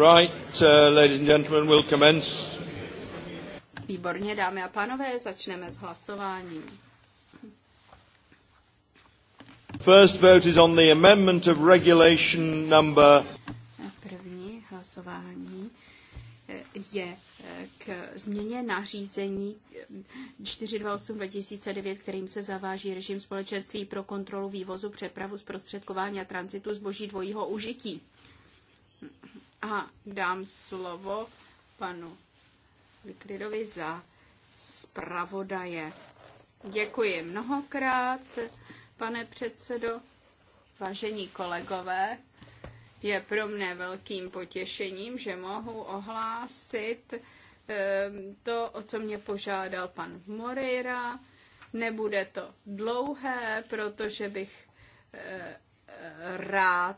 Right, uh, ladies and gentlemen, we'll commence. Výborně, dámy a pánové, začneme s hlasováním. First vote is on the amendment of regulation number... První hlasování eh, je eh, k změně nařízení 428-2009, eh, kterým se zaváží režim společenství pro kontrolu vývozu, přepravu, zprostředkování a tranzitu zboží dvojího užití. A dám slovo panu Likridovi za zpravodaje. Děkuji mnohokrát, pane předsedo. Vážení kolegové, je pro mne velkým potěšením, že mohu ohlásit ehm, to, o co mě požádal pan Moreira. Nebude to dlouhé, protože bych eh, rád,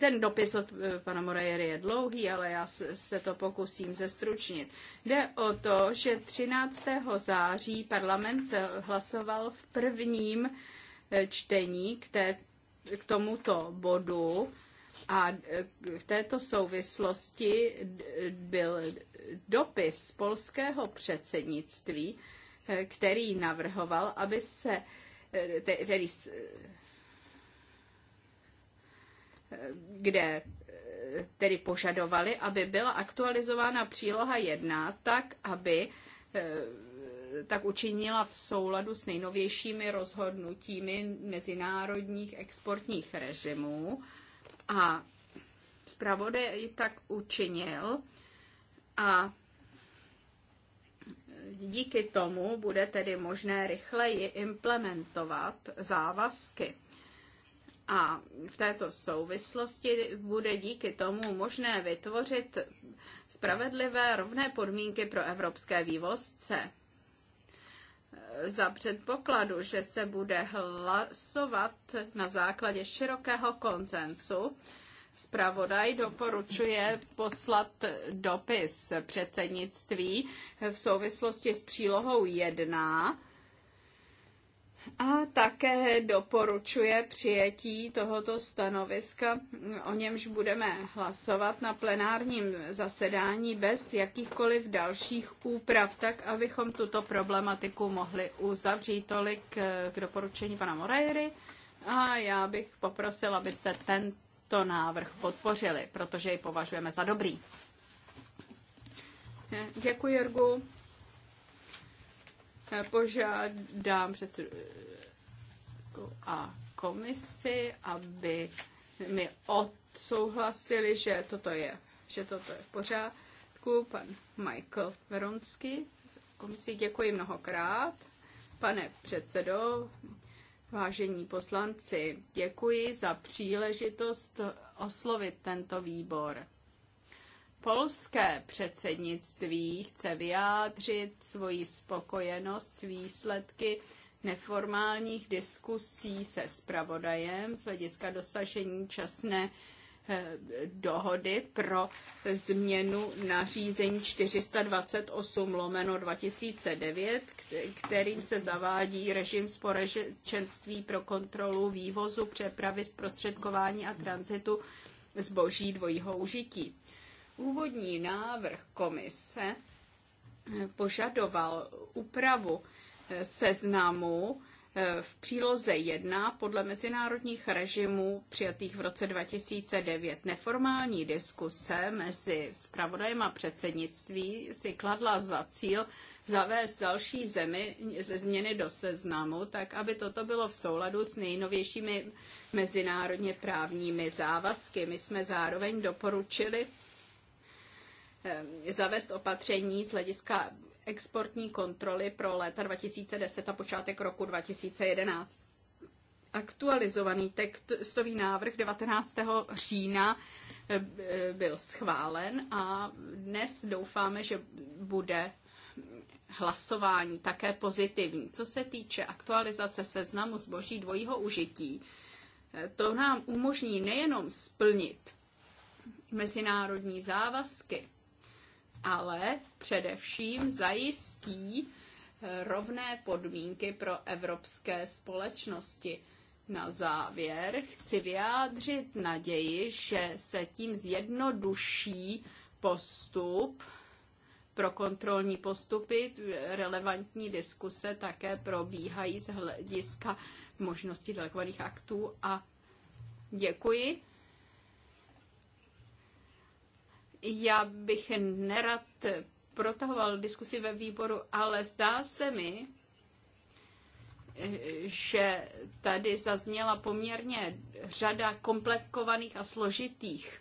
ten dopis od eh, pana Morajery je dlouhý, ale já se to pokusím zestručnit. Jde o to, že 13. září parlament eh, hlasoval v prvním eh, čtení k, té, k tomuto bodu a v této souvislosti byl dopis polského předsednictví, který navrhoval, aby se tedy kde eh, tedy požadovali, aby byla aktualizována příloha 1 tak, aby eh, tak učinila v souladu s nejnovějšími rozhodnutími mezinárodních exportních režimů a zpravodaj tak učinil a díky tomu bude tedy možné rychleji implementovat závazky. A v této souvislosti bude díky tomu možné vytvořit spravedlivé rovné podmínky pro evropské vývozce. Za předpokladu, že se bude hlasovat na základě širokého koncensu, zpravodaj doporučuje poslat dopis předsednictví v souvislosti s přílohou 1 a také doporučuje přijetí tohoto stanoviska, o němž budeme hlasovat na plenárním zasedání bez jakýchkoliv dalších úprav, tak abychom tuto problematiku mohli uzavřít. Tolik eh, k doporučení pana Morajery. a já bych poprosil, abyste tento návrh podpořili, protože ji považujeme za dobrý. Eh, děkuji, Jorgu. Požádám předsedu a komisi, aby mi odsouhlasili, že toto je, že toto je v pořádku. Pan Michael Veronsky komisi děkuji mnohokrát. Pane předsedo, vážení poslanci, děkuji za příležitost oslovit tento výbor. Polské předsednictví chce vyjádřit svoji spokojenost s výsledky neformálních diskusí se spravodajem z hlediska dosažení časné eh, dohody pro změnu nařízení 428 lomeno 2009, kterým se zavádí režim společenství pro kontrolu vývozu, přepravy, zprostředkování a tranzitu zboží dvojího užití. Původní návrh komise požadoval úpravu eh, seznamu eh, v příloze 1 podle mezinárodních režimů přijatých v roce 2009. Neformální diskuse mezi zpravodajem a předsednictví si kladla za cíl zavést další zemi ze změny do seznamu, tak aby toto bylo v souladu s nejnovějšími mezinárodně právními závazky. My jsme zároveň doporučili Eh, zavést opatření z hlediska exportní kontroly pro léta 2010 a počátek roku 2011. Aktualizovaný textový návrh 19. října eh, byl schválen a dnes doufáme, že bude hlasování také pozitivní. Co se týče aktualizace seznamu zboží dvojího užití, eh, to nám umožní nejenom splnit mezinárodní závazky, ale především zajistí eh, rovné podmínky pro evropské společnosti. Na závěr chci vyjádřit naději, že se tím zjednoduší postup pro kontrolní postupy. Relevantní diskuse také probíhají z hlediska možnosti delegovaných aktů a děkuji Já bych nerad protahoval diskusi ve výboru, ale zdá se mi, že tady zazněla poměrně řada komplikovaných a složitých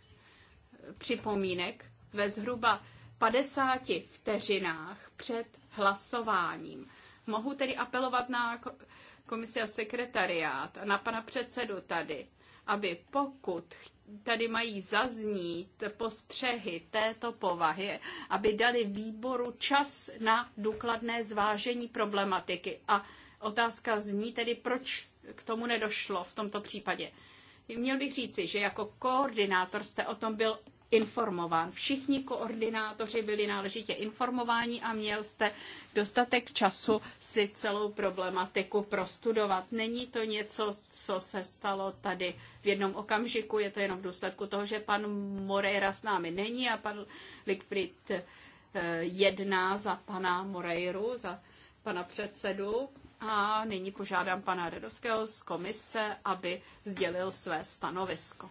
připomínek ve zhruba 50 vteřinách před hlasováním. Mohu tedy apelovat na komisi a sekretariát a na pana předsedu tady, aby pokud tady mají zaznít postřehy této povahy, aby dali výboru čas na důkladné zvážení problematiky. A otázka zní tedy, proč k tomu nedošlo v tomto případě. Měl bych říci, že jako koordinátor jste o tom byl informován. Všichni koordinátoři byli náležitě informováni a měl jste dostatek času si celou problematiku prostudovat. Není to něco, co se stalo tady v jednom okamžiku, je to jenom v důsledku toho, že pan Moreira s námi není a pan Ligfried eh, jedná za pana Moreiru, za pana předsedu. A nyní požádám pana Radovského z komise, aby sdělil své stanovisko.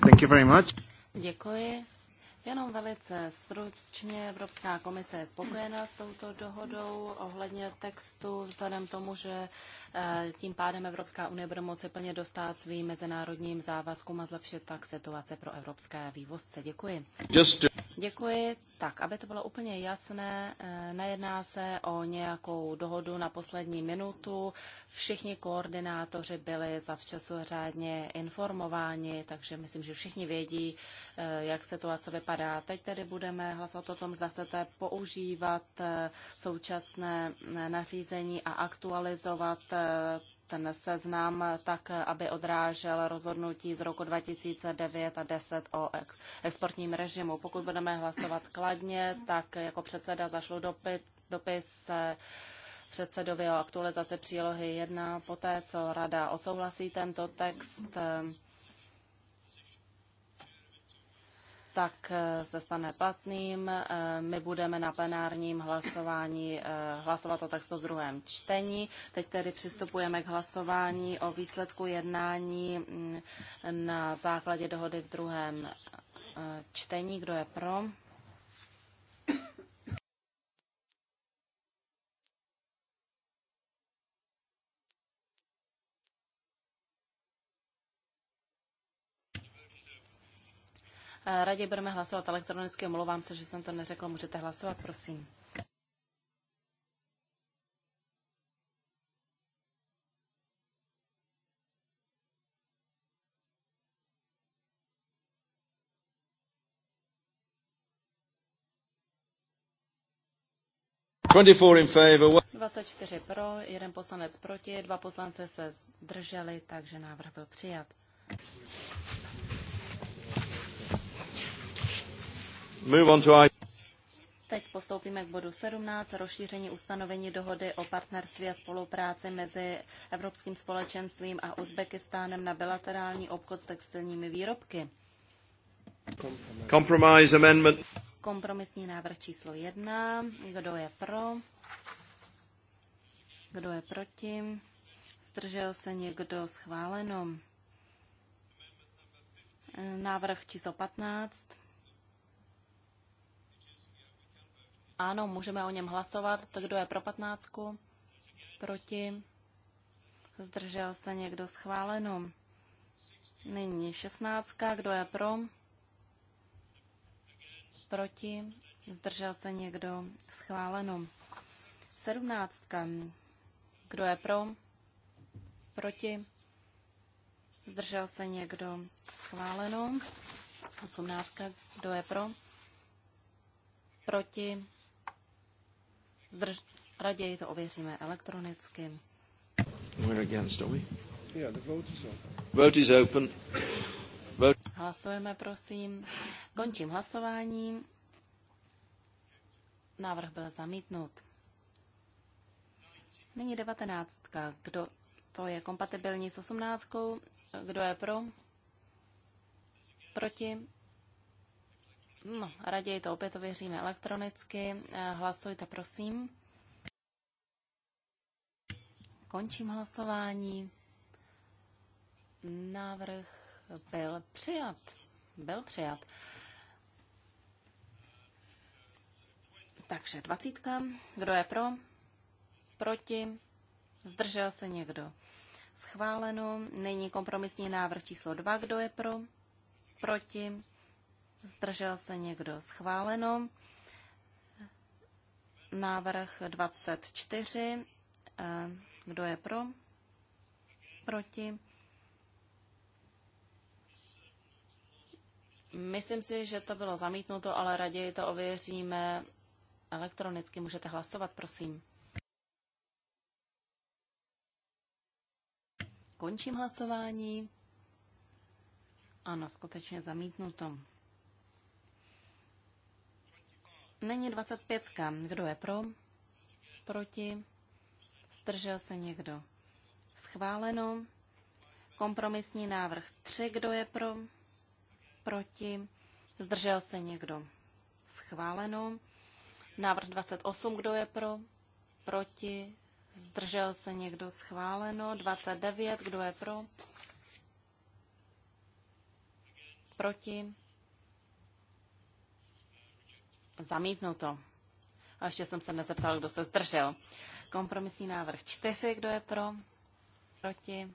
Thank you very much. Děkuji. Jenom velice stručně, Evropská komise je spokojená s touto dohodou ohledně textu, vzhledem tomu, že eh, tím pádem Evropská unie bude moci plně dostat svým mezinárodním závazkům a zlepšit tak situace pro evropské vývozce. Děkuji. Just Děkuji. Tak, aby to bylo úplně jasné, eh, nejedná se o nějakou dohodu na poslední minutu. Všichni koordinátoři byli zavčasu řádně informováni, takže myslím, že všichni vědí, eh, jak situace vypadá. Teď tedy budeme hlasovat o tom, zda chcete používat eh, současné nařízení a aktualizovat ten seznam tak, aby odrážel rozhodnutí z roku 2009 a 10 o exportním režimu. Pokud budeme hlasovat kladně, tak jako předseda zašlo dopis dopis eh, předsedovi o aktualizaci přílohy 1, poté co rada odsouhlasí tento text eh, tak eh, se stane platným. Eh, my budeme na plenárním hlasování eh, hlasovat o textu v druhém čtení. Teď tedy přistupujeme k hlasování o výsledku jednání mm, na základě dohody v druhém čtení. Kdo je pro? Raději budeme hlasovat elektronicky. Omlouvám se, že jsem to neřekl. Můžete hlasovat, prosím. In favor. 24 pro, jeden poslanec proti, dva poslance se zdrželi, takže návrh byl přijat. Teď postoupíme k bodu 17, rozšíření ustanovení dohody o partnerství a spolupráci mezi Evropským společenstvím a Uzbekistánem na bilaterální obchod s textilními výrobky. Compromise amendment. Kompromisní návrh číslo 1. Kdo je pro? Kdo je proti? Zdržel se někdo schváleno? Návrh číslo 15. Ano, můžeme o něm hlasovat. Tak kdo je pro patnáctku? Proti? Zdržel se někdo schváleno? Nyní šestnáctka. Kdo je pro? Proti? Zdržel se někdo schváleno? Sedmnáctka. Kdo je pro? Proti? Zdržel se někdo schváleno? Osmnáctka. Kdo je pro? Proti? Zdrž... Raději to ověříme elektronicky. We're against, are we? Yeah, the vote is open. Vote is open. Vote. Hlasujeme, prosím. Končím hlasování. Návrh byl zamítnut. Nyní devatenáctka. Kdo to je kompatibilní s osmnáctkou? Kdo je pro? Proti? No, raději to opět ověříme elektronicky. Eh, hlasujte, prosím. Končím hlasování. Návrh byl přijat. Byl přijat. Takže dvacítka. Kdo je pro? Proti? Zdržel se někdo? Schváleno. Nyní kompromisní návrh číslo dva. Kdo je pro? Proti? zdržel se někdo schváleno. Návrh 24, eh, kdo je pro, proti. Myslím si, že to bylo zamítnuto, ale raději to ověříme elektronicky. Můžete hlasovat, prosím. Končím hlasování. Ano, skutečně zamítnuto. Není 25. Kdo je pro? Proti? Zdržel se někdo? Schváleno. Kompromisní návrh 3. Kdo je pro? Proti? Zdržel se někdo? Schváleno. Návrh 28. Kdo je pro? Proti? Zdržel se někdo? Schváleno. 29. Kdo je pro? Proti? Zamítnuto. A ještě jsem se nezeptal, kdo se zdržel. Kompromisní návrh 4, kdo je pro? Proti?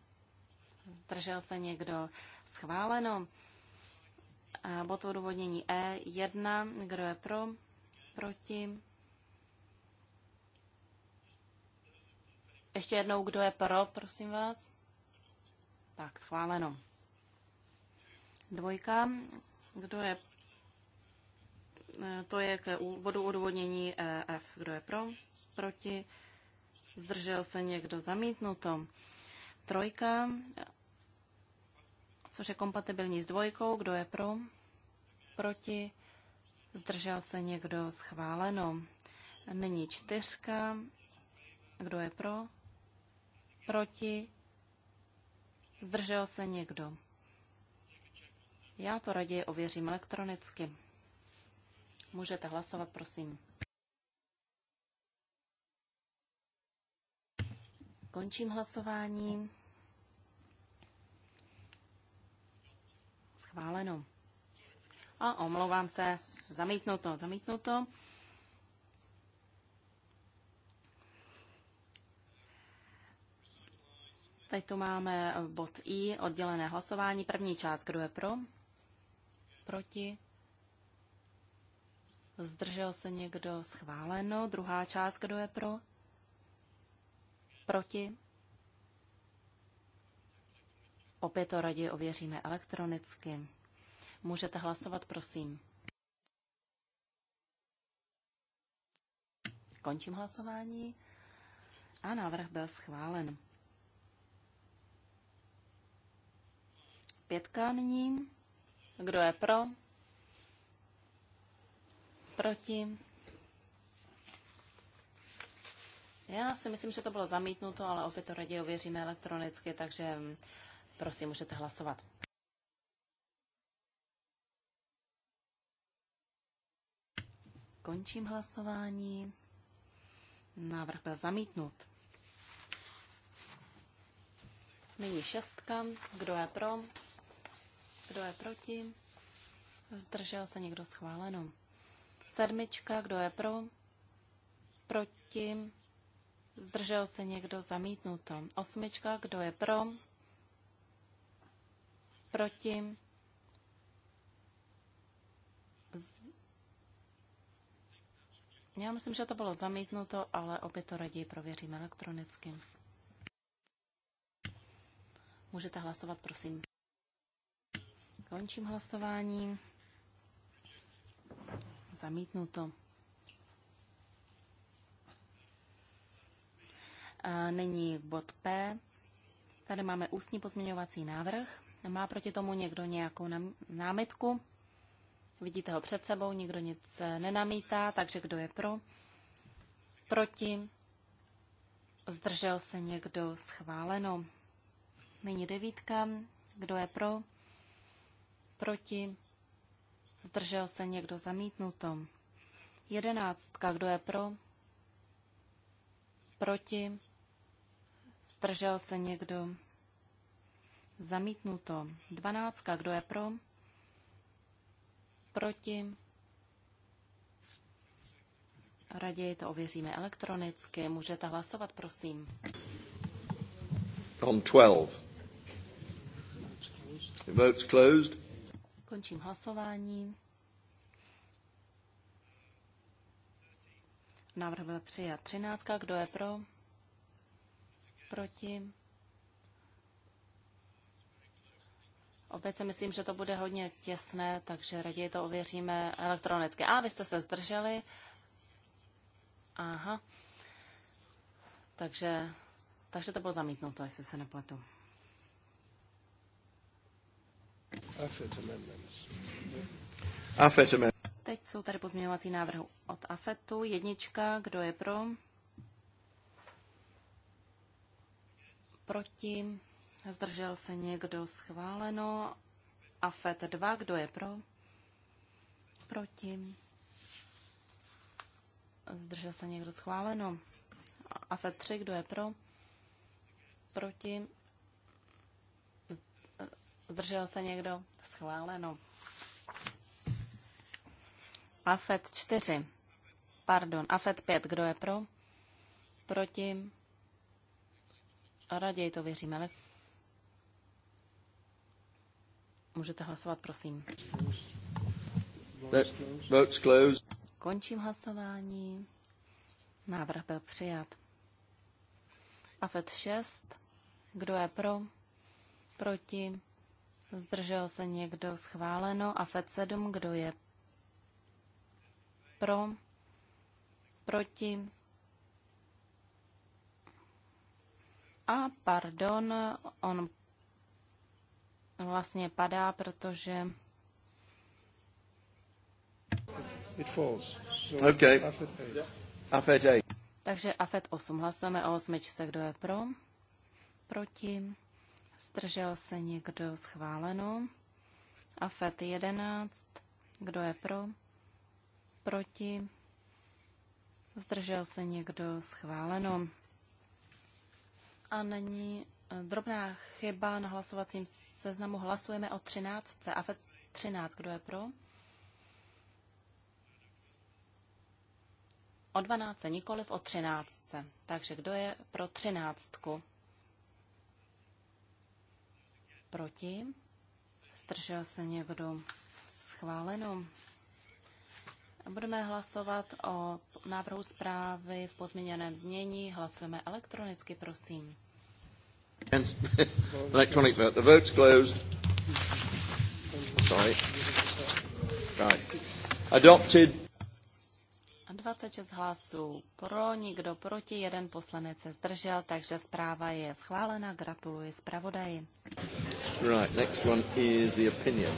Zdržel se někdo? Schváleno. A bod odůvodnění E1, kdo je pro? Proti? Ještě jednou, kdo je pro, prosím vás? Tak, schváleno. Dvojka, kdo je Eh, to je k bodu odvodnění EF. Eh, Kdo je pro? Proti? Zdržel se někdo? Zamítnuto. Trojka, což je kompatibilní s dvojkou. Kdo je pro? Proti? Zdržel se někdo? Schváleno. Nyní čtyřka. Kdo je pro? Proti? Zdržel se někdo? Já to raději ověřím elektronicky. Můžete hlasovat, prosím. Končím hlasování. Schváleno. A omlouvám se. Zamítnuto, zamítnuto. Teď tu máme bod I, oddělené hlasování. První část, kdo je pro? Proti? Zdržel se někdo schváleno? Druhá část, kdo je pro? Proti? Opět to raději ověříme elektronicky. Můžete hlasovat, prosím. Končím hlasování a návrh byl schválen. Pětka nyní. Kdo je pro? Proti? Já si myslím, že to bylo zamítnuto, ale opět to raději ověříme elektronicky, takže mm, prosím, můžete hlasovat. Končím hlasování. Návrh byl zamítnut. Nyní šestka. Kdo je pro? Kdo je proti? Zdržel se někdo schváleno. Sedmička, kdo je pro? Proti? Zdržel se někdo zamítnuto. Osmička, kdo je pro? Proti? Z... Já myslím, že to bylo zamítnuto, ale opět to raději prověřím elektronicky. Můžete hlasovat, prosím. Končím hlasování. Zamítnuto. A nyní bod P. Tady máme ústní pozměňovací návrh. Má proti tomu někdo nějakou námitku? Vidíte ho před sebou, nikdo nic eh, nenamítá, takže kdo je pro? Proti? Zdržel se někdo schváleno. Nyní devítka. Kdo je pro? Proti? Zdržel se někdo zamítnuto. Jedenáctka. Kdo je pro? Proti? Zdržel se někdo? Zamítnuto. Dvanáctka. Kdo je pro? Proti? Raději to ověříme elektronicky. Můžete hlasovat, prosím. On 12. The vote's closed. Končím hlasování. Návrh byl přijat. 13. Kdo je pro? Proti? Opět si myslím, že to bude hodně těsné, takže raději to ověříme elektronicky. A vy jste se zdrželi. Aha. Takže, takže to bylo zamítnuto, jestli se nepletu. AFET amendments. Teď jsou tady pozměňovací návrhy od AFETu. Jednička, kdo je pro? Proti? Zdržel se někdo schváleno? AFET 2, kdo je pro? Proti? Zdržel se někdo schváleno? AFET 3, kdo je pro? Proti? Zdržel se někdo? Schváleno. AFET 4. Pardon, AFET 5. Kdo je pro? Proti? A raději to věříme. Ale... Můžete hlasovat, prosím. Končím hlasování. Návrh byl přijat. AFET 6. Kdo je pro? Proti? Zdržel se někdo schváleno a FED 7, kdo je pro, proti. A pardon, on vlastně padá, protože It falls. So okay. Afet 8. Afet 8. Takže AFET 8. Hlasujeme o osmičce. Kdo je pro? Proti? Zdržel se někdo schváleno? A FET 11. Kdo je pro? Proti? Zdržel se někdo schváleno? A není eh, drobná chyba na hlasovacím seznamu. Hlasujeme o 13. A FET 13. Kdo je pro? O 12, nikoliv o 13. Takže kdo je pro 13? Proti? Zdržel se někdo? Schváleno. Budeme hlasovat o návrhu zprávy v pozměněném znění. Hlasujeme elektronicky, prosím. Electronic vote. The vote's closed. Sorry. Right. Adopted. 26 hlasů pro, nikdo proti, jeden poslanec se zdržel, takže zpráva je schválena. Gratuluji zpravodaji. Right, next one is the opinion.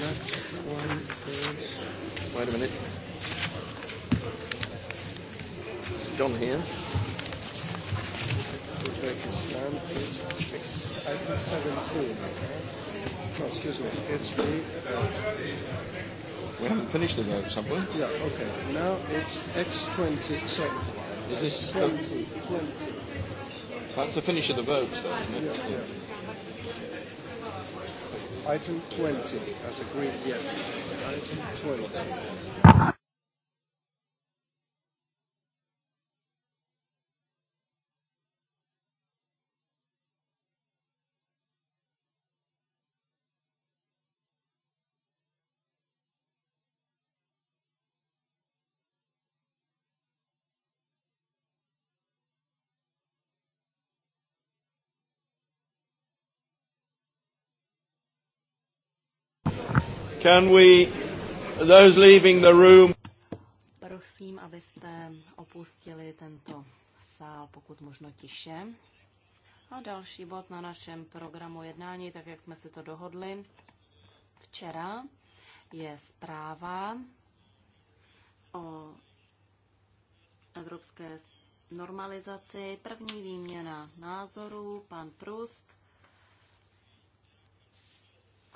Next one is... Wait a minute. Is John here? Uzbekistan is item 17. No, excuse me, it's the... Uh, We haven't finished the roads, have we? Yeah, okay. Now it's X20. Sorry. Is this 20, 20. That's the finish of the vote, though, isn't it? Yeah, yeah. yeah. Item 20, as agreed yes. Item 20. Can we, those leaving the room... Prosím, abyste opustili tento sál, pokud možno tiše. A další bod na našem programu jednání, tak jak jsme si to dohodli včera, je zpráva o evropské normalizaci. První výměna názorů, pan Prust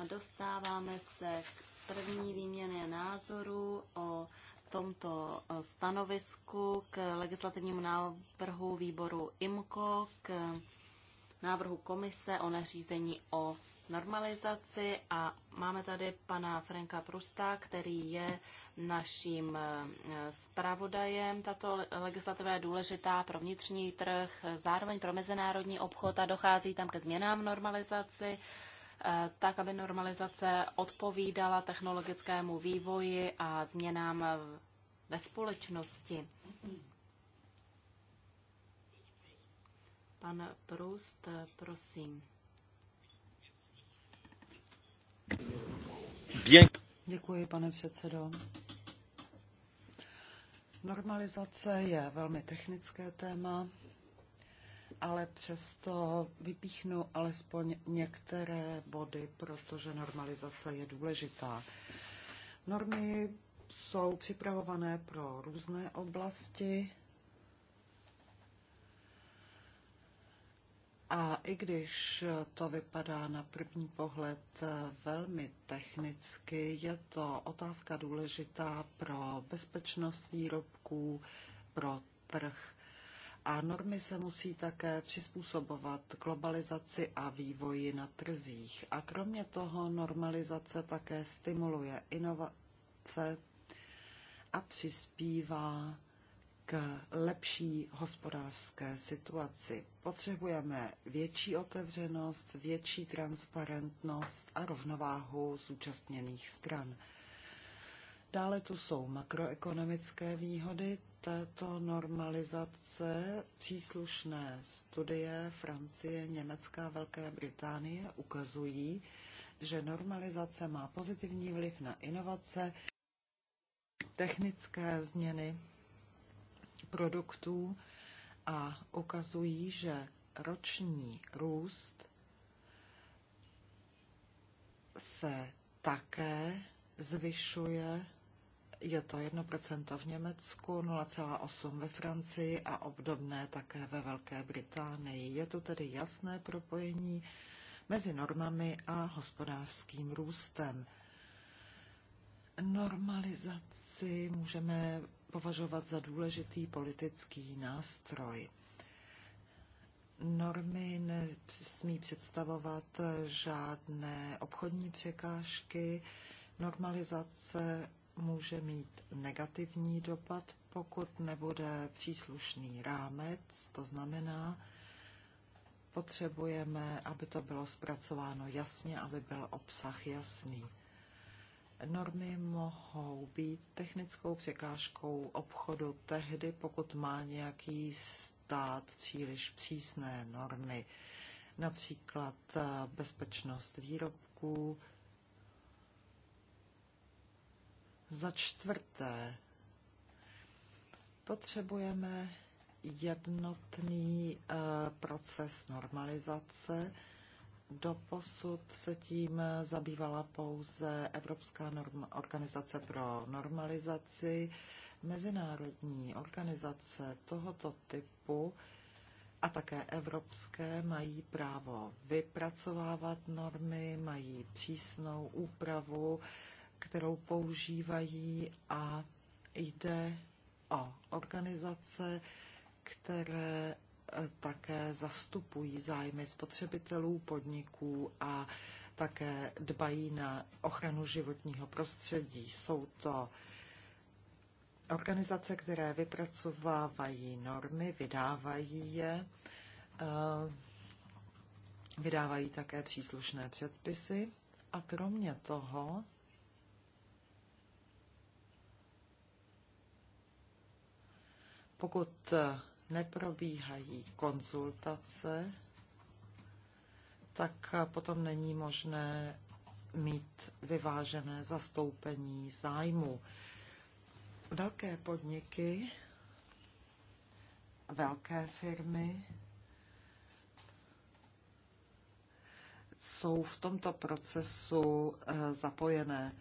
dostáváme se k první výměně názorů o tomto eh, stanovisku k legislativnímu návrhu výboru IMCO, k návrhu komise o nařízení o normalizaci a máme tady pana Franka Prusta, který je naším eh, zpravodajem. Tato legislativa je důležitá pro vnitřní trh, zároveň pro mezinárodní obchod a dochází tam ke změnám normalizaci tak, aby normalizace odpovídala technologickému vývoji a změnám ve společnosti. Pan Proust, prosím. Děkuji, pane předsedo. Normalizace je velmi technické téma ale přesto vypíchnu alespoň některé body, protože normalizace je důležitá. Normy jsou připravované pro různé oblasti a i když to vypadá na první pohled velmi technicky, je to otázka důležitá pro bezpečnost výrobků, pro trh a normy se musí také přizpůsobovat globalizaci a vývoji na trzích. A kromě toho normalizace také stimuluje inovace a přispívá k lepší hospodářské situaci. Potřebujeme větší otevřenost, větší transparentnost a rovnováhu zúčastněných stran. Dále tu jsou makroekonomické výhody, této normalizace příslušné studie Francie, Německa a Velké Británie ukazují, že normalizace má pozitivní vliv na inovace, technické změny produktů a ukazují, že roční růst se také zvyšuje je to 1% v Německu, 0,8% ve Francii a obdobné také ve Velké Británii. Je tu tedy jasné propojení mezi normami a hospodářským růstem. Normalizaci můžeme považovat za důležitý politický nástroj. Normy nesmí představovat žádné obchodní překážky. Normalizace může mít negativní dopad, pokud nebude příslušný rámec, to znamená, potřebujeme, aby to bylo zpracováno jasně, aby byl obsah jasný. Normy mohou být technickou překážkou obchodu tehdy, pokud má nějaký stát příliš přísné normy, například eh, bezpečnost výrobků, Za čtvrté, potřebujeme jednotný eh, proces normalizace. Doposud se tím eh, zabývala pouze Evropská norm- organizace pro normalizaci. Mezinárodní organizace tohoto typu a také evropské mají právo vypracovávat normy, mají přísnou úpravu kterou používají a jde o organizace, které e, také zastupují zájmy spotřebitelů, podniků a také dbají na ochranu životního prostředí. Jsou to organizace, které vypracovávají normy, vydávají je, e, vydávají také příslušné předpisy a kromě toho pokud eh, neprobíhají konzultace, tak eh, potom není možné mít vyvážené zastoupení zájmu. Velké podniky, velké firmy jsou v tomto procesu eh, zapojené.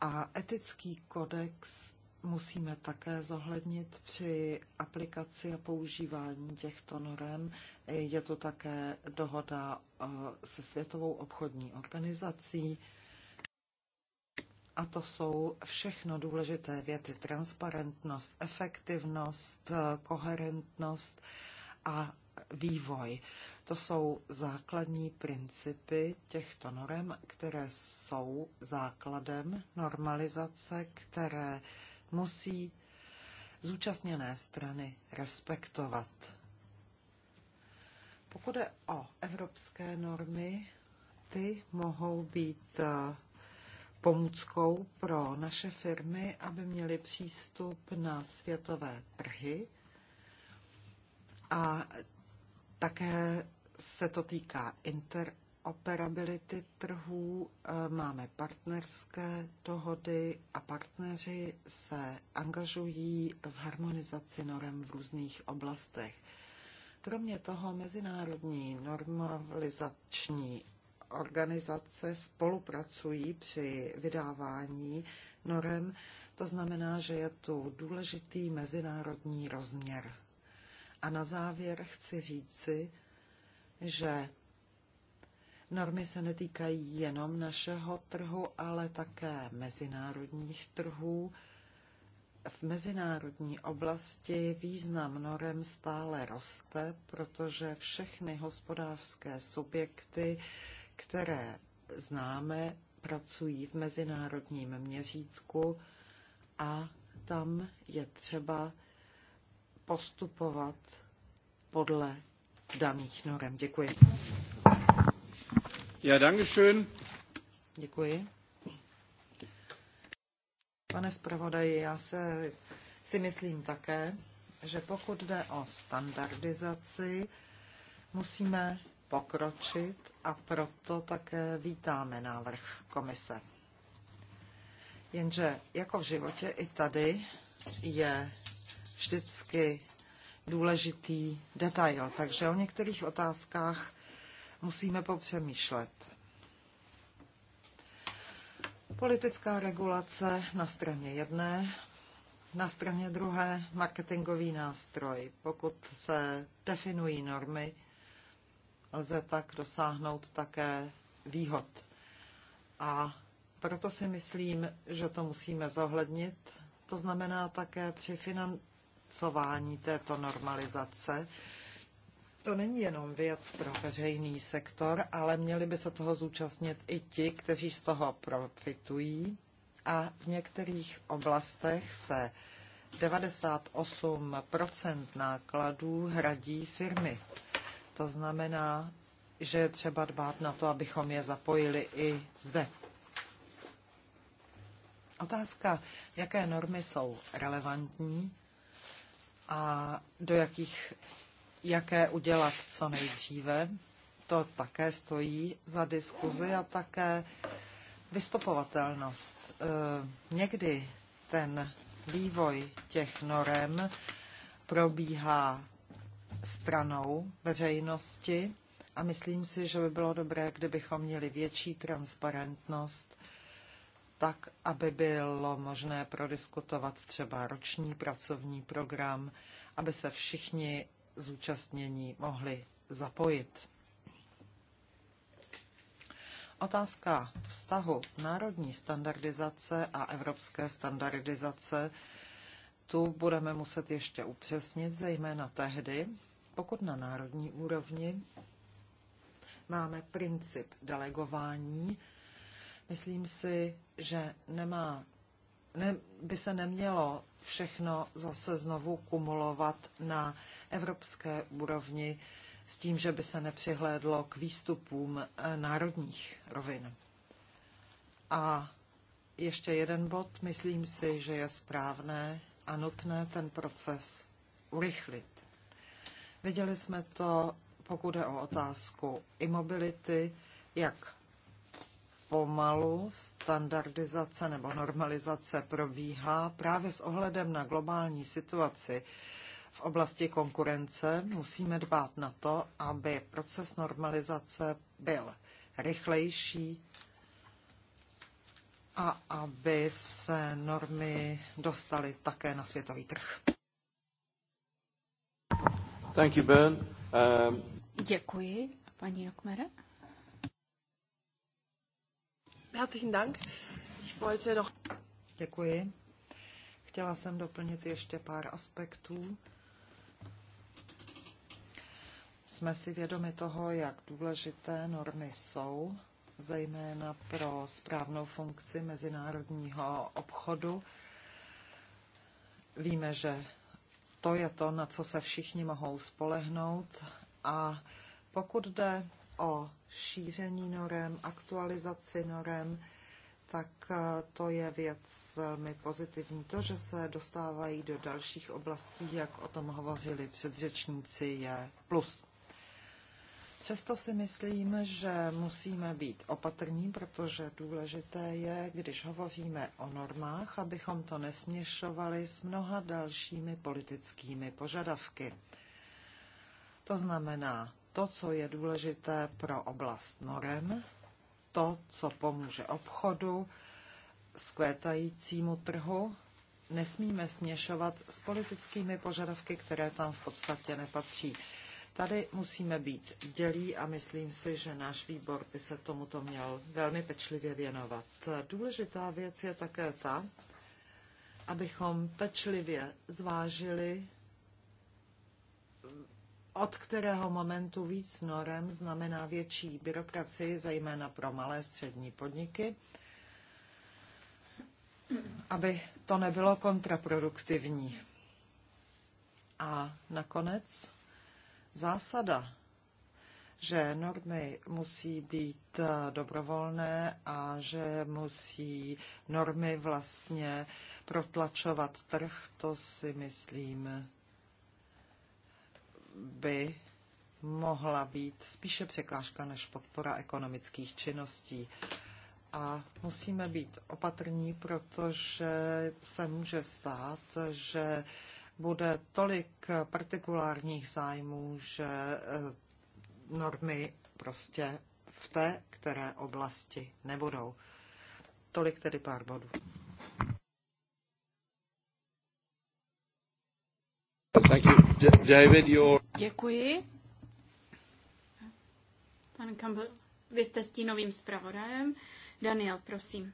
A etický kodex musíme také zohlednit při aplikaci a používání těchto norem. Je to také dohoda eh, se Světovou obchodní organizací. A to jsou všechno důležité věty. Transparentnost, efektivnost, eh, koherentnost a vývoj. To jsou základní principy těchto norem, které jsou základem normalizace, které musí zúčastněné strany respektovat. Pokud je o evropské normy, ty mohou být eh, pomůckou pro naše firmy, aby měly přístup na světové trhy. A také se to týká interoperability trhů. E, máme partnerské dohody a partneři se angažují v harmonizaci norem v různých oblastech. Kromě toho mezinárodní normalizační organizace spolupracují při vydávání norem. To znamená, že je tu důležitý mezinárodní rozměr a na závěr chci říci, že normy se netýkají jenom našeho trhu, ale také mezinárodních trhů. V mezinárodní oblasti význam norem stále roste, protože všechny hospodářské subjekty, které známe, pracují v mezinárodním měřítku a tam je třeba postupovat podle daných norem. Děkuji. Ja, danke schön. Děkuji. Pane zpravodaji, já se, si myslím také, že pokud jde o standardizaci, musíme pokročit a proto také vítáme návrh komise. Jenže jako v životě i tady je vždycky důležitý detail, takže o některých otázkách musíme popřemýšlet. Politická regulace na straně jedné, na straně druhé marketingový nástroj. Pokud se definují normy, lze tak dosáhnout také výhod. A proto si myslím, že to musíme zohlednit. To znamená také při finan- zpracování této normalizace. To není jenom věc pro veřejný sektor, ale měli by se toho zúčastnit i ti, kteří z toho profitují. A v některých oblastech se 98 nákladů hradí firmy. To znamená, že je třeba dbát na to, abychom je zapojili i zde. Otázka, jaké normy jsou relevantní, a do jakých, jaké udělat co nejdříve. To také stojí za diskuzi a také vystupovatelnost. E, někdy ten vývoj těch norem probíhá stranou veřejnosti a myslím si, že by bylo dobré, kdybychom měli větší transparentnost tak, aby bylo možné prodiskutovat třeba roční pracovní program, aby se všichni zúčastnění mohli zapojit. Otázka vztahu národní standardizace a evropské standardizace tu budeme muset ještě upřesnit, zejména tehdy, pokud na národní úrovni máme princip delegování Myslím si, že nemá, ne, by se nemělo všechno zase znovu kumulovat na evropské úrovni s tím, že by se nepřihlédlo k výstupům eh, národních rovin. A ještě jeden bod. Myslím si, že je správné a nutné ten proces urychlit. Viděli jsme to, pokud je o otázku imobility, jak pomalu standardizace nebo normalizace probíhá právě s ohledem na globální situaci. V oblasti konkurence musíme dbát na to, aby proces normalizace byl rychlejší a aby se normy dostaly také na světový trh. Thank you, Bern. Um... Děkuji, paní Rokmere. Herzlichen Dank. Ich wollte doch... Děkuji. Chtěla jsem doplnit ještě pár aspektů. Jsme si vědomi toho, jak důležité normy jsou, zejména pro správnou funkci mezinárodního obchodu. Víme, že to je to, na co se všichni mohou spolehnout. A pokud jde o šíření norem, aktualizaci norem, tak eh, to je věc velmi pozitivní. To, že se dostávají do dalších oblastí, jak o tom hovořili předřečníci, je plus. Přesto si myslím, že musíme být opatrní, protože důležité je, když hovoříme o normách, abychom to nesměšovali s mnoha dalšími politickými požadavky. To znamená to, co je důležité pro oblast norem, to, co pomůže obchodu, skvétajícímu trhu, nesmíme směšovat s politickými požadavky, které tam v podstatě nepatří. Tady musíme být dělí a myslím si, že náš výbor by se tomuto měl velmi pečlivě věnovat. Důležitá věc je také ta, abychom pečlivě zvážili od kterého momentu víc norem znamená větší byrokracii, zejména pro malé střední podniky, aby to nebylo kontraproduktivní. A nakonec zásada, že normy musí být eh, dobrovolné a že musí normy vlastně protlačovat trh, to si myslím by mohla být spíše překážka než podpora ekonomických činností. A musíme být opatrní, protože se může stát, že bude tolik partikulárních zájmů, že eh, normy prostě v té které oblasti nebudou. Tolik tedy pár bodů. Děkuji. Pan Campbell, vy jste stínovým zpravodajem. Daniel, prosím.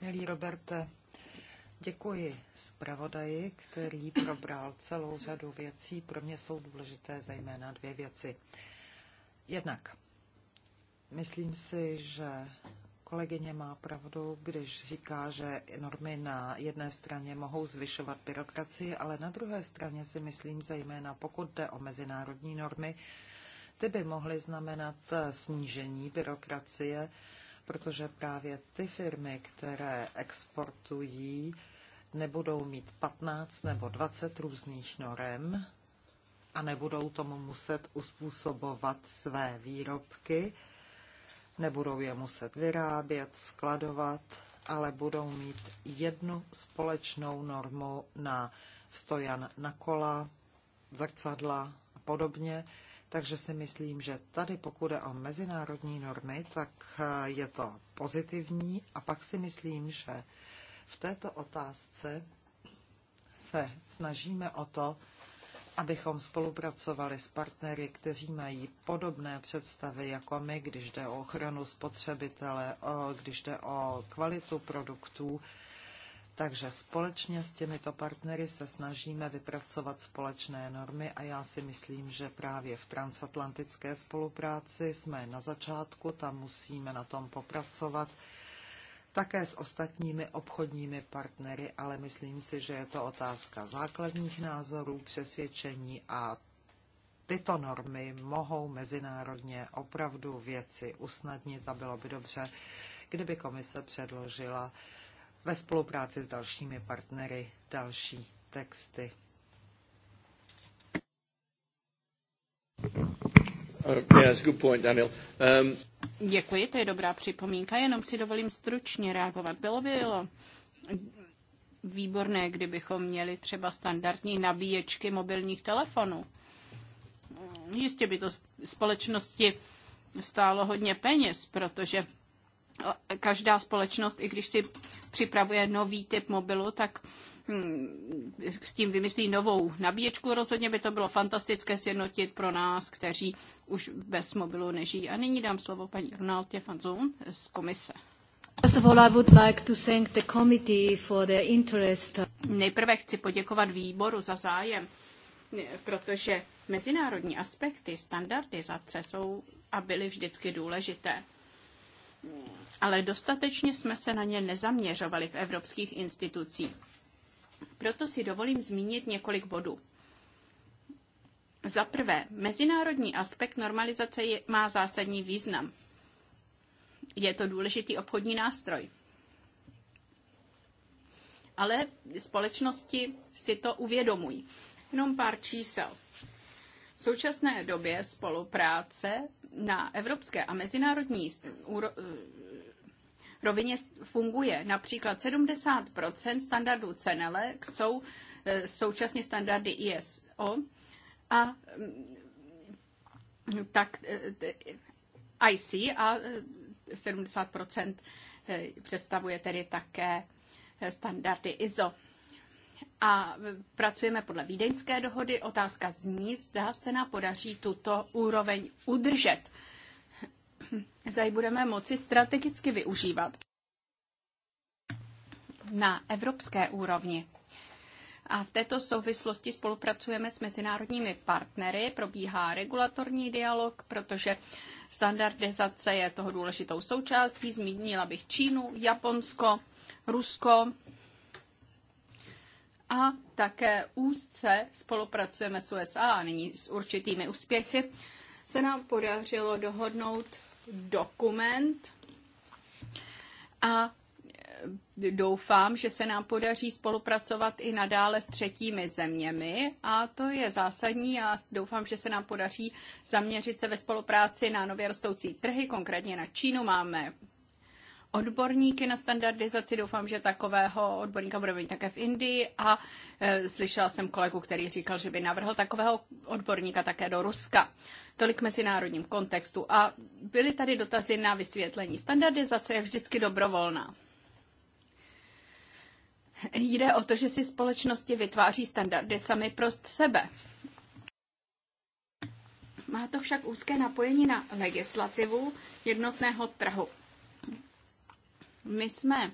Milý Roberte, děkuji zpravodaji, který probral celou řadu věcí. Pro mě jsou důležité zejména dvě věci. Jednak, myslím si, že Kolegyně má pravdu, když říká, že normy na jedné straně mohou zvyšovat byrokracii, ale na druhé straně si myslím zejména, pokud jde o mezinárodní normy, ty by mohly znamenat snížení byrokracie, protože právě ty firmy, které exportují, nebudou mít 15 nebo 20 různých norem a nebudou tomu muset uspůsobovat své výrobky, nebudou je muset vyrábět, skladovat, ale budou mít jednu společnou normu na stojan na kola, zrcadla a podobně. Takže si myslím, že tady pokud je o mezinárodní normy, tak eh, je to pozitivní. A pak si myslím, že v této otázce se snažíme o to, abychom spolupracovali s partnery, kteří mají podobné představy jako my, když jde o ochranu spotřebitele, když jde o kvalitu produktů. Takže společně s těmito partnery se snažíme vypracovat společné normy a já si myslím, že právě v transatlantické spolupráci jsme na začátku, tam musíme na tom popracovat také s ostatními obchodními partnery, ale myslím si, že je to otázka základních názorů, přesvědčení a tyto normy mohou mezinárodně opravdu věci usnadnit a bylo by dobře, kdyby komise předložila ve spolupráci s dalšími partnery další texty. Um, Děkuji, to je dobrá připomínka, jenom si dovolím stručně reagovat. Bylo by bylo výborné, kdybychom měli třeba standardní nabíječky mobilních telefonů. Jistě by to společnosti stálo hodně peněz, protože každá společnost, i když si připravuje nový typ mobilu, tak hm, s tím vymyslí novou nabíječku. Rozhodně by to bylo fantastické sjednotit pro nás, kteří už bez mobilu nežijí. A nyní dám slovo paní Ronaldě Fanzon z komise. Nejprve chci poděkovat výboru za zájem, protože mezinárodní aspekty standardizace jsou a byly vždycky důležité ale dostatečně jsme se na ně nezaměřovali v evropských institucích. Proto si dovolím zmínit několik bodů. Za prvé, mezinárodní aspekt normalizace je, má zásadní význam. Je to důležitý obchodní nástroj. Ale společnosti si to uvědomují. Jenom pár čísel. V současné době spolupráce na evropské a mezinárodní eh, rovině funguje. Například 70 standardů Cenelec jsou eh, současně standardy ISO a mm, tak eh, IC a 70 představuje tedy také standardy ISO a pracujeme podle vídeňské dohody. Otázka zní, zda se nám podaří tuto úroveň udržet. Zda ji budeme moci strategicky využívat na evropské úrovni. A v této souvislosti spolupracujeme s mezinárodními partnery, probíhá regulatorní dialog, protože standardizace je toho důležitou součástí. Zmínila bych Čínu, Japonsko, Rusko, a také úzce spolupracujeme s USA a nyní s určitými úspěchy. Se nám podařilo dohodnout dokument a e, doufám, že se nám podaří spolupracovat i nadále s třetími zeměmi a to je zásadní a doufám, že se nám podaří zaměřit se ve spolupráci na nově rostoucí trhy, konkrétně na Čínu. Máme odborníky na standardizaci. Doufám, že takového odborníka budeme mít také v Indii a e, slyšela jsem kolegu, který říkal, že by navrhl takového odborníka také do Ruska. Tolik mezinárodním kontextu. A byly tady dotazy na vysvětlení. Standardizace je vždycky dobrovolná. Jde o to, že si společnosti vytváří standardy sami pro sebe. Má to však úzké napojení na legislativu jednotného trhu. My jsme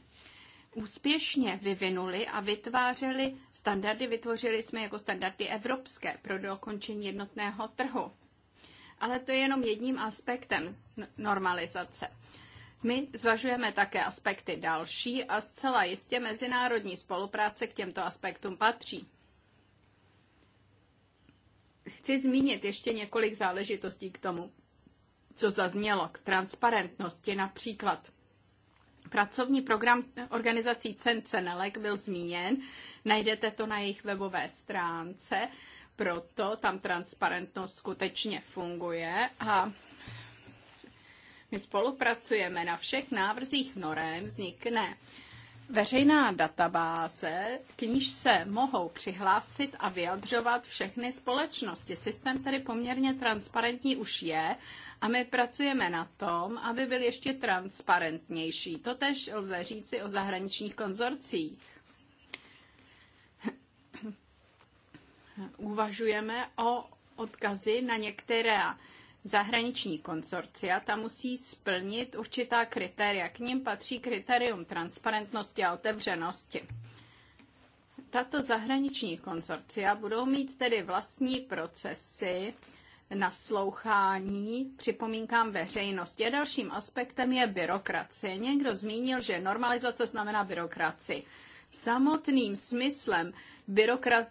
úspěšně vyvinuli a vytvářeli standardy, vytvořili jsme jako standardy evropské pro dokončení jednotného trhu. Ale to je jenom jedním aspektem normalizace. My zvažujeme také aspekty další a zcela jistě mezinárodní spolupráce k těmto aspektům patří. Chci zmínit ještě několik záležitostí k tomu, co zaznělo k transparentnosti například. Pracovní program organizací Cen Cenelek byl zmíněn, najdete to na jejich webové stránce, proto tam transparentnost skutečně funguje a my spolupracujeme na všech návrzích norem, vznikne veřejná databáze, k níž se mohou přihlásit a vyjadřovat všechny společnosti. Systém tedy poměrně transparentní už je a my pracujeme na tom, aby byl ještě transparentnější. To tež lze říci o zahraničních konzorcích. Uvažujeme o odkazy na některé zahraniční konsorcia, ta musí splnit určitá kritéria. K ním patří kritérium transparentnosti a otevřenosti. Tato zahraniční konsorcia budou mít tedy vlastní procesy naslouchání připomínkám veřejnosti. A dalším aspektem je byrokracie. Někdo zmínil, že normalizace znamená byrokracii. Samotným smyslem byrokra-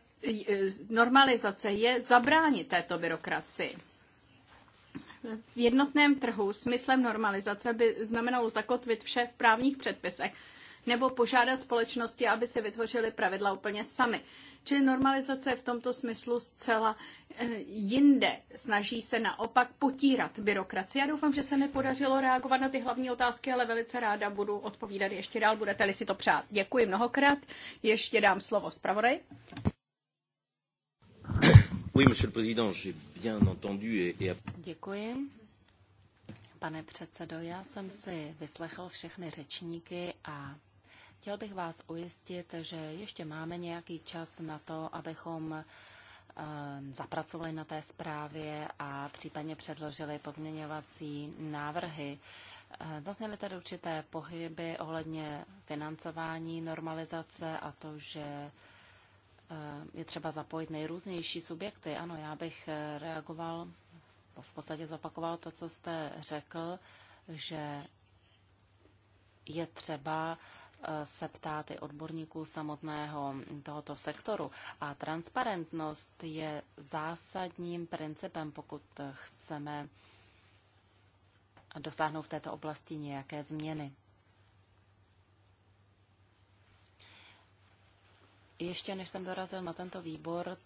normalizace je zabránit této byrokracii v jednotném trhu smyslem normalizace by znamenalo zakotvit vše v právních předpisech nebo požádat společnosti, aby si vytvořili pravidla úplně sami. Čili normalizace je v tomto smyslu zcela eh, jinde. Snaží se naopak potírat byrokracii. Já doufám, že se mi podařilo reagovat na ty hlavní otázky, ale velice ráda budu odpovídat ještě dál, budete-li si to přát. Děkuji mnohokrát. Ještě dám slovo zpravodaj. Děkuji. Pane předsedo, já jsem si vyslechl všechny řečníky a chtěl bych vás ujistit, že ještě máme nějaký čas na to, abychom eh, zapracovali na té zprávě a případně předložili pozměňovací návrhy. Eh, zazněly tady určité pohyby ohledně financování normalizace a to, že Eh, je třeba zapojit nejrůznější subjekty. Ano, já bych eh, reagoval, v podstatě zopakoval to, co jste řekl, že je třeba eh, se ptát i odborníků samotného tohoto sektoru. A transparentnost je zásadním principem, pokud chceme dosáhnout v této oblasti nějaké změny. ještě než jsem dorazil na tento výbor,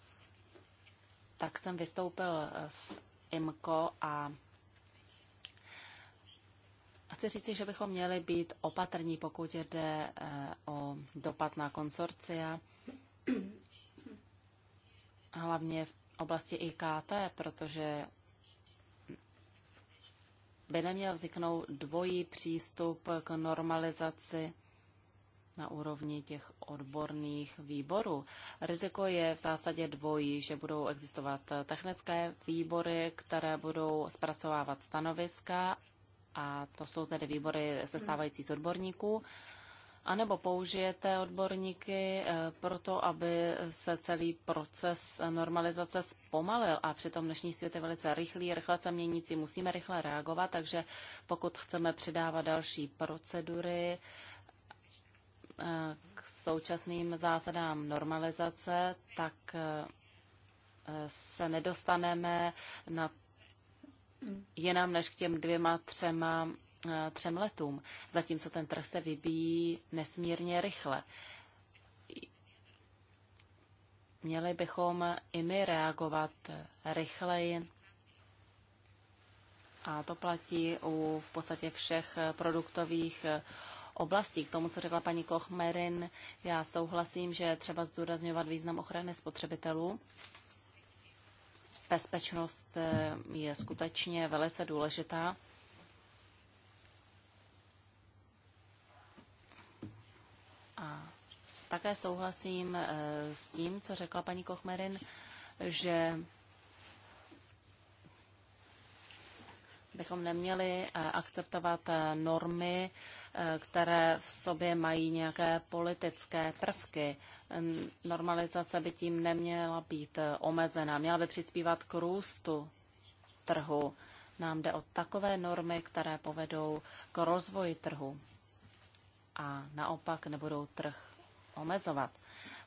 tak jsem vystoupil eh, v IMCO a chci říci, že bychom měli být opatrní, pokud jde eh, o dopad na konsorcia, hlavně v oblasti IKT, protože by neměl vzniknout dvojí přístup k normalizaci na úrovni těch odborných výborů. Riziko je v zásadě dvojí, že budou existovat technické výbory, které budou zpracovávat stanoviska, a to jsou tedy výbory sestávající z odborníků, anebo použijete odborníky eh, proto, aby se celý proces normalizace zpomalil a přitom dnešní svět je velice rychlý, rychle se měnící, musíme rychle reagovat, takže pokud chceme přidávat další procedury, Eh, k současným zásadám normalizace, tak eh, se nedostaneme na jinam než k těm dvěma, třema, eh, třem letům. Zatímco ten trh se vybíjí nesmírně rychle. Měli bychom i my reagovat rychleji a to platí u v podstatě všech produktových oblastí. K tomu, co řekla paní Koch-Merin, já souhlasím, že třeba zdůrazňovat význam ochrany spotřebitelů. Bezpečnost eh, je skutečně velice důležitá. A také souhlasím eh, s tím, co řekla paní Kochmerin, že bychom neměli eh, akceptovat eh, normy, eh, které v sobě mají nějaké politické prvky. Normalizace by tím neměla být omezená, měla by přispívat k růstu trhu. Nám jde o takové normy, které povedou k rozvoji trhu a naopak nebudou trh omezovat.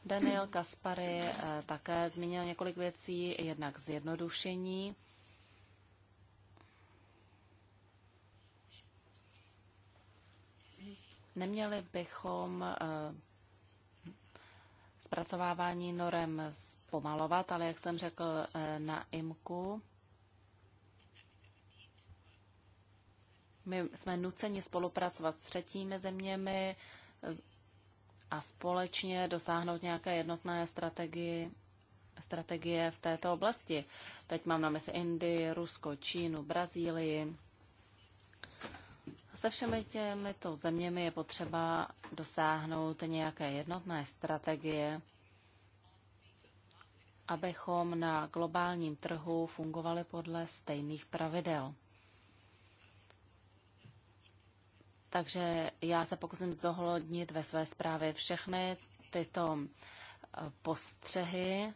Daniel Kaspary také zmínil několik věcí, jednak zjednodušení Neměli bychom eh, zpracovávání norem zpomalovat, ale jak jsem řekl eh, na IMKU, my jsme nuceni spolupracovat s třetími zeměmi eh, a společně dosáhnout nějaké jednotné strategii, strategie v této oblasti. Teď mám na mysli Indii, Rusko, Čínu, Brazílii. Se všemi těmito zeměmi je potřeba dosáhnout nějaké jednotné strategie, abychom na globálním trhu fungovali podle stejných pravidel. Takže já se pokusím zohlednit ve své zprávě všechny tyto postřehy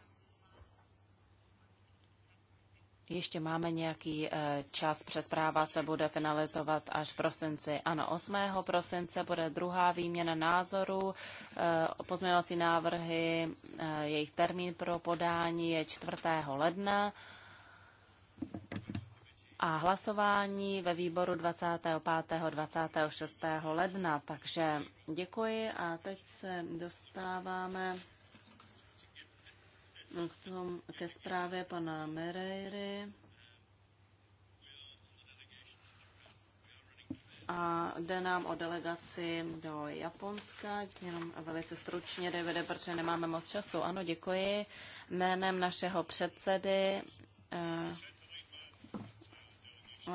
ještě máme nějaký eh, čas, přespráva se bude finalizovat až v prosinci. Ano, 8. prosince bude druhá výměna názorů. Eh, pozměňovací návrhy, eh, jejich termín pro podání je 4. ledna. A hlasování ve výboru 25. 26. ledna. Takže děkuji a teď se dostáváme No, k tom, ke zprávě pana Merejry. A jde nám o delegaci do Japonska, jenom velice stručně, Davide, protože nemáme moc času. Ano, děkuji. Jménem našeho předsedy eh,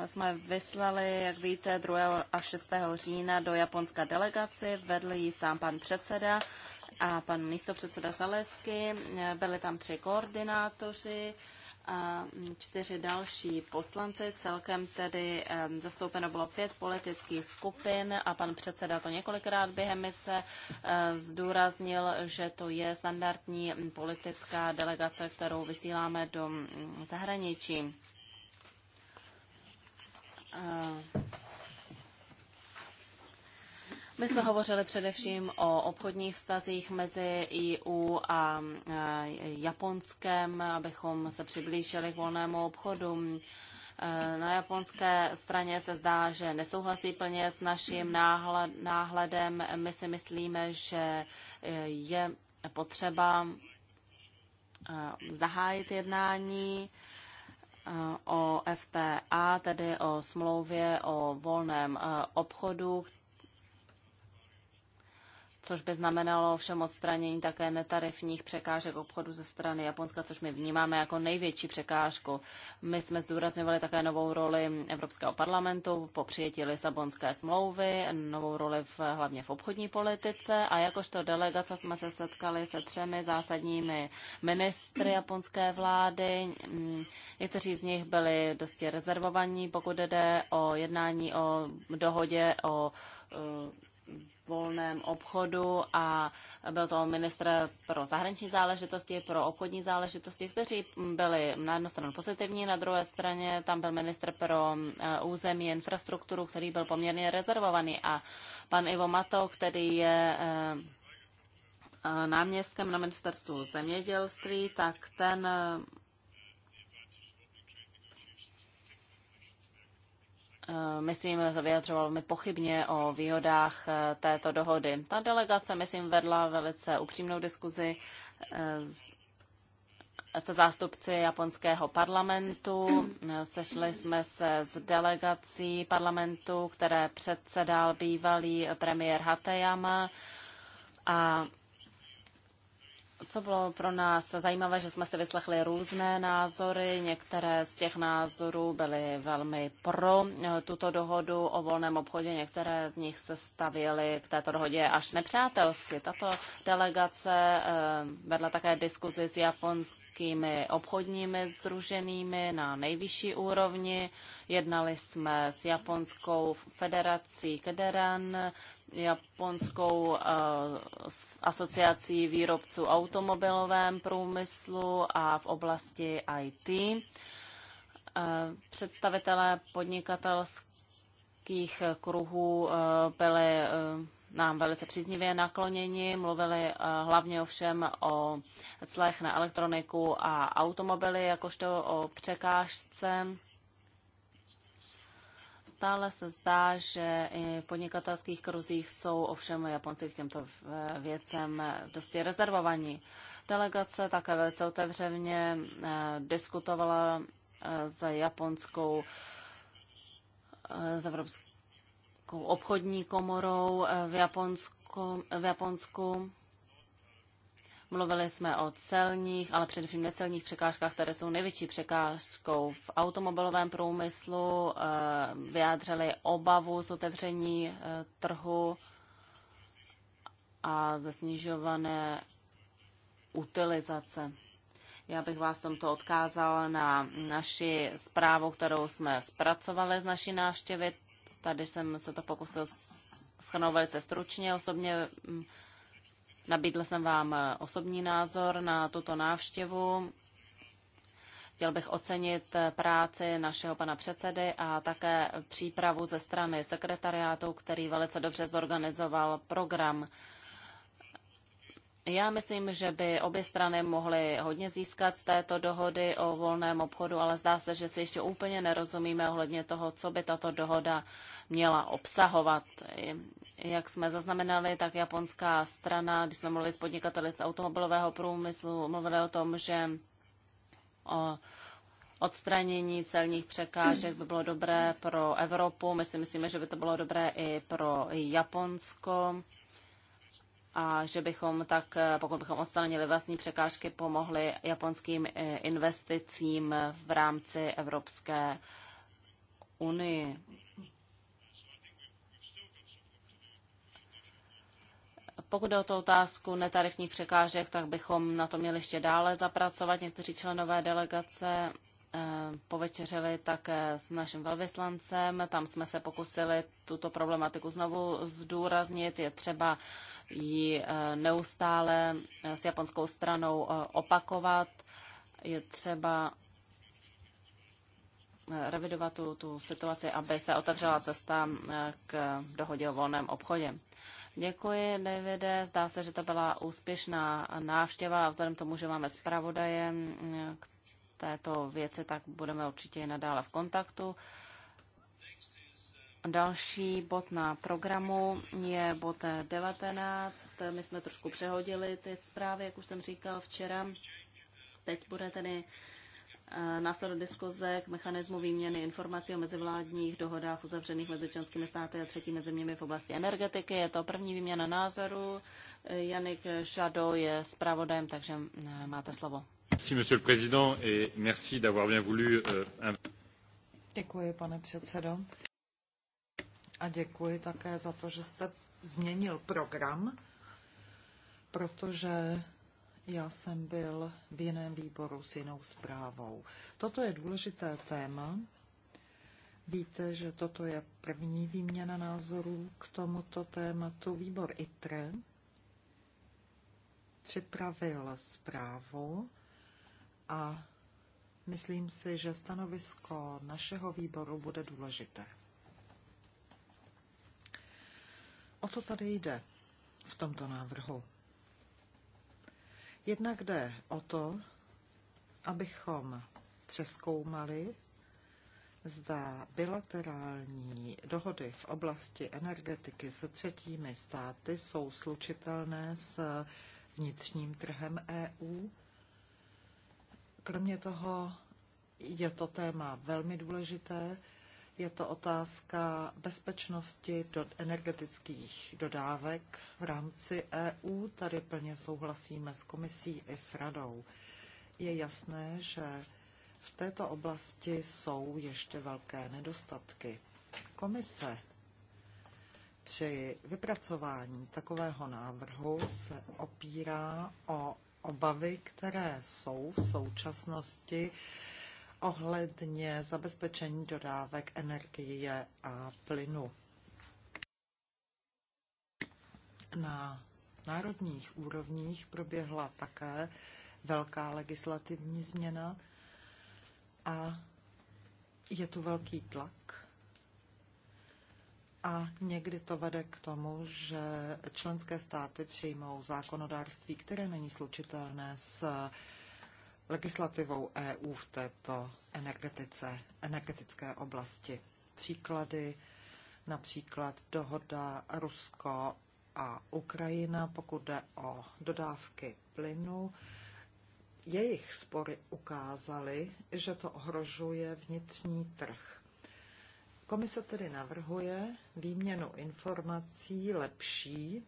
jsme vyslali, jak víte, 2. a 6. října do Japonska delegaci. Vedl ji sám pan předseda. Eh, a pan místopředseda Salesky. Eh, byli tam tři koordinátoři a čtyři další poslanci. Celkem tedy zastoupeno bylo pět politických skupin a pan předseda to několikrát během mise eh, zdůraznil, že to je standardní politická delegace, kterou vysíláme do mm, zahraničí. Eh, my jsme hovořili především o obchodních vztazích mezi EU a Japonskem, abychom se přiblížili k volnému obchodu. E, na japonské straně se zdá, že nesouhlasí plně s naším náhledem. My si myslíme, že e, je potřeba e, zahájit jednání o FTA, tedy o smlouvě o volném obchodu, což by znamenalo všem odstranění také netarifních překážek obchodu ze strany Japonska, což my vnímáme jako největší překážku. My jsme zdůrazňovali také novou roli Evropského parlamentu po přijetí Lisabonské smlouvy, novou roli v, hlavně v obchodní politice a jakožto delegace jsme se setkali se třemi zásadními ministry japonské vlády. Někteří z nich byli dosti rezervovaní, pokud jde o jednání o dohodě o eh, volném obchodu a byl to ministr pro zahraniční záležitosti, pro obchodní záležitosti, kteří byli na jednu stranu pozitivní, na druhé straně tam byl ministr pro eh, území infrastrukturu, který byl poměrně rezervovaný a pan Ivo Mato, který je eh, eh, náměstkem na ministerstvu zemědělství, tak ten Eh, myslím, vyjadřoval mi pochybně o výhodách eh, této dohody. Ta delegace, myslím, vedla velice upřímnou diskuzi eh, se zástupci japonského parlamentu. Sešli jsme se s delegací parlamentu, které předsedal bývalý premiér Hatayama a co bylo pro nás zajímavé, že jsme si vyslechli různé názory. Některé z těch názorů byly velmi pro eh, tuto dohodu o volném obchodě, některé z nich se stavěly k této dohodě až nepřátelsky. Tato delegace eh, vedla také diskuzi s Japonskou evropskými obchodními združeními na nejvyšší úrovni. Jednali jsme s Japonskou federací Kederan, Japonskou eh, asociací výrobců automobilovém průmyslu a v oblasti IT. Eh, představitelé podnikatelských kruhů eh, byli nám velice příznivě nakloněni, mluvili eh, hlavně ovšem o clech na elektroniku a automobily, jakožto o překážce. Stále se zdá, že v podnikatelských kruzích jsou ovšem Japonci k těmto eh, věcem eh, dosti rezervovaní. Delegace také velice otevřeně diskutovala za japonskou z evropskou Japonskou obchodní komorou eh, v Japonsku. V Japonsku. Mluvili jsme o celních, ale především necelních překážkách, které jsou největší překážkou v automobilovém průmyslu. Eh, vyjádřili obavu z otevření eh, trhu a ze snižované utilizace. Já bych vás tomto odkázal na naši zprávu, kterou jsme zpracovali z naší návštěvy. Tady jsem se to pokusil schrnout velice stručně. Osobně mm, nabídl jsem vám eh, osobní názor na tuto návštěvu. Chtěl bych ocenit eh, práci našeho pana předsedy a také přípravu ze strany sekretariátu, který velice dobře zorganizoval program já myslím, že by obě strany mohly hodně získat z této dohody o volném obchodu, ale zdá se, že si ještě úplně nerozumíme ohledně toho, co by tato dohoda měla obsahovat. Jak jsme zaznamenali, tak japonská strana, když jsme mluvili s podnikateli z automobilového průmyslu, mluvili o tom, že o odstranění celních překážek by bylo dobré pro Evropu. My si myslíme, že by to bylo dobré i pro Japonsko a že bychom tak, eh, pokud bychom odstranili vlastní překážky, pomohli japonským eh, investicím v rámci Evropské unii. Pokud jde o tu otázku netarifních překážek, tak bychom na to měli ještě dále zapracovat. Někteří členové delegace povečeřili také eh, s naším velvyslancem. Tam jsme se pokusili tuto problematiku znovu zdůraznit. Je třeba ji eh, neustále eh, s japonskou stranou opakovat. Je třeba revidovat tu, tu situaci, aby se otevřela cesta k dohodě o volném obchodě. Děkuji, Davide. Zdá se, že to byla úspěšná návštěva a vzhledem k tomu, že máme zpravodaje, mm, této věci, tak budeme určitě i nadále v kontaktu. Další bod na programu je bod 19. My jsme trošku přehodili ty zprávy, jak už jsem říkal včera. Teď bude tedy eh, následovat diskuze k mechanismu výměny informací o mezivládních dohodách uzavřených mezi členskými státy a třetími zeměmi v oblasti energetiky. Je to první výměna názoru. Eh, Janik Šado je zpravodajem, takže eh, máte slovo. Euh, děkuji, pane předsedo. A děkuji také za to, že jste změnil program, protože já jsem byl v jiném výboru s jinou zprávou. Toto je důležité téma. Víte, že toto je první výměna názorů k tomuto tématu. Výbor ITRE připravil zprávu a myslím si, že stanovisko našeho výboru bude důležité. O co tady jde v tomto návrhu? Jednak jde o to, abychom přeskoumali, zda bilaterální dohody v oblasti energetiky se třetími státy jsou slučitelné s vnitřním trhem EU Kromě toho je to téma velmi důležité. Je to otázka bezpečnosti do energetických dodávek v rámci EU. Tady plně souhlasíme s komisí i s radou. Je jasné, že v této oblasti jsou ještě velké nedostatky. Komise při vypracování takového návrhu se opírá o obavy, které jsou v současnosti ohledně zabezpečení dodávek energie a plynu. Na národních úrovních proběhla také velká legislativní změna a je tu velký tlak a někdy to vede k tomu, že členské státy přijmou zákonodárství, které není slučitelné s legislativou EU v této energetice, energetické oblasti. Příklady, například dohoda Rusko a Ukrajina, pokud jde o dodávky plynu. Jejich spory ukázaly, že to ohrožuje vnitřní trh Komise tedy navrhuje výměnu informací lepší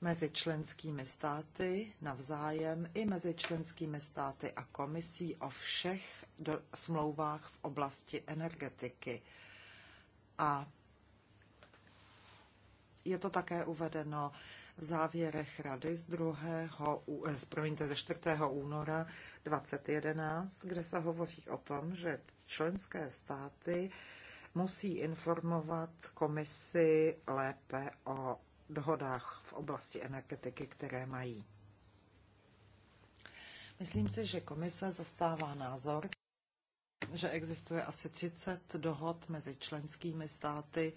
mezi členskými státy navzájem i mezi členskými státy a komisí o všech do, smlouvách v oblasti energetiky. A je to také uvedeno v závěrech Rady z, 2. Eh, promiňte, ze 4. února 2011, kde se hovoří o tom, že členské státy musí informovat komisi lépe o dohodách v oblasti energetiky, které mají. Myslím si, že komise zastává názor, že existuje asi 30 dohod mezi členskými státy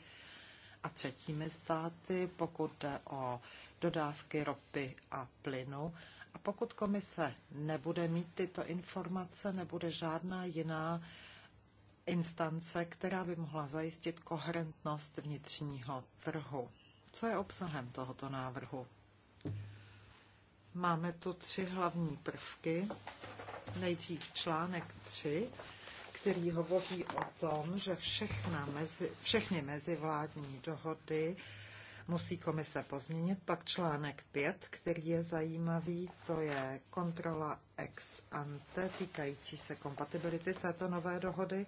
a třetími státy, pokud jde o dodávky ropy a plynu. A pokud komise nebude mít tyto informace, nebude žádná jiná instance, která by mohla zajistit koherentnost vnitřního trhu. Co je obsahem tohoto návrhu? Máme tu tři hlavní prvky. Nejdřív článek 3, který hovoří o tom, že všechna mezi, všechny mezivládní dohody musí komise pozměnit. Pak článek 5, který je zajímavý, to je kontrola ex ante týkající se kompatibility této nové dohody.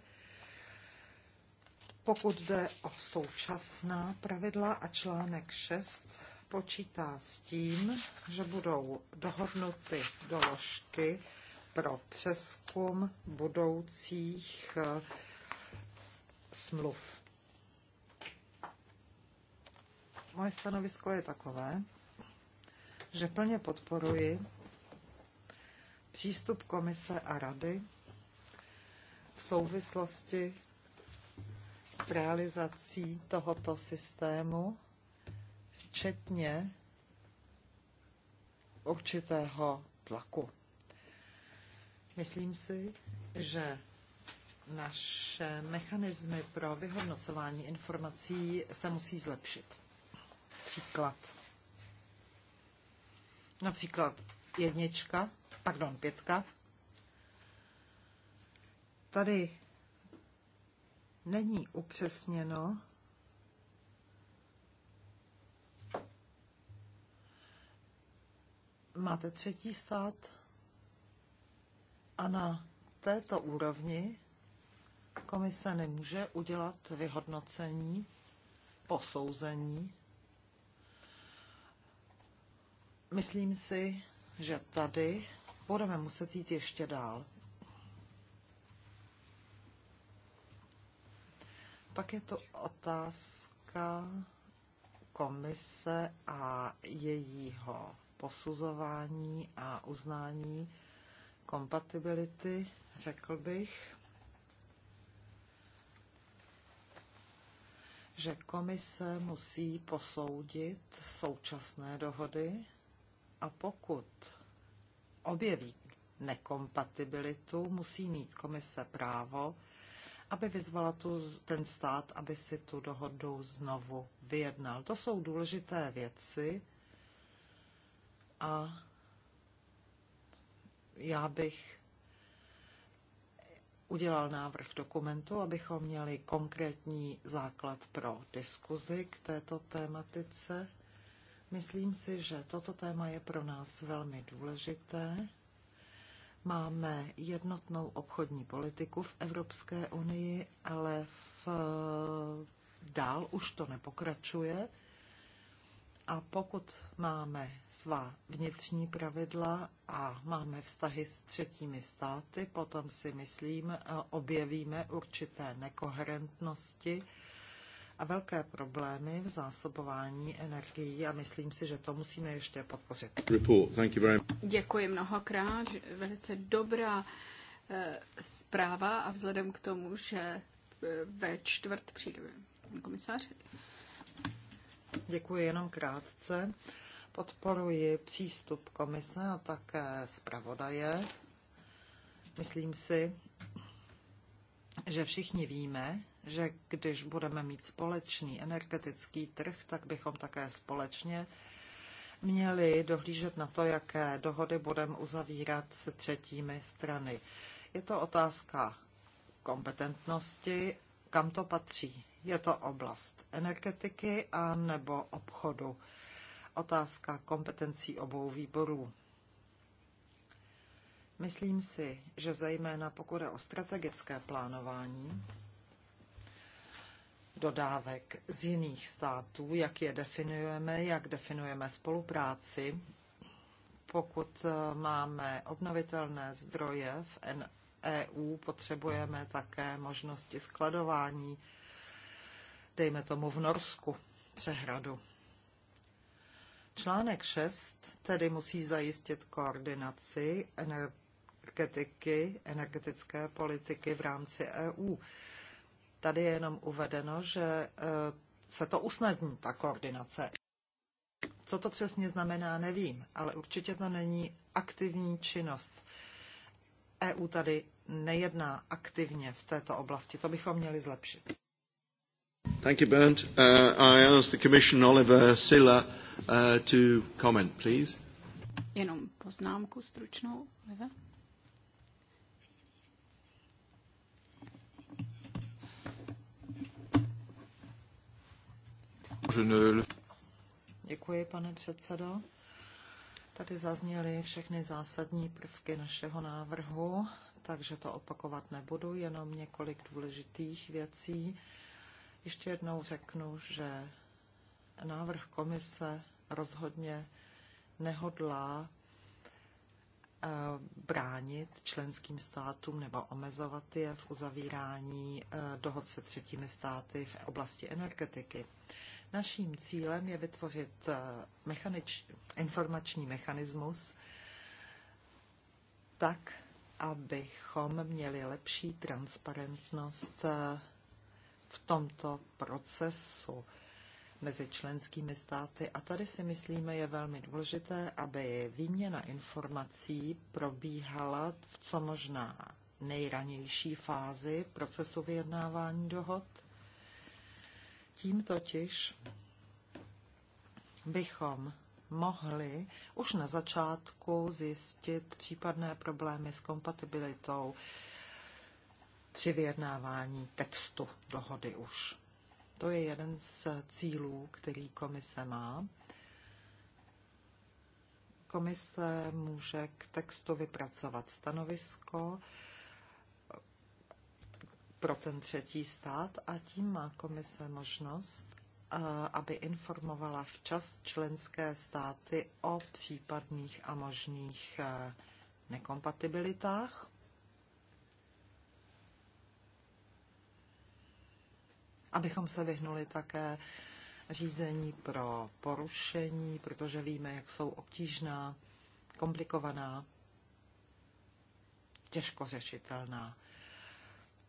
Pokud jde o současná pravidla a článek 6 počítá s tím, že budou dohodnuty doložky pro přeskum budoucích eh, smluv. Moje stanovisko je takové, že plně podporuji přístup komise a rady v souvislosti realizací tohoto systému, včetně určitého tlaku. Myslím si, že naše mechanismy pro vyhodnocování informací se musí zlepšit. Příklad. Například jednička, pardon, pětka. Tady není upřesněno, máte třetí stát a na této úrovni komise nemůže udělat vyhodnocení, posouzení. Myslím si, že tady budeme muset jít ještě dál. pak je to otázka komise a jejího posuzování a uznání kompatibility, řekl bych, že komise musí posoudit současné dohody a pokud objeví nekompatibilitu, musí mít komise právo aby vyzvala tu, ten stát, aby si tu dohodu znovu vyjednal. To jsou důležité věci a já bych udělal návrh dokumentu, abychom měli konkrétní základ pro diskuzi k této tématice. Myslím si, že toto téma je pro nás velmi důležité Máme jednotnou obchodní politiku v Evropské unii, ale v, dál už to nepokračuje. A pokud máme svá vnitřní pravidla a máme vztahy s třetími státy, potom si myslím, eh, objevíme určité nekoherentnosti a velké problémy v zásobování energií a myslím si, že to musíme ještě podpořit. Děkuji mnohokrát, velice dobrá eh, zpráva a vzhledem k tomu, že eh, ve čtvrt přijde komisář. Děkuji jenom krátce. Podporuji přístup komise a také zpravodaje. Myslím si, že všichni víme, že když budeme mít společný energetický trh, tak bychom také společně měli dohlížet na to, jaké dohody budeme uzavírat se třetími strany. Je to otázka kompetentnosti, kam to patří. Je to oblast energetiky a nebo obchodu. Otázka kompetencí obou výborů. Myslím si, že zejména pokud je o strategické plánování, dodávek z jiných států, jak je definujeme, jak definujeme spolupráci. Pokud eh, máme obnovitelné zdroje v EU, potřebujeme také možnosti skladování, dejme tomu v Norsku, přehradu. Článek 6 tedy musí zajistit koordinaci energetiky, energetické politiky v rámci EU. Tady je jenom uvedeno, že eh, se to usnadní, ta koordinace. Co to přesně znamená, nevím, ale určitě to není aktivní činnost. EU tady nejedná aktivně v této oblasti. To bychom měli zlepšit. Thank you, Bernd. Uh, I ask the Commission Oliver Silla uh, to comment, please. Jenom poznámku stručnou, Oliver. Děkuji, pane předsedo. Tady zazněly všechny zásadní prvky našeho návrhu, takže to opakovat nebudu, jenom několik důležitých věcí. Ještě jednou řeknu, že návrh komise rozhodně nehodlá eh, bránit členským státům nebo omezovat je v uzavírání eh, dohod se třetími státy v oblasti energetiky. Naším cílem je vytvořit eh, mechanič, informační mechanismus tak, abychom měli lepší transparentnost eh, v tomto procesu mezi členskými státy. A tady si myslíme, je velmi důležité, aby výměna informací probíhala v co možná nejranější fázi procesu vyjednávání dohod tím totiž bychom mohli už na začátku zjistit případné problémy s kompatibilitou při vyjednávání textu dohody už. To je jeden z cílů, který komise má. Komise může k textu vypracovat stanovisko, pro ten třetí stát a tím má komise možnost, eh, aby informovala včas členské státy o případných a možných eh, nekompatibilitách. Abychom se vyhnuli také řízení pro porušení, protože víme, jak jsou obtížná, komplikovaná, těžko řešitelná.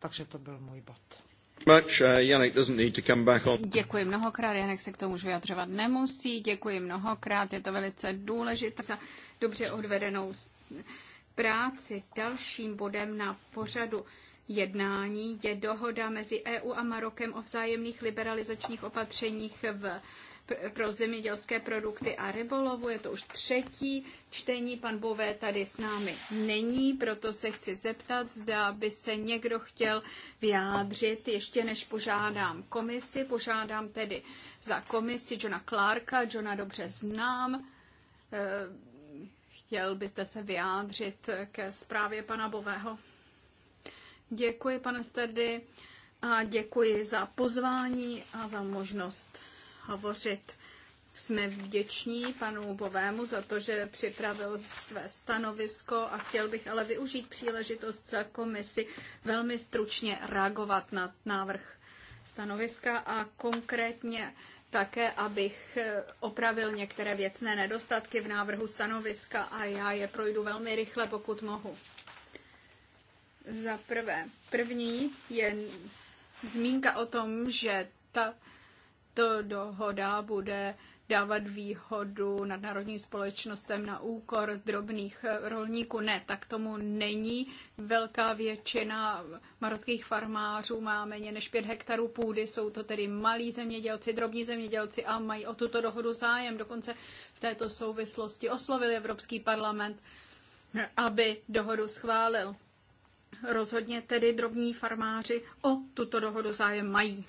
Takže to byl můj bod. Uh, Děkuji mnohokrát, Janek se k tomu už vyjadřovat nemusí. Děkuji mnohokrát, je to velice důležité za dobře odvedenou práci. Dalším bodem na pořadu jednání je dohoda mezi EU a Marokem o vzájemných liberalizačních opatřeních v pro zemědělské produkty a rybolovu. Je to už třetí čtení. Pan Bové tady s námi není, proto se chci zeptat, zda by se někdo chtěl vyjádřit, ještě než požádám komisi. Požádám tedy za komisi Johna Clarka. Johna dobře znám. Eh, chtěl byste se vyjádřit ke zprávě pana Bového? Děkuji, pane Sterdy, a děkuji za pozvání a za možnost hovořit. Jsme vděční panu Bovému za to, že připravil své stanovisko a chtěl bych ale využít příležitost za komisi velmi stručně reagovat na návrh stanoviska a konkrétně také, abych opravil některé věcné nedostatky v návrhu stanoviska a já je projdu velmi rychle, pokud mohu. Za prvé, první je zmínka o tom, že ta tato dohoda bude dávat výhodu nadnárodním společnostem na úkor drobných eh, rolníků. Ne, tak tomu není. Velká většina marockých farmářů má méně než 5 hektarů půdy, jsou to tedy malí zemědělci, drobní zemědělci a mají o tuto dohodu zájem. Dokonce v této souvislosti oslovili Evropský parlament, aby dohodu schválil. Rozhodně tedy drobní farmáři o tuto dohodu zájem mají.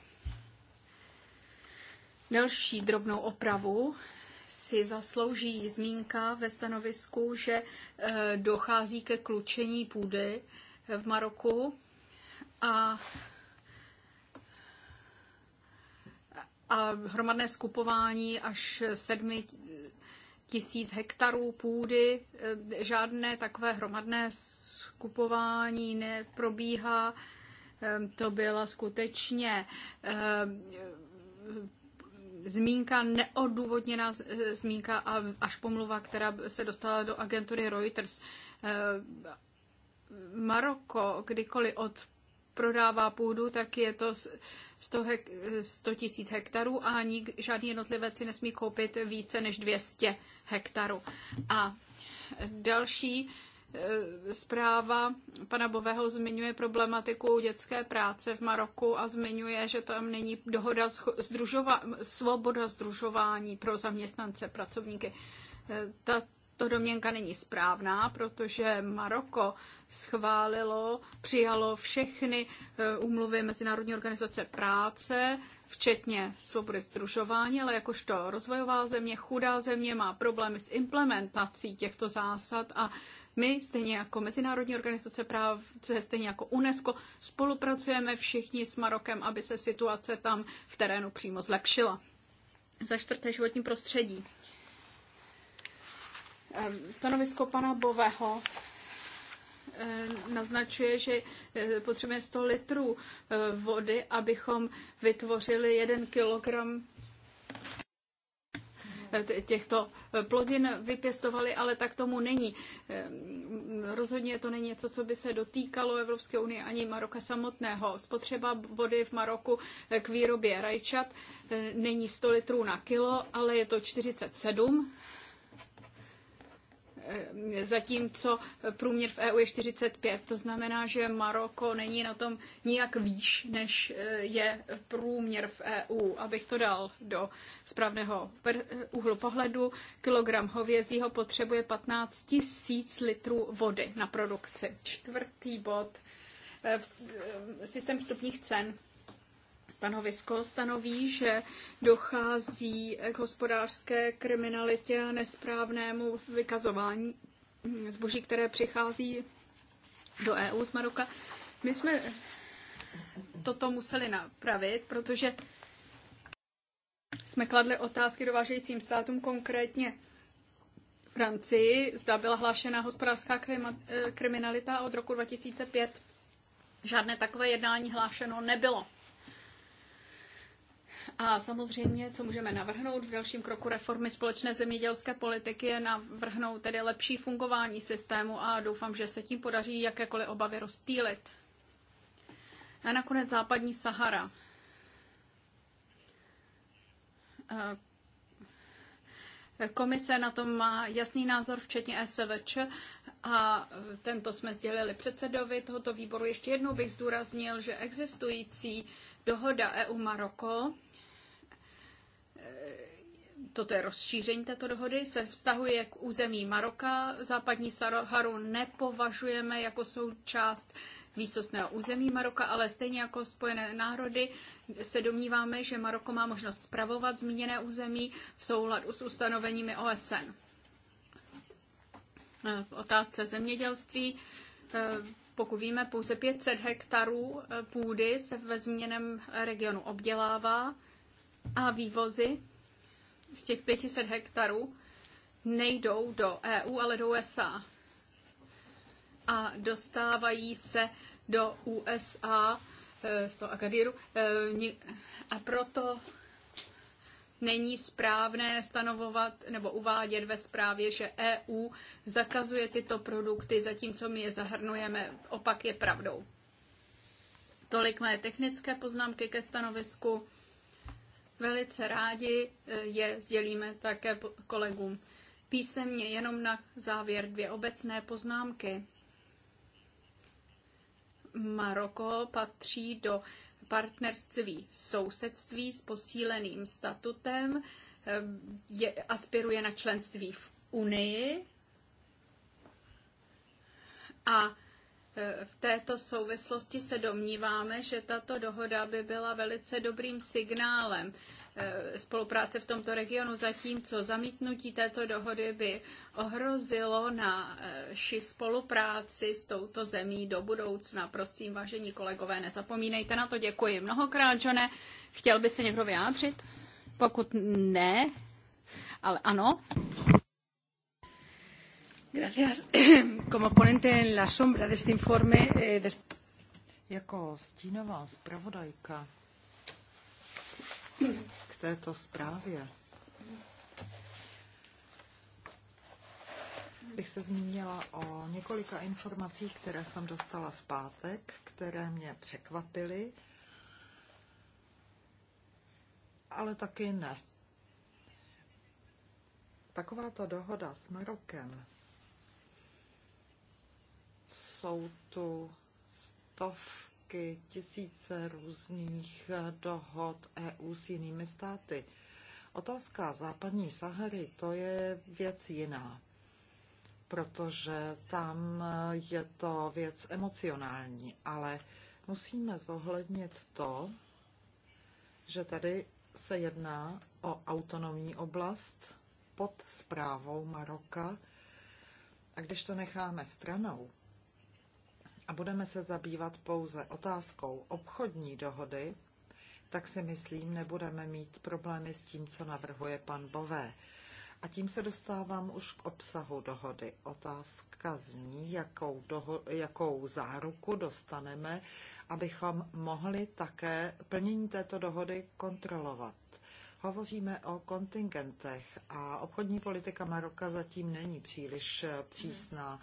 Další drobnou opravu si zaslouží zmínka ve stanovisku, že eh, dochází ke klučení půdy eh, v Maroku a a hromadné skupování až sedmi tisíc hektarů půdy. Eh, žádné takové hromadné skupování neprobíhá. To byla skutečně zmínka, neodůvodněná eh, zmínka a až pomluva, která se dostala do agentury Reuters. Eh, Maroko kdykoliv od prodává půdu, tak je to 100, hek, 100 tisíc hektarů a nik, žádný jednotlivec si nesmí koupit více než 200 hektarů. A další Eh, zpráva pana Bového zmiňuje problematiku dětské práce v Maroku a zmiňuje, že tam není dohoda združova- svoboda združování pro zaměstnance, pracovníky. Eh, Ta to domněnka není správná, protože Maroko schválilo, přijalo všechny eh, úmluvy Mezinárodní organizace práce, včetně svobody združování, ale jakožto rozvojová země, chudá země má problémy s implementací těchto zásad a my, stejně jako Mezinárodní organizace práv, stejně jako UNESCO, spolupracujeme všichni s Marokem, aby se situace tam v terénu přímo zlepšila. Za čtvrté životní prostředí. Ehm, stanovisko pana Bového ehm, naznačuje, že eh, potřebujeme 100 litrů eh, vody, abychom vytvořili 1 kilogram těchto eh, plodin vypěstovali, ale tak tomu není. Eh, rozhodně to není něco, co by se dotýkalo Evropské unie ani Maroka samotného. Spotřeba vody v Maroku eh, k výrobě rajčat není 100 litrů na kilo, ale je to 47 Eh, zatímco průměr v EU je 45. To znamená, že Maroko není na tom nijak výš, než eh, je průměr v EU. Abych to dal do správného eh, úhlu pohledu, kilogram hovězího potřebuje 15 tisíc litrů vody na produkci. Čtvrtý bod, systém vstupních cen Stanovisko stanoví, že dochází k hospodářské kriminalitě a nesprávnému vykazování zboží, které přichází do EU z Maroka. My jsme toto museli napravit, protože jsme kladli otázky dovážejícím státům, konkrétně Francii, zda byla hlášena hospodářská eh, kriminalita od roku 2005. Žádné takové jednání hlášeno nebylo. A samozřejmě, co můžeme navrhnout v dalším kroku reformy společné zemědělské politiky, je navrhnout tedy lepší fungování systému a doufám, že se tím podaří jakékoliv obavy rozptýlit. A nakonec západní Sahara. Eh, komise na tom má jasný názor, včetně SVČ, a tento jsme sdělili předsedovi tohoto výboru. Ještě jednou bych zdůraznil, že existující dohoda EU-Maroko Eh, toto je rozšíření této dohody, se vztahuje k území Maroka. Západní Saharu nepovažujeme jako součást výsostného území Maroka, ale stejně jako Spojené národy se domníváme, že Maroko má možnost spravovat zmíněné území v souladu s ustanoveními OSN. Eh, v otázce zemědělství, eh, pokud víme, pouze 500 hektarů půdy se ve zmíněném regionu obdělává a vývozy z těch 500 hektarů nejdou do EU, ale do USA. A dostávají se do USA eh, z toho Akadíru eh, a proto není správné stanovovat nebo uvádět ve zprávě, že EU zakazuje tyto produkty, zatímco my je zahrnujeme. Opak je pravdou. Tolik moje technické poznámky ke stanovisku. Velice rádi eh, je sdělíme také kolegům. Písemně jenom na závěr dvě obecné poznámky. Maroko patří do partnerství sousedství s posíleným statutem, eh, je, aspiruje na členství v Unii a Eh, v této souvislosti se domníváme, že tato dohoda by byla velice dobrým signálem eh, spolupráce v tomto regionu, zatímco zamítnutí této dohody by ohrozilo naši eh, spolupráci s touto zemí do budoucna. Prosím, vážení kolegové, nezapomínejte na to. Děkuji mnohokrát, Johne. Chtěl by se někdo vyjádřit? Pokud ne, ale ano. Como ponente en de este informe, eh, Jako stínová zpravodajka k této zprávě bych se zmínila o několika informacích, které jsem dostala v pátek, které mě překvapily, ale taky ne. Takováto dohoda s Marokem jsou tu stovky, tisíce různých eh, dohod EU s jinými státy. Otázka západní Sahary, to je věc jiná, protože tam eh, je to věc emocionální, ale musíme zohlednit to, že tady se jedná o autonomní oblast pod zprávou Maroka. A když to necháme stranou, a budeme se zabývat pouze otázkou obchodní dohody, tak si myslím, nebudeme mít problémy s tím, co navrhuje pan Bové. A tím se dostávám už k obsahu dohody. Otázka zní, jakou, doho- jakou záruku dostaneme, abychom mohli také plnění této dohody kontrolovat. Hovoříme o kontingentech a obchodní politika Maroka zatím není příliš přísná. Hmm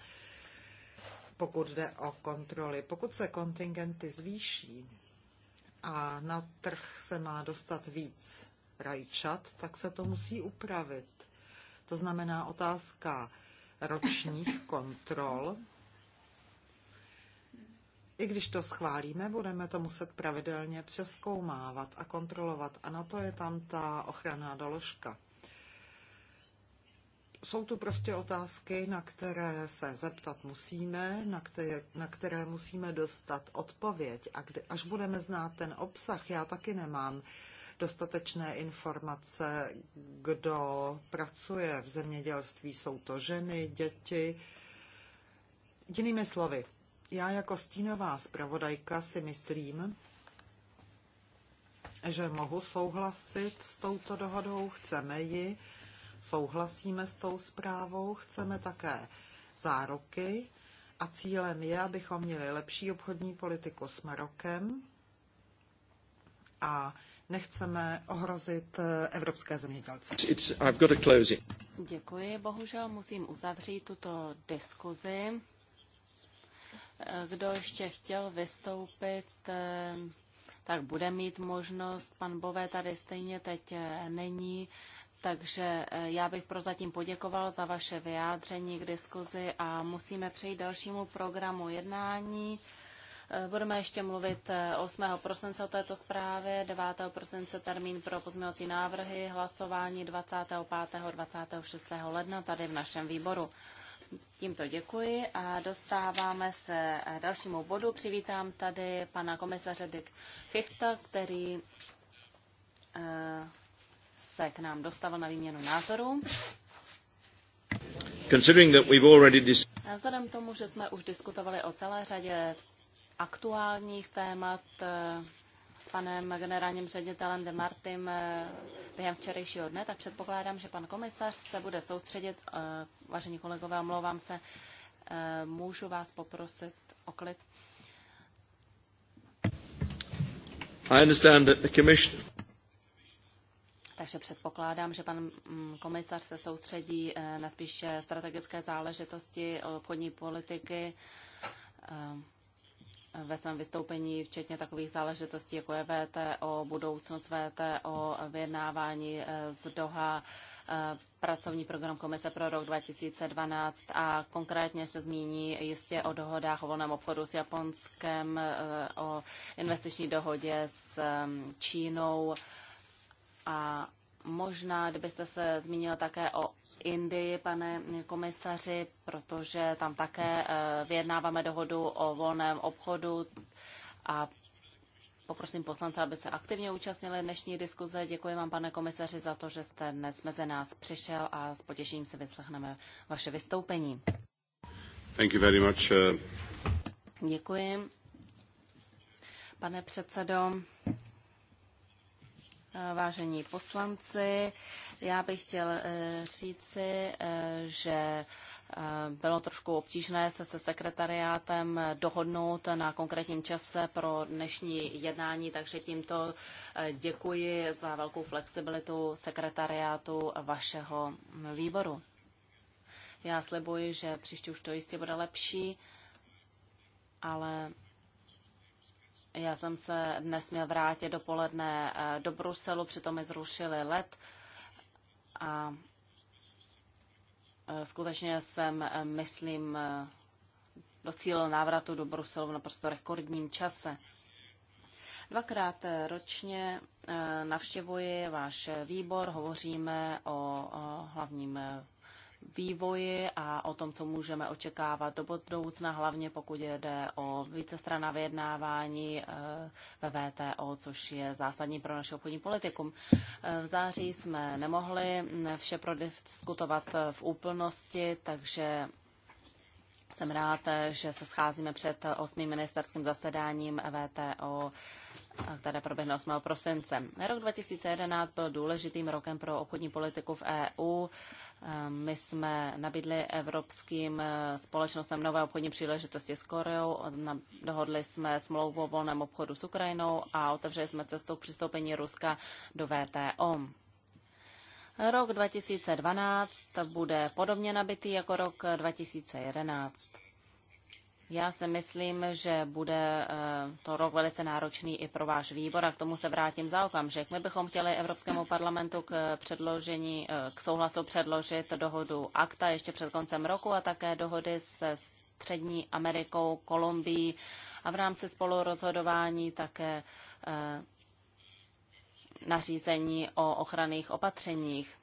pokud jde o kontroly. Pokud se kontingenty zvýší a na trh se má dostat víc rajčat, tak se to musí upravit. To znamená otázka ročních kontrol. I když to schválíme, budeme to muset pravidelně přeskoumávat a kontrolovat. A na to je tam ta ochranná doložka jsou tu prostě otázky, na které se zeptat musíme, na které, na které musíme dostat odpověď. A kdy, až budeme znát ten obsah, já taky nemám dostatečné informace, kdo pracuje v zemědělství. Jsou to ženy, děti. Jinými slovy, já jako stínová zpravodajka si myslím, že mohu souhlasit s touto dohodou, chceme ji souhlasíme s tou zprávou, chceme také záruky a cílem je, abychom měli lepší obchodní politiku s Marokem a nechceme ohrozit eh, evropské zemědělce. Děkuji, bohužel musím uzavřít tuto diskuzi. Eh, kdo ještě chtěl vystoupit, eh, tak bude mít možnost. Pan Bové tady stejně teď není, takže eh, já bych prozatím poděkoval za vaše vyjádření k diskuzi a musíme přejít dalšímu programu jednání. Eh, budeme ještě mluvit 8. Eh, prosince o této zprávě, 9. prosince termín pro pozměňovací návrhy, hlasování 25. a 26. ledna tady v našem výboru. Tímto děkuji a dostáváme se dalšímu bodu. Přivítám tady pana komisaře Dick Fichta, který se k nám dostavil na výměnu názorů. Vzhledem k tomu, že jsme už diskutovali o celé řadě aktuálních témat eh, s panem generálním ředitelem De Martim eh, během včerejšího dne, tak předpokládám, že pan komisař se bude soustředit. Eh, vážení kolegové, omlouvám se, můžu vás poprosit o klid. I understand that the commission takže předpokládám, že pan mm, komisař se soustředí eh, na spíše strategické záležitosti obchodní politiky eh, ve svém vystoupení, včetně takových záležitostí, jako je VTO, budoucnost VTO, vyjednávání eh, z Doha, pracovní program Komise pro rok 2012 a konkrétně se zmíní jistě o dohodách o volném obchodu s Japonskem, o investiční dohodě s Čínou, a možná, kdybyste se zmínil také o Indii, pane komisaři, protože tam také eh, vyjednáváme dohodu o volném obchodu a Poprosím poslance, aby se aktivně účastnili dnešní diskuze. Děkuji vám, pane komisaři, za to, že jste dnes mezi nás přišel a s potěšením se vyslechneme vaše vystoupení. Thank you very much. Eh. Děkuji. Pane předsedo, Eh, vážení poslanci. Já bych chtěl eh, říci, eh, že bylo trošku obtížné se se sekretariátem dohodnout na konkrétním čase pro dnešní jednání, takže tímto děkuji za velkou flexibilitu sekretariátu vašeho výboru. Já slibuji, že příště už to jistě bude lepší, ale já jsem se dnes měl vrátit dopoledne eh, do Bruselu, přitom mi zrušili let a eh, skutečně jsem, eh, myslím, docílil návratu do Bruselu v naprosto rekordním čase. Dvakrát ročně navštěvuji váš výbor, hovoříme o hlavním vývoji a o tom, co můžeme očekávat do budoucna, hlavně pokud jde o vícestrana vyjednávání eh, ve VTO, což je zásadní pro naše obchodní politikum, eh, V září jsme nemohli eh, vše prodiskutovat v úplnosti, takže jsem rád, že se scházíme před osmým ministerským zasedáním VTO, které proběhne 8. prosince. Rok 2011 byl důležitým rokem pro obchodní politiku v EU. Ehm, my jsme nabídli evropským eh, společnostem nové obchodní příležitosti s Koreou, dohodli jsme smlouvu o volném obchodu s Ukrajinou a otevřeli jsme cestou k přistoupení Ruska do VTO. Rok 2012 bude podobně nabitý jako rok 2011. Já si myslím, že bude eh, to rok velice náročný i pro váš výbor a k tomu se vrátím za okamžik. My bychom chtěli Evropskému parlamentu k eh, předložení, eh, k souhlasu předložit dohodu akta ještě před koncem roku a také dohody se Střední Amerikou, Kolumbií a v rámci spolurozhodování také nařízení o ochranných opatřeních.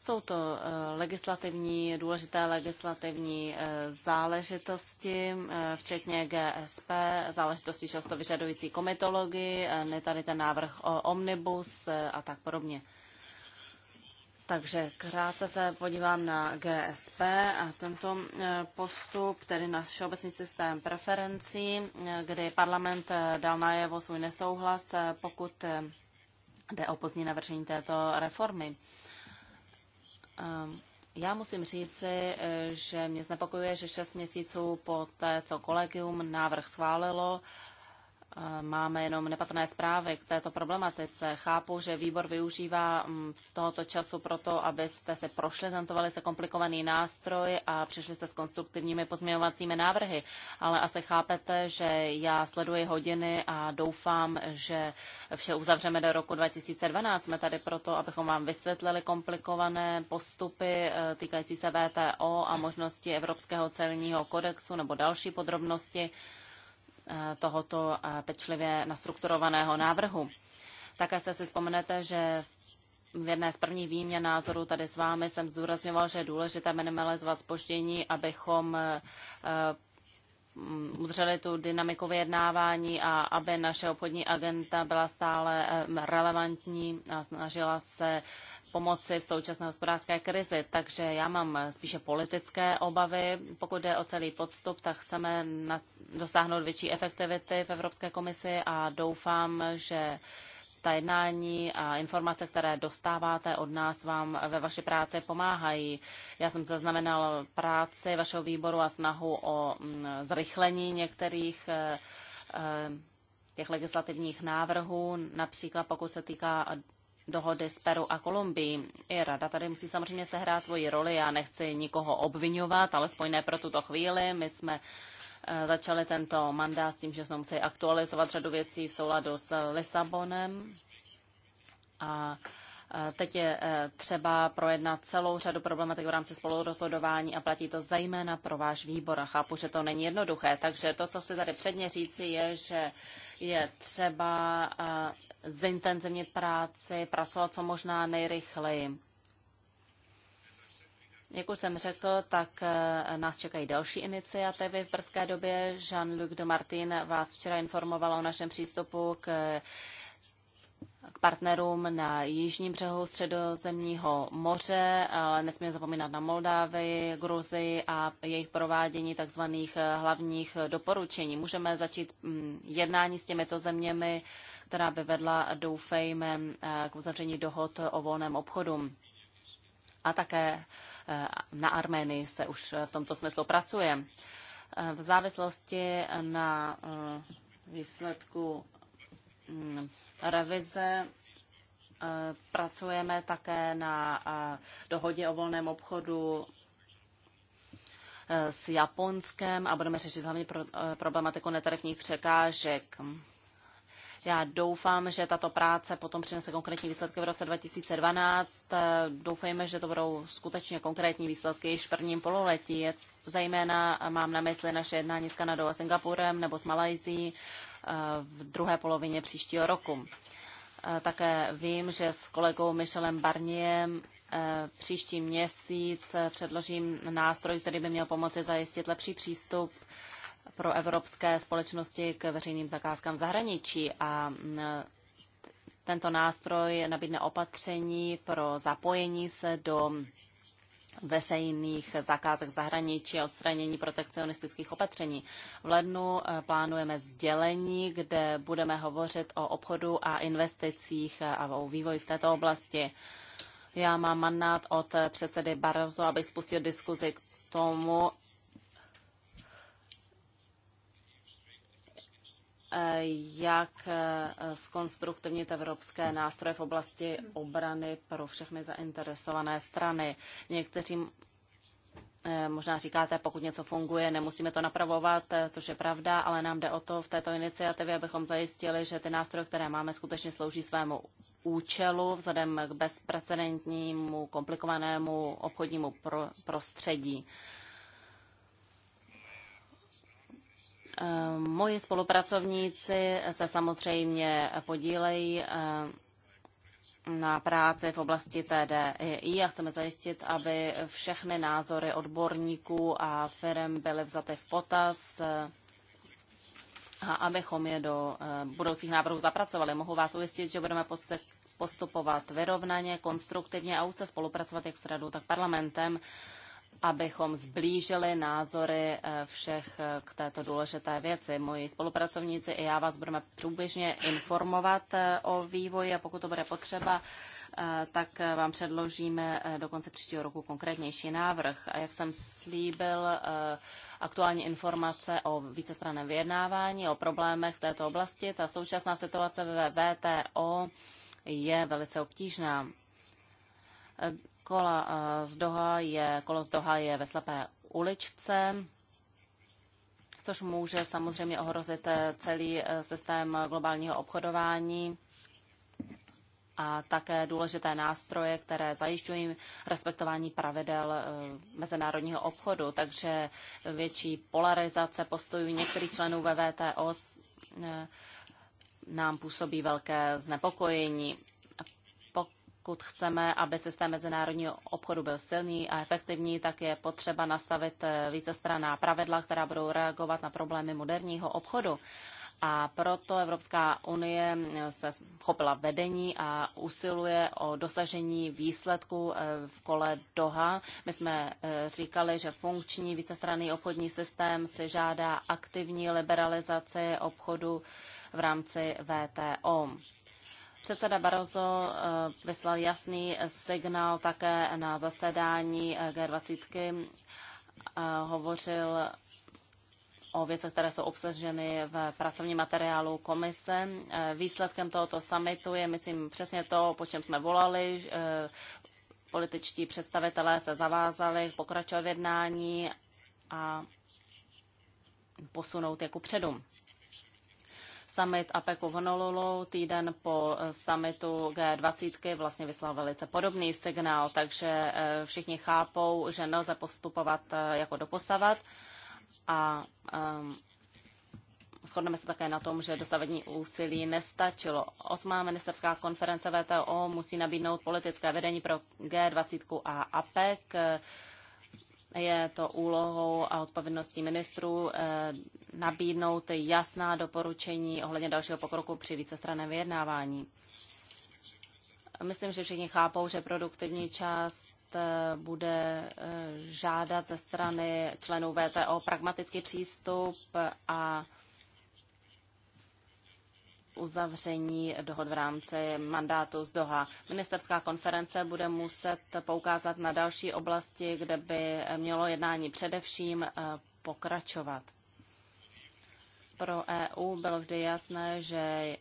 Jsou to eh, legislativní, důležité legislativní eh, záležitosti, eh, včetně GSP, záležitosti často vyžadující komitologii, ne tady ten návrh o omnibus a tak podobně. Takže krátce se podívám na GSP a tento postup, tedy na všeobecný systém preferencí, kdy parlament dal najevo svůj nesouhlas, pokud jde o pozdní navržení této reformy. Ehm, já musím říci, eh, že mě znepokojuje, že šest měsíců po té, co kolegium návrh schválilo, máme jenom nepatrné zprávy k této problematice. Chápu, že výbor využívá mm, tohoto času proto, abyste se prošli tento velice komplikovaný nástroj a přišli jste s konstruktivními pozměňovacími návrhy, ale asi chápete, že já sleduji hodiny a doufám, že vše uzavřeme do roku 2012. Jsme tady proto, abychom vám vysvětlili komplikované postupy eh, týkající se VTO a možnosti Evropského celního kodexu nebo další podrobnosti. Eh, tohoto eh, pečlivě nastrukturovaného návrhu. Také se si vzpomenete, že v jedné z prvních výměn názorů tady s vámi jsem zdůrazňoval, že je důležité minimalizovat spoždění, abychom eh, udrželi tu dynamiku vyjednávání a aby naše obchodní agenta byla stále relevantní a snažila se pomoci v současné hospodářské krizi. Takže já mám spíše politické obavy. Pokud jde o celý podstup, tak chceme dosáhnout větší efektivity v Evropské komisi a doufám, že ta jednání a informace, které dostáváte od nás, vám ve vaší práci pomáhají. Já jsem zaznamenal práci vašeho výboru a snahu o mm, zrychlení některých eh, eh, těch legislativních návrhů, například pokud se týká dohody s Peru a Kolumbií. I rada tady musí samozřejmě sehrát svoji roli. Já nechci nikoho obvinovat, alespoň ne pro tuto chvíli. My jsme eh, začali tento mandát s tím, že jsme museli aktualizovat řadu věcí v souladu s Lisabonem. A eh, Teď je eh, třeba projednat celou řadu problematik v rámci spolurozhodování a platí to zejména pro váš výbor. A chápu, že to není jednoduché, takže to, co chci tady předně říci, je, že je třeba zintenzivnit práci, pracovat co možná nejrychleji. Jak už jsem řekl, tak eh, nás čekají další iniciativy v brzké době. Jean-Luc de Martin vás včera informoval o našem přístupu k k partnerům na jižním břehu středozemního moře, ale nesmíme zapomínat na Moldávii, Gruzii a jejich provádění tzv. hlavních doporučení. Můžeme začít mm, jednání s těmito zeměmi, která by vedla, doufejme, eh, k uzavření dohod o volném obchodu. A také eh, na Arménii se už v tomto smyslu pracuje. Eh, v závislosti na výsledku Mm, revize eh, pracujeme také na eh, dohodě o volném obchodu eh, s Japonskem a budeme řešit hlavně problematiku netarifních překážek. Já doufám, že tato práce potom přinese konkrétní výsledky v roce 2012. Doufejme, že to budou skutečně konkrétní výsledky již v prvním pololetí. Zajména mám na mysli naše jednání s Kanadou a Singapurem nebo s Malajzí Eh, v druhé polovině příštího roku. Eh, také vím, že s kolegou Michelem Barniem eh, příští měsíc předložím nástroj, který by měl pomoci zajistit lepší přístup pro evropské společnosti k veřejným zakázkám v zahraničí a mm, tento nástroj nabídne opatření pro zapojení se do veřejných zakázek zahraničí a odstranění protekcionistických opatření. V lednu eh, plánujeme sdělení, kde budeme hovořit o obchodu a investicích eh, a o vývoji v této oblasti. Já mám mandát od eh, předsedy Barroso, abych spustil diskuzi k tomu, Eh, jak skonstruktivnit eh, evropské nástroje v oblasti obrany pro všechny zainteresované strany. Někteří eh, možná říkáte, pokud něco funguje, nemusíme to napravovat, což je pravda, ale nám jde o to v této iniciativě, abychom zajistili, že ty nástroje, které máme, skutečně slouží svému účelu vzhledem k bezprecedentnímu komplikovanému obchodnímu prostředí. Eh, moji spolupracovníci se samozřejmě podílejí eh, na práci v oblasti TDI a chceme zajistit, aby všechny názory odborníků a firm byly vzaty v potaz eh, a abychom je do budoucích návrhů zapracovali. Mohu vás ujistit, že budeme postupovat vyrovnaně, konstruktivně a úzce spolupracovat jak s radou, tak parlamentem abychom zblížili názory eh, všech eh, k této důležité věci. Moji spolupracovníci i já vás budeme průběžně informovat eh, o vývoji a pokud to bude potřeba, tak vám předložíme do konce příštího roku konkrétnější návrh. A jak jsem slíbil, aktuální informace o vícestranném vyjednávání, o problémech v této oblasti. Ta současná situace ve VTO je velice obtížná kola eh, z Doha je, kolo z Doha je ve slepé uličce, což může samozřejmě ohrozit eh, celý eh, systém globálního obchodování a také důležité nástroje, které zajišťují respektování pravidel mezinárodního obchodu. Takže větší polarizace postojů některých členů ve VTO nám působí velké znepokojení pokud chceme, aby systém mezinárodního obchodu byl silný a efektivní, tak je potřeba nastavit eh, vícestranná pravidla, která budou reagovat na problémy moderního obchodu. A proto Evropská unie eh, se chopila vedení a usiluje o dosažení výsledku eh, v kole Doha. My jsme říkali, že funkční vícestranný obchodní systém si žádá aktivní liberalizaci obchodu v rámci VTO. Předseda Barroso eh, vyslal jasný signál také na zasedání eh, G20. Eh, hovořil o věcech, které jsou obsaženy v pracovním materiálu komise. Výsledkem tohoto summitu je, myslím, přesně to, po čem jsme volali. Političtí představitelé se zavázali pokračovat v jednání a posunout jako předum. Summit APEC v Honolulu týden po eh, summitu G20 vlastně vyslal velice podobný signál, takže eh, všichni chápou, že nelze postupovat eh, jako doposavat a um, Shodneme se také na tom, že dosavadní úsilí nestačilo. Osmá ministerská konference VTO musí nabídnout politické vedení pro G20 a APEC. Je to úlohou a odpovědností ministrů eh, nabídnout jasná doporučení ohledně dalšího pokroku při vícestranném vyjednávání. Myslím, že všichni chápou, že produktivní část eh, bude eh, žádat ze strany členů VTO pragmatický přístup a uzavření dohod v rámci mandátu z Doha. Ministerská konference bude muset poukázat na další oblasti, kde by mělo jednání především eh, pokračovat. Pro EU bylo vždy jasné, že eh,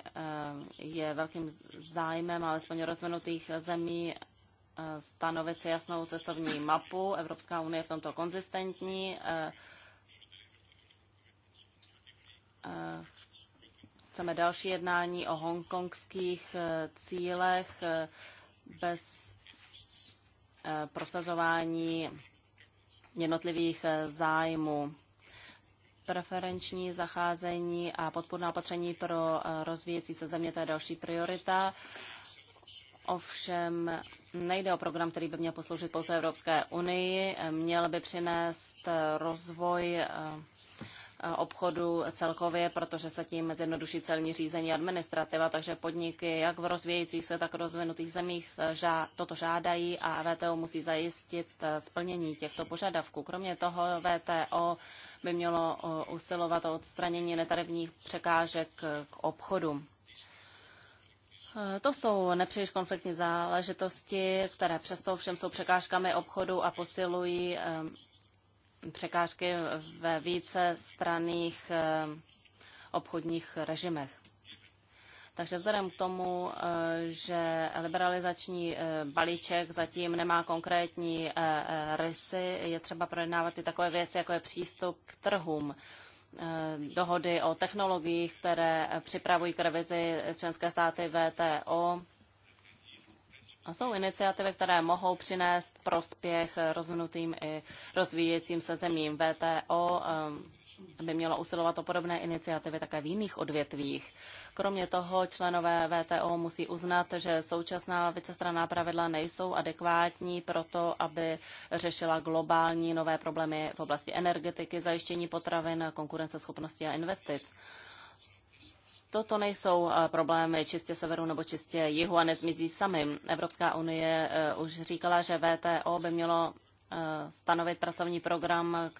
je velkým zájmem alespoň rozvinutých zemí eh, stanovit si jasnou cestovní mapu. Evropská unie je v tomto konzistentní chceme další jednání o hongkongských eh, cílech eh, bez eh, prosazování jednotlivých zájmů. Preferenční zacházení a podpůrná opatření pro rozvíjecí se země, to je další priorita. Ovšem nejde o program, který by měl posloužit pouze Evropské unii, měl by přinést rozvoj obchodu celkově, protože se tím zjednoduší celní řízení administrativa, takže podniky jak v rozvíjejících se, tak v rozvinutých zemích toto žádají a VTO musí zajistit eh, splnění těchto požadavků. Kromě toho VTO by mělo usilovat o odstranění netarifních překážek eh, k obchodu. Eh, to jsou nepříliš konfliktní záležitosti, které přesto všem jsou překážkami obchodu a posilují překážky ve více straných eh, obchodních režimech. Takže vzhledem k tomu, eh, že liberalizační eh, balíček zatím nemá konkrétní rysy, je třeba projednávat i takové věci, jako je přístup k trhům dohody o technologiích, které připravují k revizi členské státy VTO, jsou iniciativy, které mohou přinést prospěch rozvinutým i rozvíjecím se zemím. VTO eh, by mělo usilovat o podobné iniciativy také v jiných odvětvích. Kromě toho členové VTO musí uznat, že současná vicestraná pravidla nejsou adekvátní pro to, aby řešila globální nové problémy v oblasti energetiky, zajištění potravin, konkurenceschopnosti a investic. Toto nejsou eh, problémy čistě severu nebo čistě jihu a nezmizí sami. Evropská unie eh, už říkala, že VTO by mělo eh, stanovit pracovní program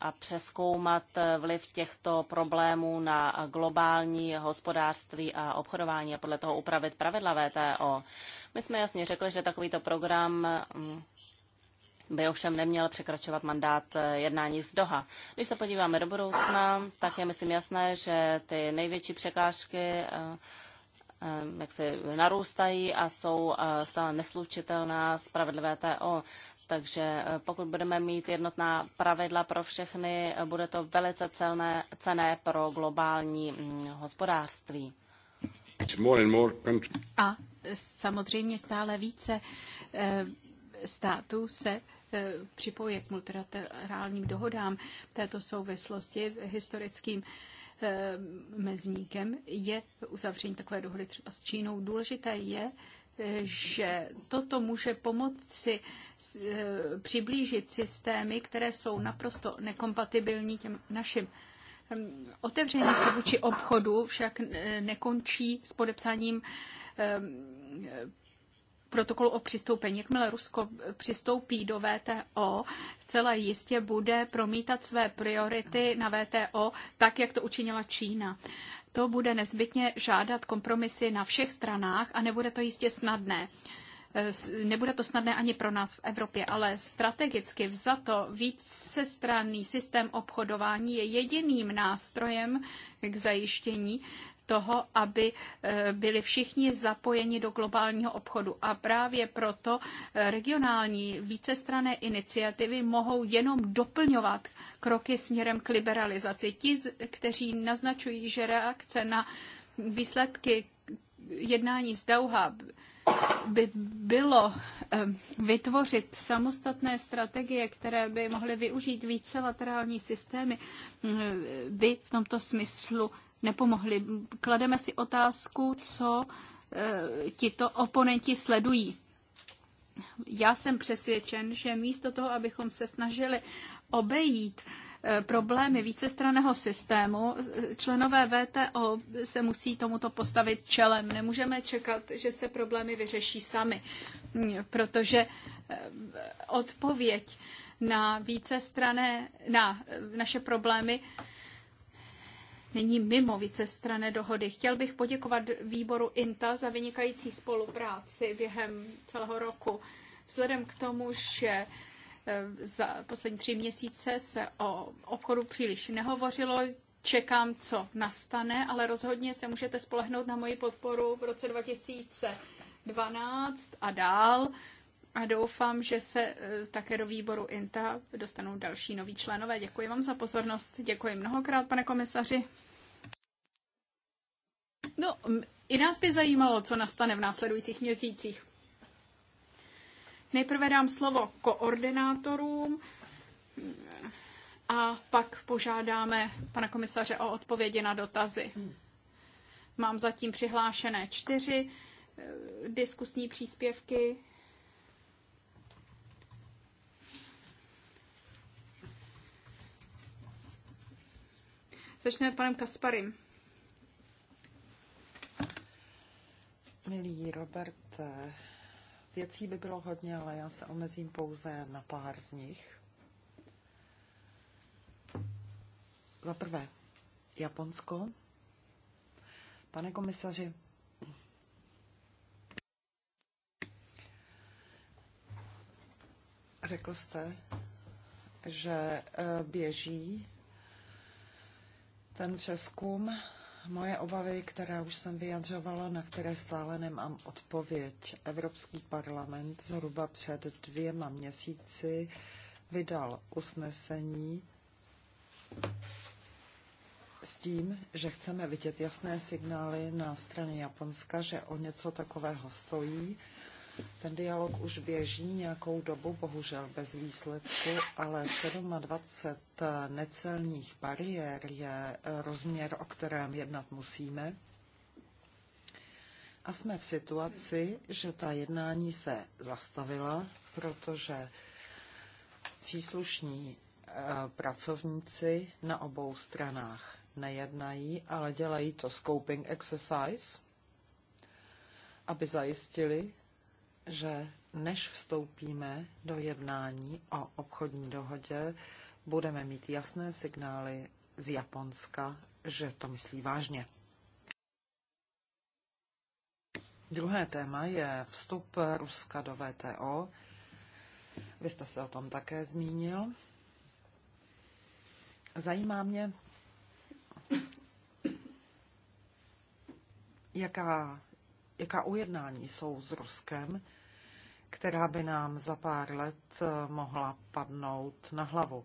a přeskoumat vliv těchto problémů na globální hospodářství a obchodování a podle toho upravit pravidla VTO. My jsme jasně řekli, že takovýto program mm, by ovšem neměl překračovat mandát eh, jednání z Doha. Když se podíváme do budoucna, tak je myslím jasné, že ty největší překážky eh, eh, jak se narůstají a jsou stále neslučitelná s pravidlivé TO. Takže pokud budeme mít jednotná pravidla pro všechny, bude to velice celné, cené pro globální mm, hospodářství. A samozřejmě stále více států se e, připojuje k multilaterálním dohodám v této souvislosti historickým e, mezníkem je uzavření takové dohody třeba s Čínou. Důležité je, e, že toto může pomoci přiblížit systémy, které jsou naprosto nekompatibilní těm našim. Otevření se vůči obchodu však nekončí s podepsáním protokolu o přistoupení. Jakmile Rusko přistoupí do VTO, zcela jistě bude promítat své priority na VTO tak, jak to učinila Čína. To bude nezbytně žádat kompromisy na všech stranách a nebude to jistě snadné e, nebude to snadné ani pro nás v Evropě, ale strategicky vzato vícestranný systém obchodování je jediným nástrojem k zajištění toho, aby eh, byli všichni zapojeni do globálního obchodu. A právě proto eh, regionální vícestrané iniciativy mohou jenom doplňovat kroky směrem k liberalizaci. Ti, kteří naznačují, že reakce na výsledky jednání z Dauha by bylo eh, vytvořit samostatné strategie, které by mohly využít vícelaterální systémy, by v tomto smyslu nepomohly. Klademe si otázku, co e, tito oponenti sledují. Já jsem přesvědčen, že místo toho, abychom se snažili obejít e, problémy vícestraného systému, e, členové VTO se musí tomuto postavit čelem. Nemůžeme čekat, že se problémy vyřeší sami, protože odpověď na vícestrané, na naše problémy není mimo vícestrané dohody. Chtěl bych poděkovat výboru INTA za vynikající spolupráci během celého roku. Vzhledem k tomu, že eh, za poslední tři měsíce se o obchodu příliš nehovořilo, čekám, co nastane, ale rozhodně se můžete spolehnout na moji podporu v roce 2012 a dál a doufám, že se e, také do výboru INTA dostanou další noví členové. Děkuji vám za pozornost. Děkuji mnohokrát, pane komisaři. No, i nás by zajímalo, co nastane v následujících měsících. Nejprve dám slovo koordinátorům a pak požádáme pana komisaře o odpovědi na dotazy. Mám zatím přihlášené čtyři e, diskusní příspěvky. Začneme panem Kasparim. Milý Robert, eh, věcí by bylo hodně, ale já se omezím pouze na pár z nich. Za prvé, Japonsko. Pane komisaři, řekl jste, že eh, běží ten přeskum, moje obavy, které už jsem vyjadřovala, na které stále nemám odpověď. Evropský parlament zhruba před dvěma měsíci vydal usnesení s tím, že chceme vidět jasné signály na straně Japonska, že o něco takového stojí ten dialog už běží nějakou dobu, bohužel bez výsledku, ale 27 necelních bariér je rozměr, o kterém jednat musíme. A jsme v situaci, že ta jednání se zastavila, protože příslušní eh, pracovníci na obou stranách nejednají, ale dělají to scoping exercise, aby zajistili, že než vstoupíme do jednání o obchodní dohodě, budeme mít jasné signály z Japonska, že to myslí vážně. Druhé téma je vstup Ruska do VTO. Vy jste se o tom také zmínil. Zajímá mě, jaká jaká ujednání jsou s Ruskem, která by nám za pár let eh, mohla padnout na hlavu.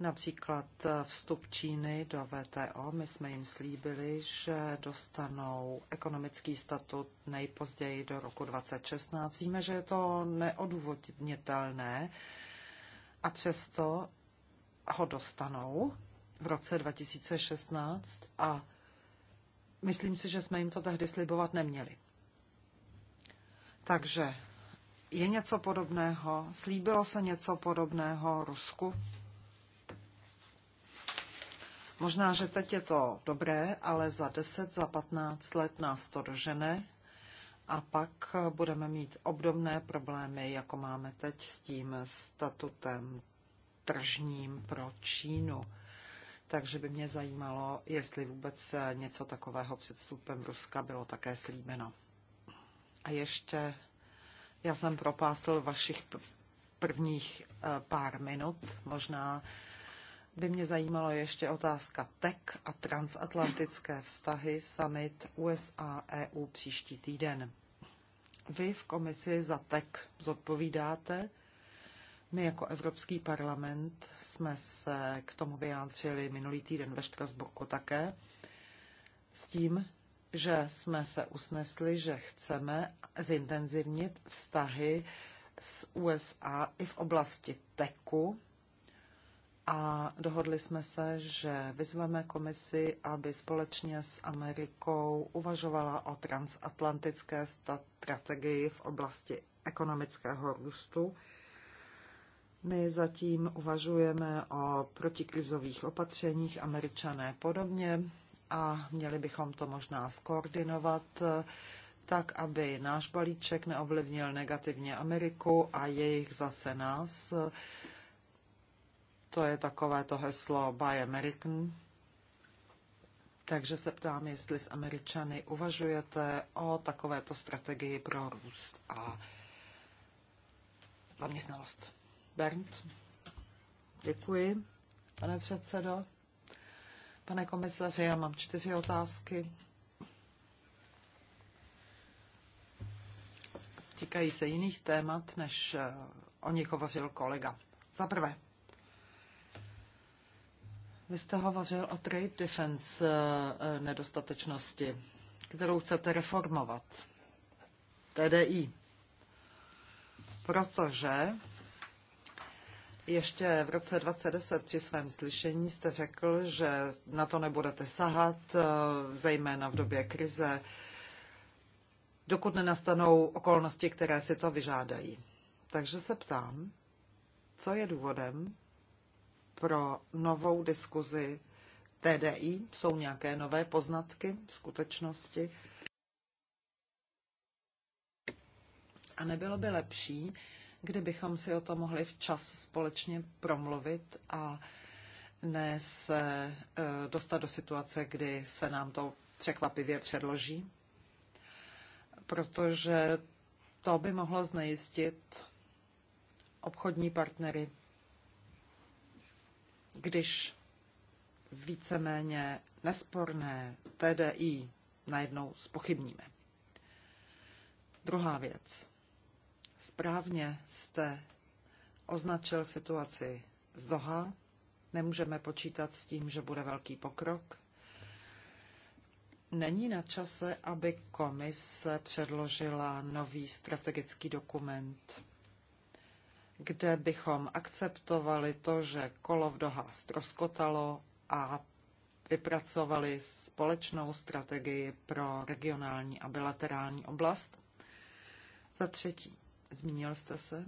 Například eh, vstup Číny do VTO. My jsme jim slíbili, že dostanou ekonomický statut nejpozději do roku 2016. Víme, že je to neodůvodnitelné a přesto ho dostanou v roce 2016 a Myslím si, že jsme jim to tehdy slibovat neměli. Takže je něco podobného? Slíbilo se něco podobného Rusku? Možná, že teď je to dobré, ale za 10, za 15 let nás to dožene a pak budeme mít obdobné problémy, jako máme teď s tím statutem tržním pro Čínu takže by mě zajímalo, jestli vůbec eh, něco takového před vstupem Ruska bylo také slíbeno. A ještě, já jsem propásl vašich prvních eh, pár minut, možná by mě zajímalo ještě otázka TEC a transatlantické vztahy summit USA-EU e příští týden. Vy v komisi za TEC zodpovídáte my jako Evropský parlament jsme se k tomu vyjádřili minulý týden ve Štrasburku také s tím, že jsme se usnesli, že chceme zintenzivnit vztahy s USA i v oblasti teku a dohodli jsme se, že vyzveme komisi, aby společně s Amerikou uvažovala o transatlantické strategii v oblasti ekonomického růstu my zatím uvažujeme o protikrizových opatřeních, američané podobně, a měli bychom to možná skoordinovat eh, tak, aby náš balíček neovlivnil negativně Ameriku a jejich zase nás. To je takové to heslo Buy American. Takže se ptám, jestli s Američany uvažujete o takovéto strategii pro růst a zaměstnanost. Bernd. Děkuji, pane předsedo. Pane komisaři, já mám čtyři otázky. Týkají se jiných témat, než eh, o nich hovořil kolega. Za prvé, vy jste hovořil o trade defense eh, nedostatečnosti, kterou chcete reformovat. TDI. Protože ještě v roce 2010 při svém slyšení jste řekl, že na to nebudete sahat, eh, zejména v době krize, dokud nenastanou okolnosti, které si to vyžádají. Takže se ptám, co je důvodem pro novou diskuzi TDI? Jsou nějaké nové poznatky, skutečnosti? A nebylo by lepší, bychom si o tom mohli včas společně promluvit a ne se eh, dostat do situace, kdy se nám to překvapivě předloží, protože to by mohlo znejistit obchodní partnery, když víceméně nesporné TDI najednou spochybníme. Druhá věc. Správně jste označil situaci z Doha. Nemůžeme počítat s tím, že bude velký pokrok. Není na čase, aby komise předložila nový strategický dokument, kde bychom akceptovali to, že kolo v Doha stroskotalo a vypracovali společnou strategii pro regionální a bilaterální oblast? Za třetí, Zmínil jste se?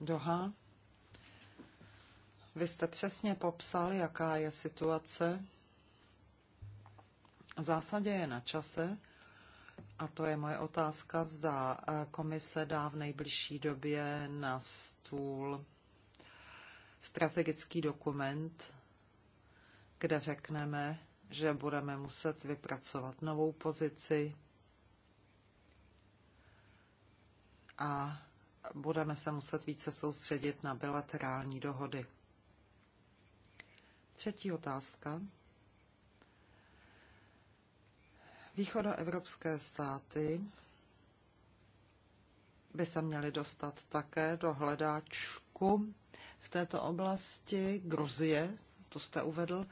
Doha. Vy jste přesně popsal, jaká je situace. V zásadě je na čase, a to je moje otázka, zda eh, komise dá v nejbližší době na stůl strategický dokument, kde řekneme, že budeme muset vypracovat novou pozici a budeme se muset více soustředit na bilaterální dohody. Třetí otázka. Východoevropské státy by se měly dostat také do hledáčku v této oblasti Gruzie, to jste uvedl,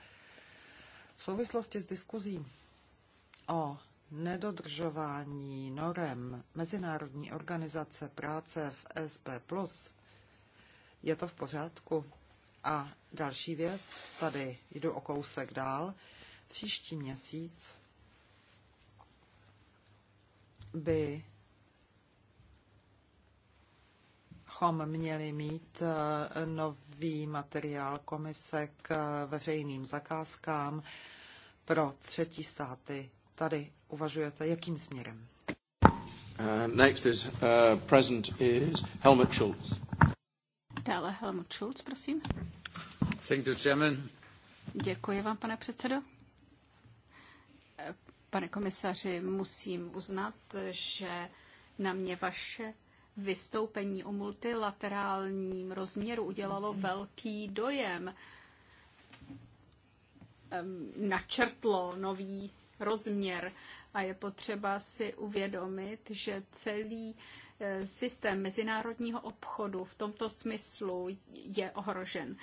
v souvislosti s diskuzí o nedodržování norem Mezinárodní organizace práce v SP+, je to v pořádku. A další věc, tady jdu o kousek dál, příští měsíc by bychom měli mít eh, nový materiál komise k eh, veřejným zakázkám pro třetí státy. Tady uvažujete, jakým směrem? Uh, next is, uh, present is Helmut Schulz. Dále Helmut Schulz, prosím. Thank you, Chairman. Děkuji vám, pane předsedo. Eh, pane komisaři, musím uznat, že na mě vaše vystoupení o multilaterálním rozměru udělalo velký dojem. Načrtlo nový rozměr a je potřeba si uvědomit, že celý e, systém mezinárodního obchodu v tomto smyslu je ohrožen.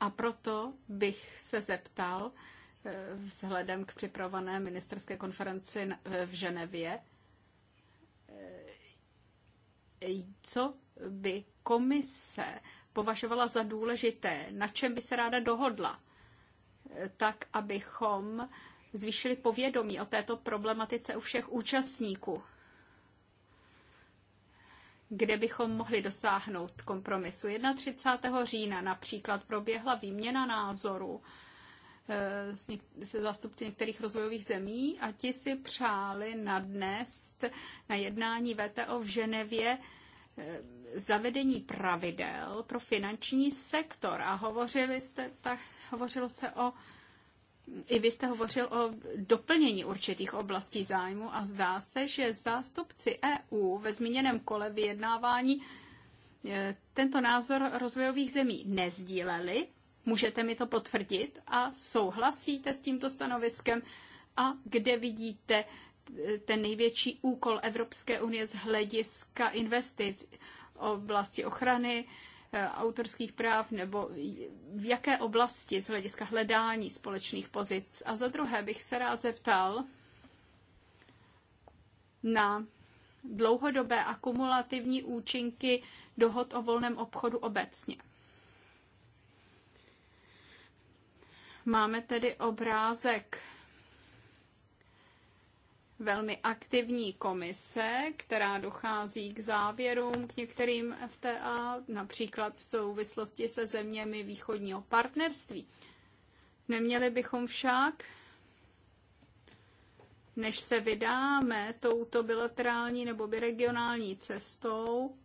A proto bych se zeptal, e, vzhledem k připravované ministerské konferenci v Ženevě, co by komise považovala za důležité, na čem by se ráda dohodla, tak abychom zvýšili povědomí o této problematice u všech účastníků, kde bychom mohli dosáhnout kompromisu. 31. října například proběhla výměna názorů Eh, se zástupci některých rozvojových zemí a ti si přáli nadnést na jednání VTO v Ženevě eh, zavedení pravidel pro finanční sektor. A hovořili jste, tak, hovořilo se o i vy jste hovořil o doplnění určitých oblastí zájmu a zdá se, že zástupci EU ve zmíněném kole vyjednávání eh, tento názor rozvojových zemí nezdíleli Můžete mi to potvrdit a souhlasíte s tímto stanoviskem? A kde vidíte eh, ten největší úkol Evropské unie z hlediska investic oblasti ochrany eh, autorských práv nebo v jaké oblasti z hlediska hledání společných pozic? A za druhé bych se rád zeptal na dlouhodobé akumulativní účinky dohod o volném obchodu obecně. Máme tedy obrázek velmi aktivní komise, která dochází k závěrům k některým FTA, například v souvislosti se zeměmi východního partnerství. Neměli bychom však, než se vydáme touto bilaterální nebo biregionální cestou,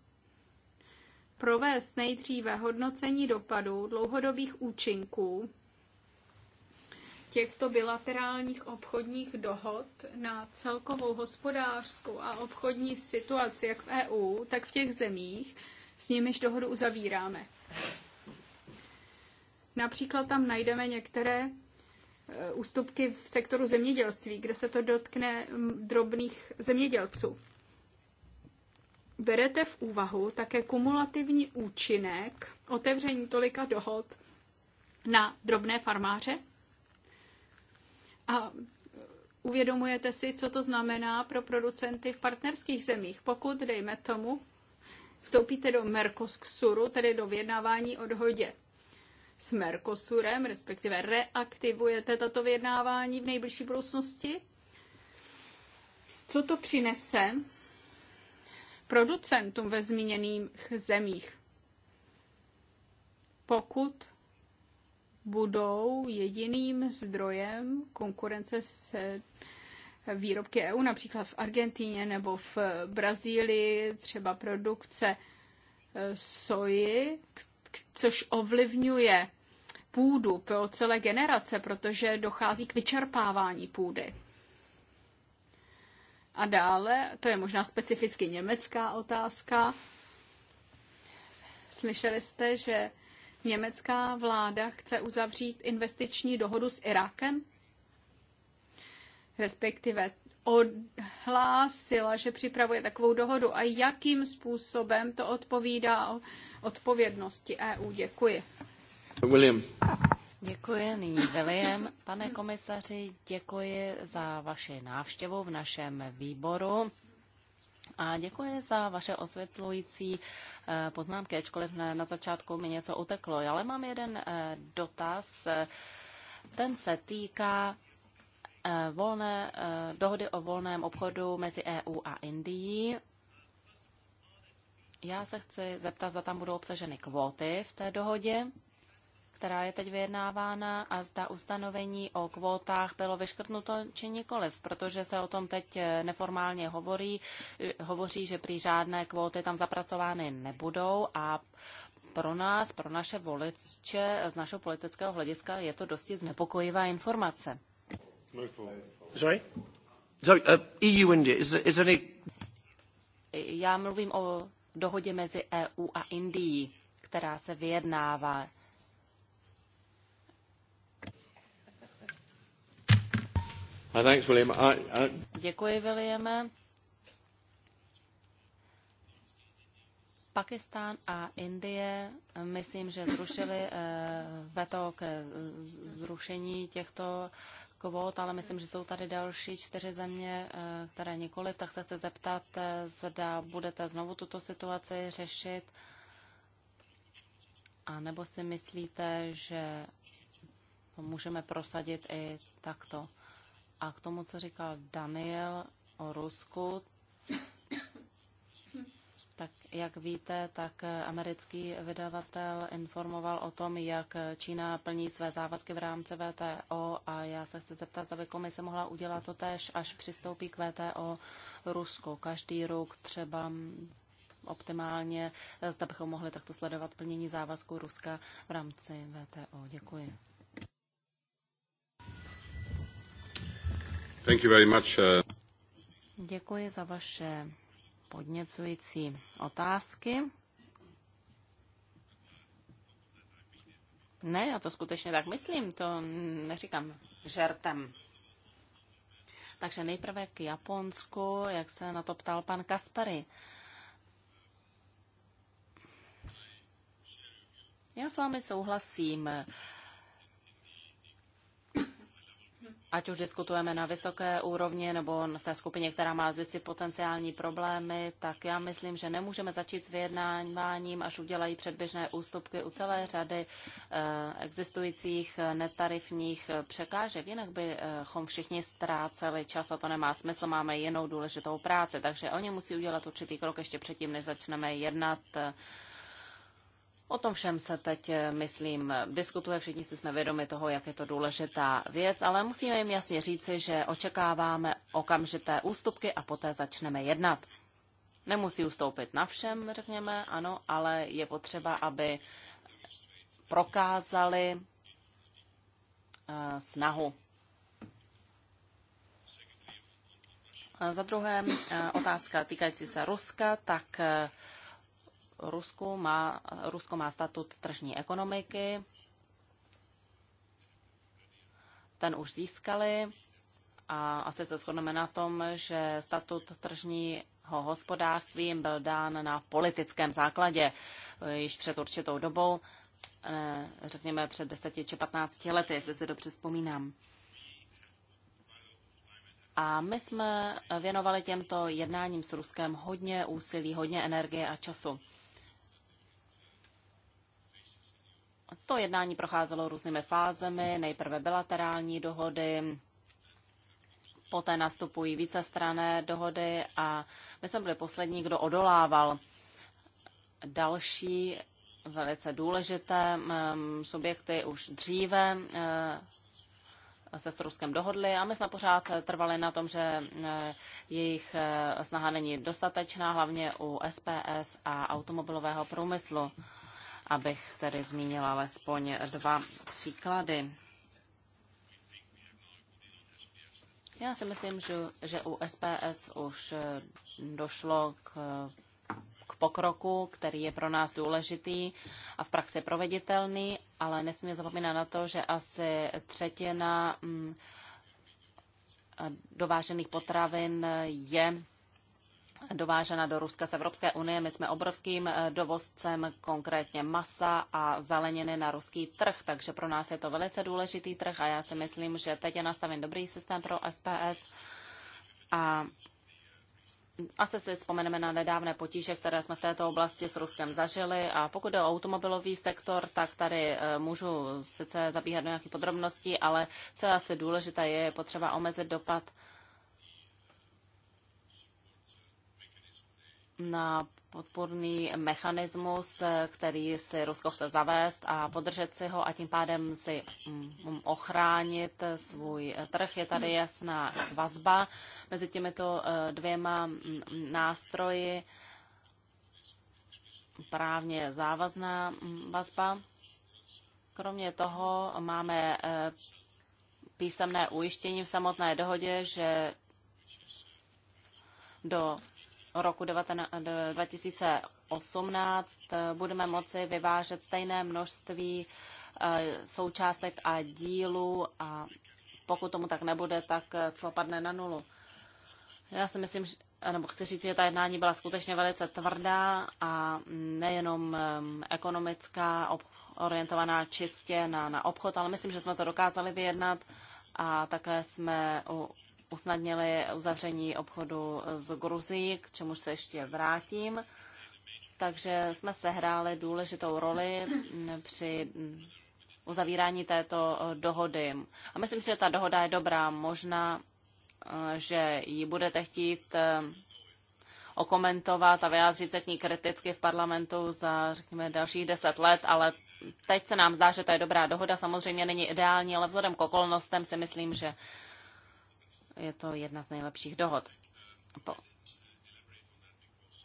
provést nejdříve hodnocení dopadů dlouhodobých účinků těchto bilaterálních obchodních dohod na celkovou hospodářskou a obchodní situaci jak v EU, tak v těch zemích, s nimiž dohodu uzavíráme. Například tam najdeme některé e, ústupky v sektoru zemědělství, kde se to dotkne drobných zemědělců. Berete v úvahu také kumulativní účinek otevření tolika dohod na drobné farmáře? A uvědomujete si, co to znamená pro producenty v partnerských zemích. Pokud, dejme tomu, vstoupíte do Mercosuru, tedy do vyjednávání o dohodě s Mercosurem, respektive reaktivujete tato vyjednávání v nejbližší budoucnosti, co to přinese producentům ve zmíněných zemích? Pokud budou jediným zdrojem konkurence se výrobky EU, například v Argentíně nebo v Brazílii, třeba produkce e, soji, což ovlivňuje půdu pro celé generace, protože dochází k vyčerpávání půdy. A dále, to je možná specificky německá otázka, slyšeli jste, že Německá vláda chce uzavřít investiční dohodu s Irákem? Respektive odhlásila, že připravuje takovou dohodu a jakým způsobem to odpovídá o odpovědnosti EU. Děkuji. William. Děkuji, nyní William. Pane komisaři, děkuji za vaši návštěvu v našem výboru a děkuji za vaše osvětlující Eh, poznámky, ačkoliv na začátku mi něco uteklo. Ale mám jeden eh, dotaz. Ten se týká eh, volné, dohody o volném obchodu mezi EU a Indií. Já se chci zeptat, zda tam budou obsaženy kvóty v té dohodě která je teď vyjednávána a zda ustanovení o kvótách bylo vyškrtnuto či nikoliv, protože se o tom teď eh, neformálně hovorí, eh, hovoří, že prý žádné kvóty tam zapracovány nebudou a pro nás, pro naše voliče z našeho politického hlediska je to dosti znepokojivá informace. Sorry? Sorry, uh, eh, EU India, is, is any... Já mluvím o dohodě mezi EU a Indií, která se vyjednává. Uh, thanks, William. Williame. a Indie, myslím, že zrušili eh, veto ke eh, zrušení těchto kvót, ale myslím, že jsou tady další čtyři země, eh, které nikoliv, tak se chci zeptat, zda budete znovu tuto situaci řešit, a nebo si myslíte, že můžeme prosadit i takto. A k tomu, co říkal Daniel o Rusku, tak jak víte, tak americký vydavatel informoval o tom, jak Čína plní své závazky v rámci VTO a já se chci zeptat, zda by komise mohla udělat to tež, až přistoupí k VTO Rusko. Každý rok třeba optimálně, zda bychom mohli takto sledovat plnění závazků Ruska v rámci VTO. Děkuji. Thank you very much. Uh, Děkuji za vaše podněcující otázky. Ne, já to skutečně tak myslím, to neříkám žertem. Takže nejprve k Japonsku, jak se na to ptal pan Kaspary. Já s vámi souhlasím. ať už diskutujeme na vysoké úrovni nebo v té skupině, která má zjistit potenciální problémy, tak já myslím, že nemůžeme začít s vyjednáváním, až udělají předběžné ústupky u celé řady eh, existujících netarifních překážek. Jinak bychom všichni ztráceli čas a to nemá smysl, máme jinou důležitou práci. Takže oni musí udělat určitý krok ještě předtím, než začneme jednat eh, O tom všem se teď, eh, myslím, diskutuje. Všichni si jsme vědomi toho, jak je to důležitá věc, ale musíme jim jasně říci, že očekáváme okamžité ústupky a poté začneme jednat. Nemusí ustoupit na všem, řekněme, ano, ale je potřeba, aby prokázali eh, snahu. A za druhé eh, otázka týkající se Ruska, tak Rusku má, Rusko má statut tržní ekonomiky, ten už získali a asi se shodneme na tom, že statut tržního hospodářství jim byl dán na politickém základě již před určitou dobou, eh, řekněme před 10 či 15 lety, jestli si dobře vzpomínám. A my jsme věnovali těmto jednáním s Ruskem hodně úsilí, hodně energie a času. To jednání procházelo různými fázemi, nejprve bilaterální dohody, poté nastupují vícestrané dohody a my jsme byli poslední, kdo odolával. Další velice důležité mm, subjekty už dříve eh, se s Ruskem dohodli a my jsme pořád trvali na tom, že eh, jejich eh, snaha není dostatečná, hlavně u SPS a automobilového průmyslu abych tedy zmínila alespoň dva příklady. Já si myslím, že, že u SPS už došlo k, k pokroku, který je pro nás důležitý a v praxi proveditelný, ale nesmíme zapomínat na to, že asi třetina mm, dovážených potravin je dovážena do Ruska z Evropské unie. My jsme obrovským eh, dovozcem konkrétně masa a zeleniny na ruský trh, takže pro nás je to velice důležitý trh a já si myslím, že teď je nastaven dobrý systém pro SPS a asi si vzpomeneme na nedávné potíže, které jsme v této oblasti s Ruskem zažili. A pokud je o automobilový sektor, tak tady eh, můžu sice zabíhat do nějakých podrobností, ale co je asi důležité, je potřeba omezit dopad na podporný mechanismus, který si Rusko chce zavést a podržet si ho a tím pádem si mm, ochránit svůj trh. Je tady jasná vazba mezi těmito eh, dvěma mm, nástroji právně závazná mm, vazba. Kromě toho máme eh, písemné ujištění v samotné dohodě, že do roku 2018 eh, budeme moci vyvážet stejné množství eh, součástek a dílů a pokud tomu tak nebude, tak eh, clo padne na nulu. Já si myslím, že nebo chci říct, že ta jednání byla skutečně velice tvrdá a nejenom ekonomická, orientovaná čistě na, na obchod, ale myslím, že jsme to dokázali vyjednat a také jsme usnadnili uzavření obchodu s Gruzií, k čemu se ještě vrátím. Takže jsme sehráli důležitou roli při uzavírání této dohody. A myslím si, že ta dohoda je dobrá. Možná, že ji budete chtít eh, okomentovat a vyjádřit se k ní kriticky v parlamentu za, řekněme, dalších deset let, ale teď se nám zdá, že to je dobrá dohoda. Samozřejmě není ideální, ale vzhledem k okolnostem si myslím, že je to jedna z nejlepších dohod. Po.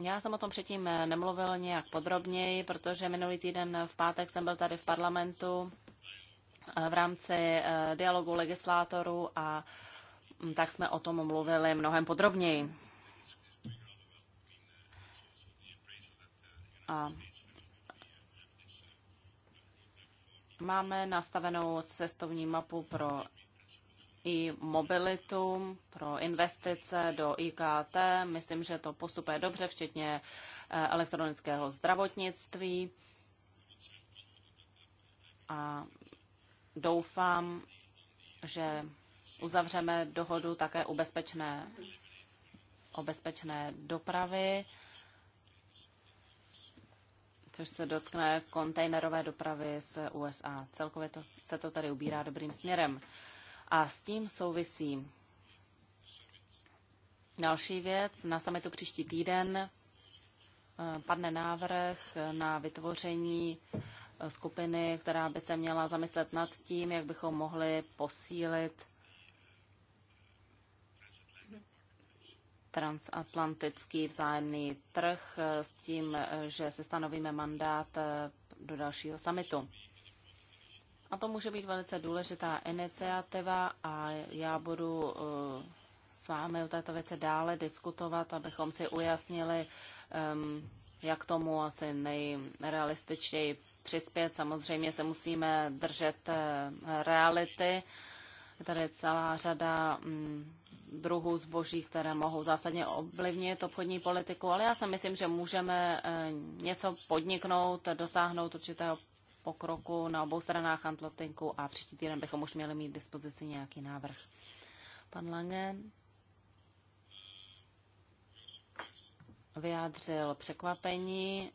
Já jsem o tom předtím nemluvil nějak podrobněji, protože minulý týden v pátek jsem byl tady v parlamentu eh, v rámci eh, dialogu legislátorů a mm, tak jsme o tom mluvili mnohem podrobněji. A máme nastavenou cestovní mapu pro i mobilitu, pro investice do IKT. Myslím, že to postupuje dobře, včetně eh, elektronického zdravotnictví. A doufám, že uzavřeme dohodu také o bezpečné, o bezpečné dopravy, což se dotkne kontejnerové dopravy z USA. Celkově to, se to tady ubírá dobrým směrem. A s tím souvisí další věc. Na sametu příští týden eh, padne návrh na vytvoření eh, skupiny, která by se měla zamyslet nad tím, jak bychom mohli posílit transatlantický vzájemný trh eh, s tím, že se stanovíme mandát do dalšího samitu. A to může být velice důležitá iniciativa a já budu eh, s vámi o této věci dále diskutovat, abychom si ujasnili, ehm, jak tomu asi nejrealističtěji přispět. Samozřejmě se musíme držet eh, reality. Je tady celá řada mm, druhů zboží, které mohou zásadně ovlivnit obchodní politiku, ale já si myslím, že můžeme eh, něco podniknout, dosáhnout určitého pokroku na obou stranách Antlotinku a příští týden bychom už měli mít k dispozici nějaký návrh. Pan Langen vyjádřil překvapení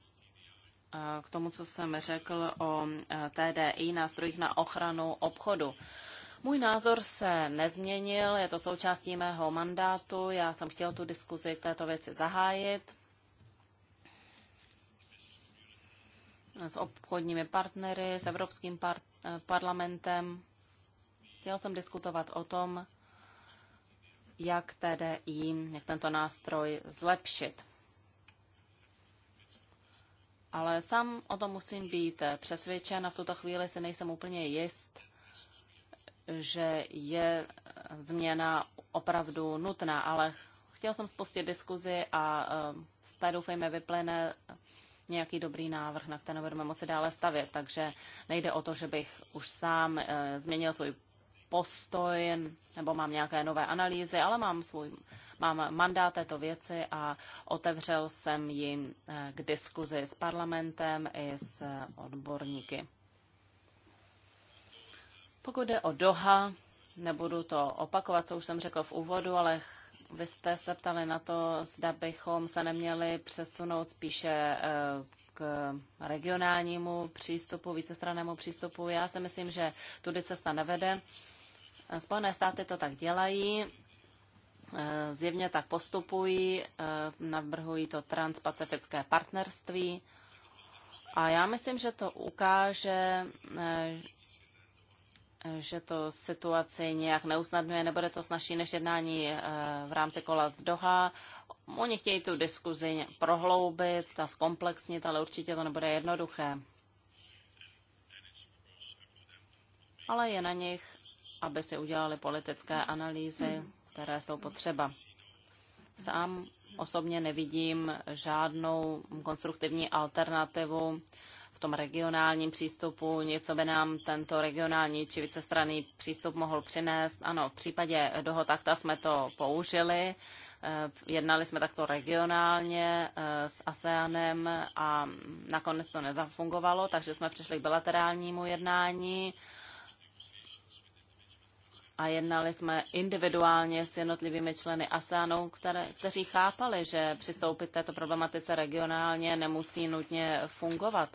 eh, k tomu, co jsem řekl o eh, TDI, nástrojích na ochranu obchodu. Můj názor se nezměnil, je to součástí mého mandátu, já jsem chtěl tu diskuzi k této věci zahájit. s obchodními partnery, s Evropským par- parlamentem. Chtěl jsem diskutovat o tom, jak jim, jak tento nástroj zlepšit. Ale sám o tom musím být přesvědčen a v tuto chvíli se nejsem úplně jist, že je změna opravdu nutná, ale chtěl jsem spustit diskuzi a eh, z té doufejme vyplyne nějaký dobrý návrh, na který budeme moci dále stavět. Takže nejde o to, že bych už sám eh, změnil svůj postoj nebo mám nějaké nové analýzy, ale mám, svůj, mám mandát této věci a otevřel jsem ji eh, k diskuzi s parlamentem i s eh, odborníky. Pokud jde o Doha, nebudu to opakovat, co už jsem řekl v úvodu, ale vy jste se ptali na to, zda bychom se neměli přesunout spíše eh, k regionálnímu přístupu, vícestrannému přístupu. Já si myslím, že tudy cesta nevede. Spojené státy to tak dělají, eh, zjevně tak postupují, eh, navrhují to transpacifické partnerství. A já myslím, že to ukáže, že to situaci nějak neusnadňuje, nebude to snažší než jednání eh, v rámci kola z Doha. Oni chtějí tu diskuzi prohloubit a zkomplexnit, ale určitě to nebude jednoduché. Ale je na nich, aby si udělali politické analýzy, které jsou potřeba. Sám osobně nevidím žádnou konstruktivní alternativu tom regionálním přístupu, něco by nám tento regionální či vícestranný přístup mohl přinést. Ano, v případě dohod akta jsme to použili. Eh, jednali jsme takto regionálně eh, s ASEANem a nakonec to nezafungovalo, takže jsme přišli k bilaterálnímu jednání a jednali jsme individuálně s jednotlivými členy ASEANu, které, kteří chápali, že přistoupit této problematice regionálně nemusí nutně fungovat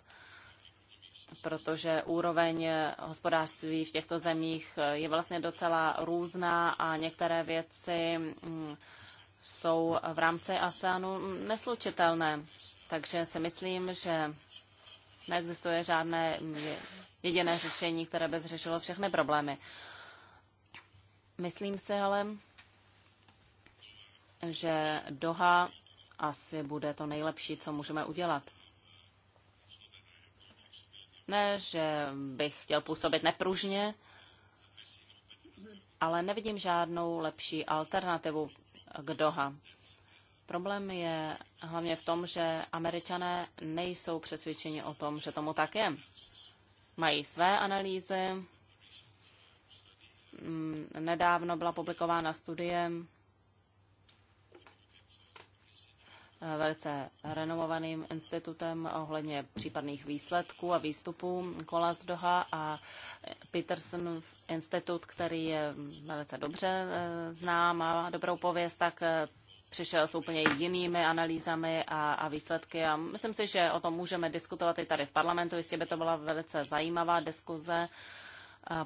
protože úroveň hospodářství v těchto zemích je vlastně docela různá a některé věci mm, jsou v rámci ASEANu neslučitelné. Takže si myslím, že neexistuje žádné jediné řešení, které by vyřešilo všechny problémy. Myslím si ale, že Doha asi bude to nejlepší, co můžeme udělat. Ne, že bych chtěl působit nepružně, ale nevidím žádnou lepší alternativu k Doha. Problém je hlavně v tom, že američané nejsou přesvědčeni o tom, že tomu tak je. Mají své analýzy. Mm, nedávno byla publikována studiem. velice renomovaným institutem ohledně případných výsledků a výstupů kola z Doha a Peterson institut, který je velice dobře e, znám a dobrou pověst, tak e, přišel s úplně jinými analýzami a, a výsledky a myslím si, že o tom můžeme diskutovat i tady v parlamentu. Jistě by to byla velice zajímavá diskuze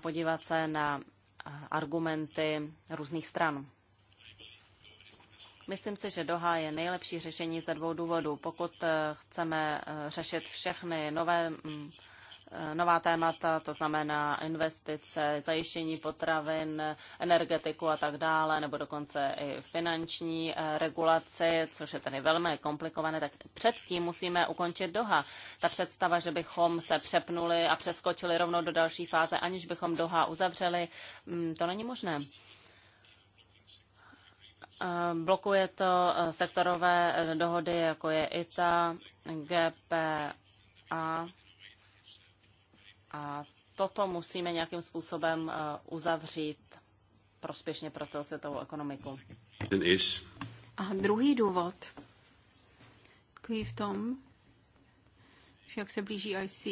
podívat se na argumenty různých stran. Myslím si, že Doha je nejlepší řešení ze dvou důvodů. Pokud eh, chceme eh, řešit všechny nové mm, eh, nová témata, to znamená investice, zajištění potravin, energetiku a tak dále, nebo dokonce i finanční regulaci, což je tady velmi komplikované, tak předtím musíme ukončit Doha. Ta představa, že bychom se přepnuli a přeskočili rovnou do další fáze, aniž bychom Doha uzavřeli, mm, to není možné. Eh, blokuje to eh, sektorové eh, dohody, jako je ITA, GPA a toto musíme nějakým způsobem uzavřít prospěšně pro celosvětovou ekonomiku. A druhý důvod tkví v tom, že jak se blíží IC,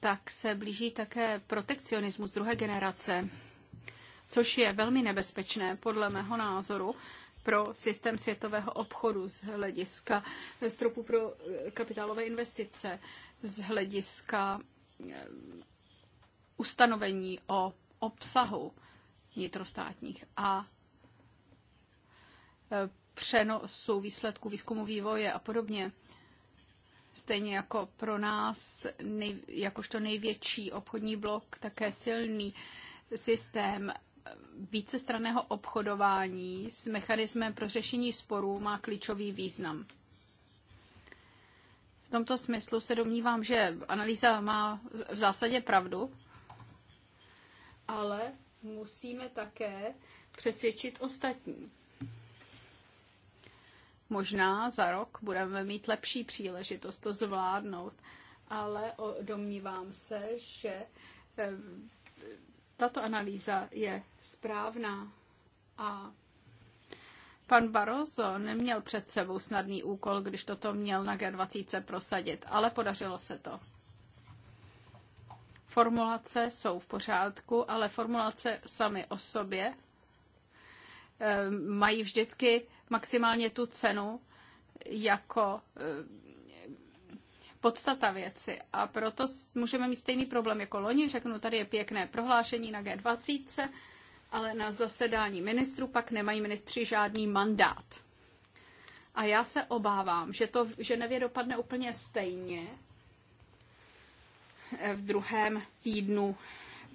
tak se blíží také protekcionismus druhé generace což je velmi nebezpečné podle mého názoru pro systém světového obchodu z hlediska eh, stropu pro eh, kapitálové investice, z hlediska eh, ustanovení o obsahu vnitrostátních a přenosu výsledků výzkumu vývoje a podobně. Stejně jako pro nás, nej, jakožto největší obchodní blok, také silný systém vícestraného obchodování s mechanismem pro řešení sporů má klíčový význam. V tomto smyslu se domnívám, že analýza má v zásadě pravdu, ale musíme také přesvědčit ostatní. Možná za rok budeme mít lepší příležitost to zvládnout, ale domnívám se, že eh, tato analýza je správná a Pan Barroso neměl před sebou snadný úkol, když toto měl na G20 prosadit, ale podařilo se to. Formulace jsou v pořádku, ale formulace sami o sobě eh, mají vždycky maximálně tu cenu, jako eh, podstata věci. A proto můžeme mít stejný problém jako loni. Řeknu, tady je pěkné prohlášení na G20, ale na zasedání ministrů pak nemají ministři žádný mandát. A já se obávám, že to v Ženevě dopadne úplně stejně eh, v druhém týdnu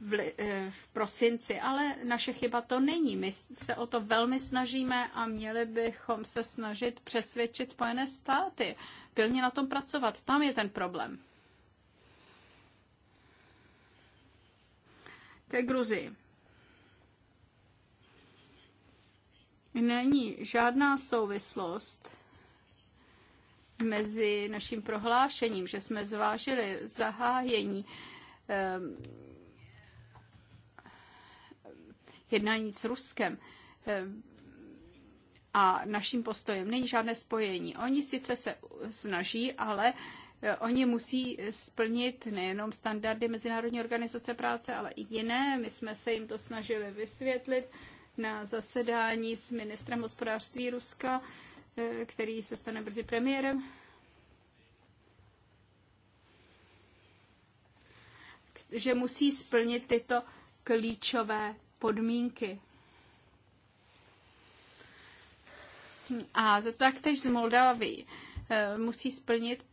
v, eh, v prosinci, ale naše chyba to není. My se o to velmi snažíme a měli bychom se snažit přesvědčit Spojené státy, pilně na tom pracovat. Tam je ten problém. Ke Gruzii. Není žádná souvislost mezi naším prohlášením, že jsme zvážili zahájení ehm, jednání s Ruskem eh, a naším postojem. Není žádné spojení. Oni sice se snaží, ale eh, oni musí splnit nejenom standardy Mezinárodní organizace práce, ale i jiné. My jsme se jim to snažili vysvětlit na zasedání s ministrem hospodářství Ruska, eh, který se stane brzy premiérem. že musí splnit tyto klíčové podmínky. A taktéž z Moldavii eh, musí splnit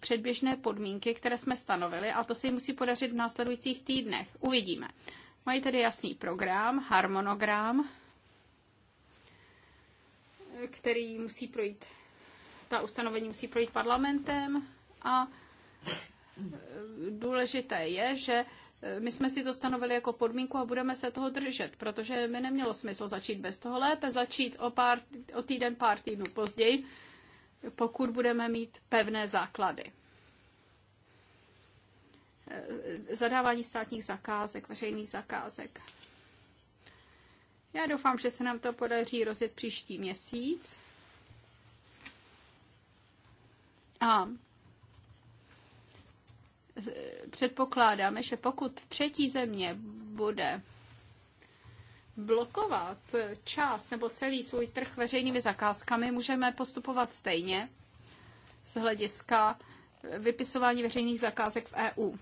předběžné podmínky, které jsme stanovili, a to se jim musí podařit v následujících týdnech. Uvidíme. Mají tedy jasný program, harmonogram, který musí projít, ta ustanovení musí projít parlamentem a eh, důležité je, že Eh, my jsme si to stanovili jako podmínku a budeme se toho držet, protože mi nemělo smysl začít bez toho. Lépe začít o, pár, o týden, pár týdnů později, pokud budeme mít pevné základy. Eh, zadávání státních zakázek, veřejných zakázek. Já doufám, že se nám to podaří rozjet příští měsíc. A předpokládáme, že pokud třetí země bude blokovat část nebo celý svůj trh veřejnými zakázkami, můžeme postupovat stejně z hlediska vypisování veřejných zakázek v EU.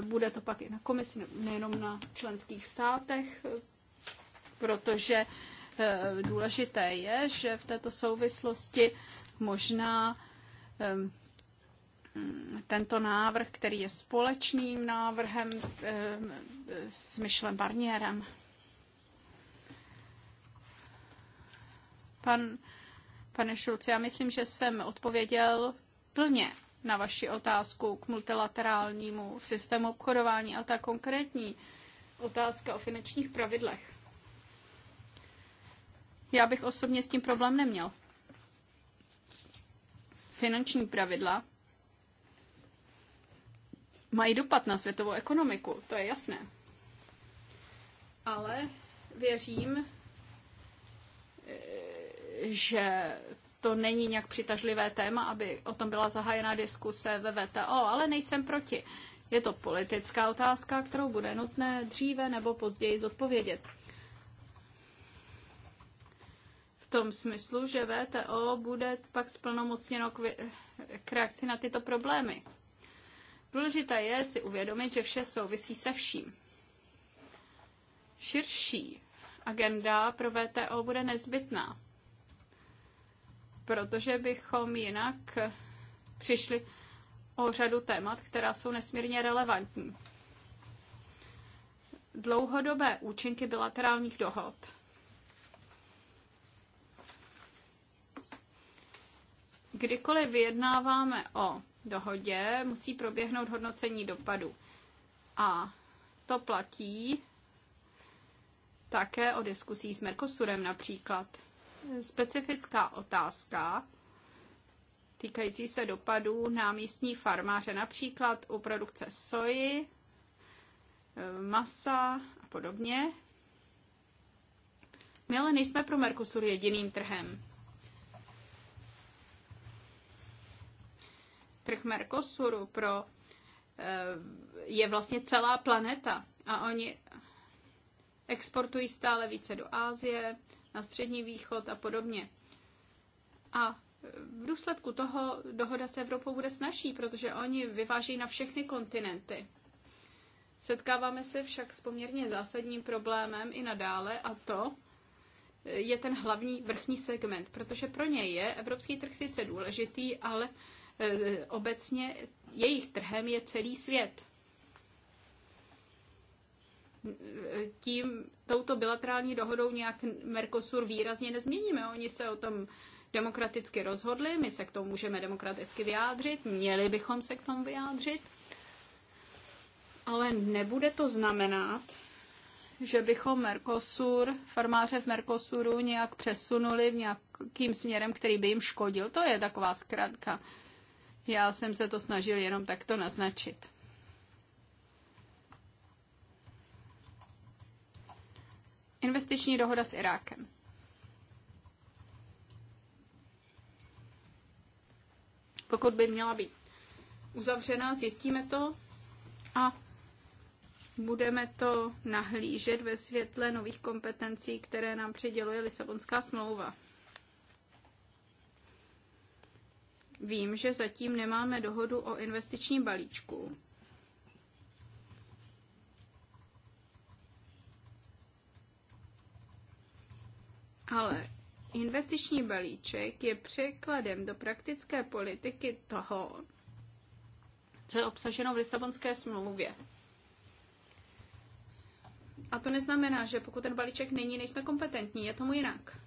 Bude to pak i na komisi, nejenom na členských státech, protože eh, důležité je, že v této souvislosti možná ehm, Mm, tento návrh, který je společným návrhem eh, s Michelem Barnierem. Pan, pane Šulci, já myslím, že jsem odpověděl plně na vaši otázku k multilaterálnímu systému obchodování a ta konkrétní otázka o finančních pravidlech. Já bych osobně s tím problém neměl. Finanční pravidla mají dopad na světovou ekonomiku, to je jasné. Ale věřím, e, že to není nějak přitažlivé téma, aby o tom byla zahájena diskuse ve VTO, ale nejsem proti. Je to politická otázka, kterou bude nutné dříve nebo později zodpovědět. V tom smyslu, že VTO bude pak splnomocněno k, reakci na tyto problémy. Důležité je si uvědomit, že vše souvisí se vším. Širší agenda pro VTO bude nezbytná, protože bychom jinak přišli o řadu témat, která jsou nesmírně relevantní. Dlouhodobé účinky bilaterálních dohod. Kdykoliv vyjednáváme o dohodě musí proběhnout hodnocení dopadu. A to platí také o diskusí s Mercosurem například. Specifická otázka týkající se dopadů na místní farmáře, například u produkce soji, e, masa a podobně. My ale nejsme pro Mercosur jediným trhem. trh Mercosuru pro eh, je vlastně celá planeta a oni exportují stále více do Ázie, na Střední východ a podobně. A v důsledku toho dohoda s Evropou bude snažší, protože oni vyváží na všechny kontinenty. Setkáváme se však s poměrně zásadním problémem i nadále a to je ten hlavní vrchní segment, protože pro něj je evropský trh sice důležitý, ale Eh, obecně jejich trhem je celý svět. Tím touto bilaterální dohodou nějak Mercosur výrazně nezměníme. Oni se o tom demokraticky rozhodli, my se k tomu můžeme demokraticky vyjádřit, měli bychom se k tomu vyjádřit, ale nebude to znamenat, že bychom Mercosur, farmáře v Mercosuru nějak přesunuli v nějakým směrem, který by jim škodil. To je taková zkrátka. Já jsem se to snažil jenom takto naznačit. Investiční dohoda s Irákem. Pokud by měla být uzavřena, zjistíme to a budeme to nahlížet ve světle nových kompetencí, které nám přiděluje Lisabonská smlouva. Vím, že zatím nemáme dohodu o investičním balíčku. Ale investiční balíček je překladem do praktické politiky toho, co je obsaženo v Lisabonské smlouvě. A to neznamená, že pokud ten balíček není, nejsme kompetentní, je tomu jinak.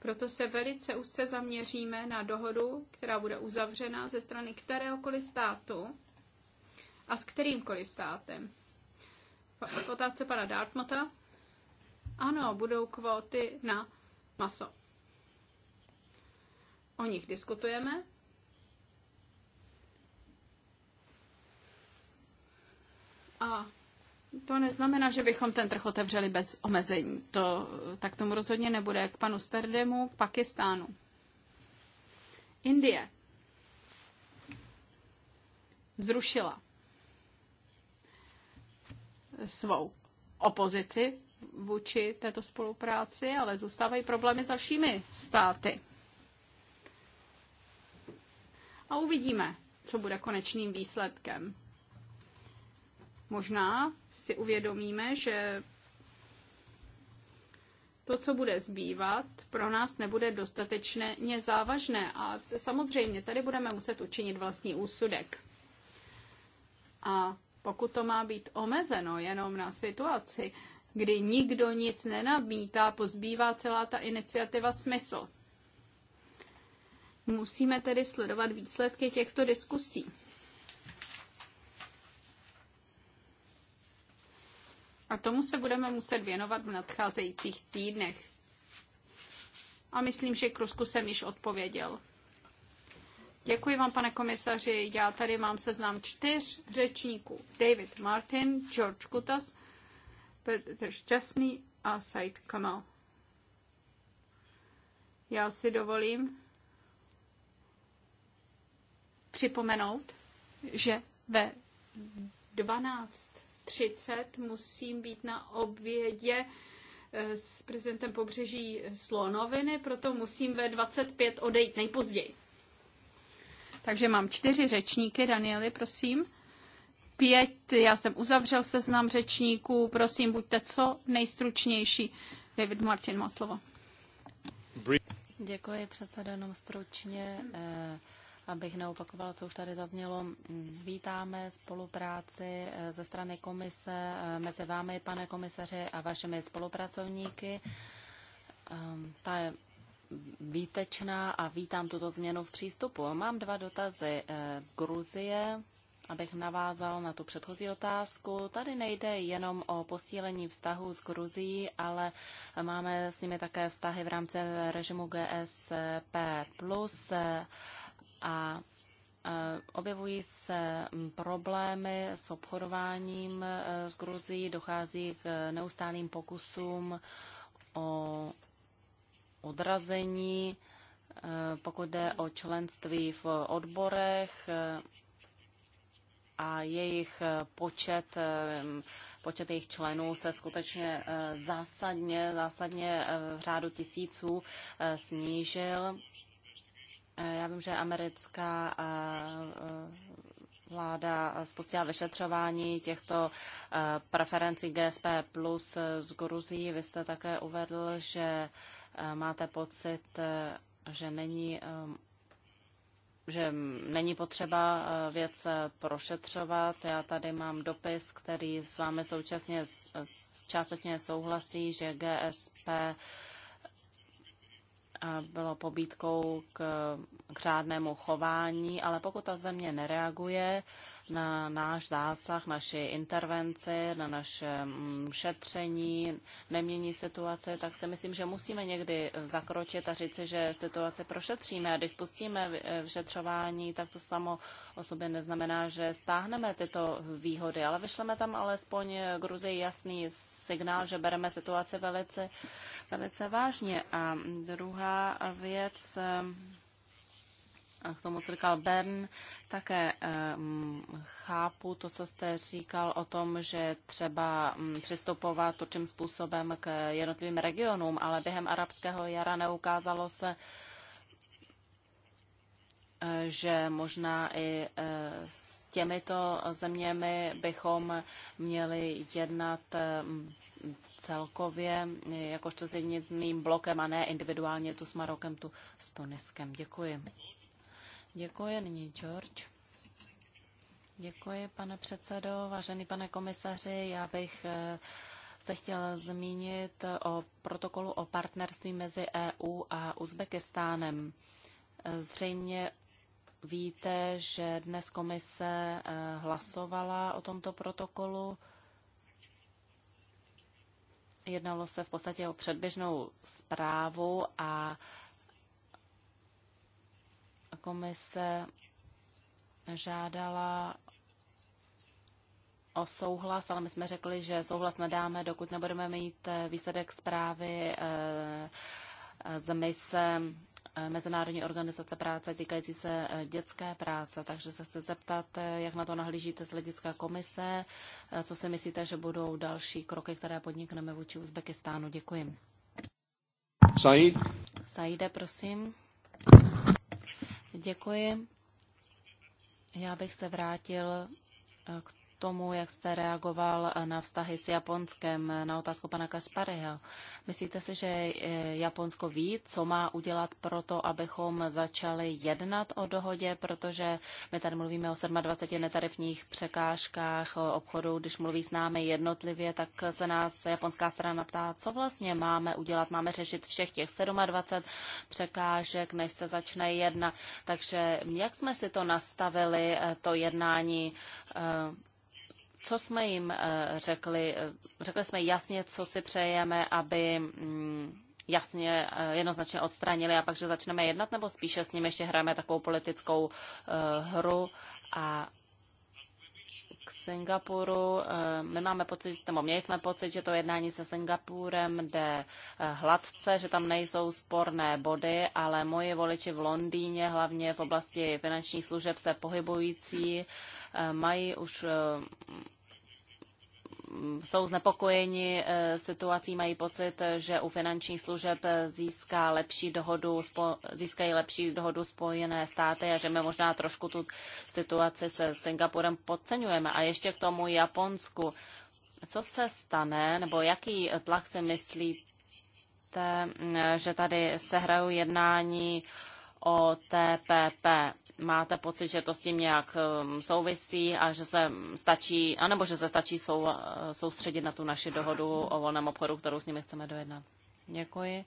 Proto se velice úzce zaměříme na dohodu, která bude uzavřena ze strany kteréhokoliv státu a s kterýmkoliv státem. K otázce pana Dartmota. Ano, budou kvóty na maso. O nich diskutujeme. A to neznamená, že bychom ten trh otevřeli bez omezení. To, tak tomu rozhodně nebude. K panu Sterdemu, k Pakistánu. Indie zrušila svou opozici vůči této spolupráci, ale zůstávají problémy s dalšími státy. A uvidíme, co bude konečným výsledkem. Možná si uvědomíme, že to, co bude zbývat, pro nás nebude dostatečně závažné. A samozřejmě tady budeme muset učinit vlastní úsudek. A pokud to má být omezeno jenom na situaci, kdy nikdo nic nenabítá, pozbývá celá ta iniciativa smysl. Musíme tedy sledovat výsledky těchto diskusí. A tomu se budeme muset věnovat v nadcházejících týdnech. A myslím, že k Rusku jsem již odpověděl. Děkuji vám, pane komisaři. Já tady mám seznam čtyř řečníků. David Martin, George Kutas, Petr Šťastný a Said Kamal. Já si dovolím připomenout, že ve 12 30 musím být na obědě eh, s prezidentem pobřeží Slonoviny, proto musím ve 25 odejít nejpozději. Takže mám čtyři řečníky. Danieli, prosím. Pět, já jsem uzavřel seznam řečníků. Prosím, buďte co nejstručnější. David Martin má slovo. Děkuji, předseda, jenom stručně. Eh abych neopakovala, co už tady zaznělo. Vítáme spolupráci eh, ze strany komise eh, mezi vámi, pane komisaři, a vašimi spolupracovníky. Ehm, ta je výtečná a vítám tuto změnu v přístupu. Mám dva dotazy. Eh, Gruzie, abych navázal na tu předchozí otázku. Tady nejde jenom o posílení vztahu s Gruzií, ale máme s nimi také vztahy v rámci režimu GSP+, a e, Objevují se problémy s obchodováním e, s Gruzií, dochází k neustálým pokusům o odrazení, e, pokud jde o členství v odborech a jejich počet, počet jejich členů se skutečně zásadně, zásadně v řádu tisíců snížil. Eh, já vím, že americká eh, eh, vláda spustila vyšetřování těchto preferencí GSP plus z Gruzí. Vy jste také uvedl, že máte pocit, že není že není potřeba věc prošetřovat. Já tady mám dopis, který s vámi současně částečně souhlasí, že GSP bylo pobídkou k, k řádnému chování, ale pokud ta země nereaguje, na náš zásah, naše intervence, na naše mm, šetření, nemění situace, tak si myslím, že musíme někdy zakročit a říci, že situace prošetříme. A když spustíme eh, vyšetřování, tak to samo o sobě neznamená, že stáhneme tyto výhody, ale vyšleme tam alespoň Gruzii jasný signál, že bereme situaci velice, velice vážně. A druhá věc, eh, k tomu, co říkal Bern, také um, chápu to, co jste říkal o tom, že třeba um, přistupovat určitým způsobem k jednotlivým regionům, ale během arabského jara neukázalo se, eh, že možná i eh, s těmito zeměmi bychom měli jednat celkově jakožto s jedním blokem a ne individuálně tu s Marokem, tu s Tuniskem. Děkuji. Děkuji, nyní George. Děkuji, pane předsedo. Vážený pane komisaři, já bych eh, se chtěla zmínit o protokolu o partnerství mezi EU a Uzbekistánem. Eh, zřejmě víte, že dnes komise eh, hlasovala o tomto protokolu. Jednalo se v podstatě o předběžnou zprávu a komise žádala o souhlas, ale my jsme řekli, že souhlas nedáme, dokud nebudeme mít eh, výsledek zprávy eh, eh, z mise Mezinárodní organizace práce týkající se dětské práce. Takže se chci zeptat, jak na to nahlížíte z hlediska komise, co si myslíte, že budou další kroky, které podnikneme vůči Uzbekistánu. Děkuji. Said. Saide, prosím. Děkuji. Já bych se vrátil k tomu, jak jste reagoval na vztahy s Japonskem, na otázku pana Kasparyho. Myslíte si, že Japonsko ví, co má udělat pro to, abychom začali jednat o dohodě, protože my tady mluvíme o 27 netarifních překážkách o obchodu, když mluví s námi jednotlivě, tak se nás japonská strana ptá, co vlastně máme udělat, máme řešit všech těch 27 překážek, než se začne jednat. Takže jak jsme si to nastavili, to jednání eh, co jsme jim eh, řekli? Eh, řekli jsme jasně, co si přejeme, aby mm, jasně, eh, jednoznačně odstranili a pak, že začneme jednat, nebo spíše s nimi ještě hrajeme takovou politickou hru a k Singapuru. My máme pocit, nebo měli jsme pocit, že to jednání se Singapurem jde hladce, že tam nejsou sporné body, ale moji voliči v Londýně, hlavně v oblasti finančních služeb se pohybující, mají už eh, mm, jsou znepokojeni eh, situací, mají pocit, že u finančních služeb získá lepší dohodu, získají lepší dohodu Spojené státy a že my možná trošku tu situaci se Singapurem podceňujeme. A ještě k tomu Japonsku. Co se stane, nebo jaký tlak si myslíte, mm, že tady se hrajou jednání o TPP. Máte pocit, že to s tím nějak um, souvisí a že se stačí, anebo že se stačí sou, uh, soustředit na tu naši dohodu o volném obchodu, kterou s nimi chceme dojednat? Děkuji.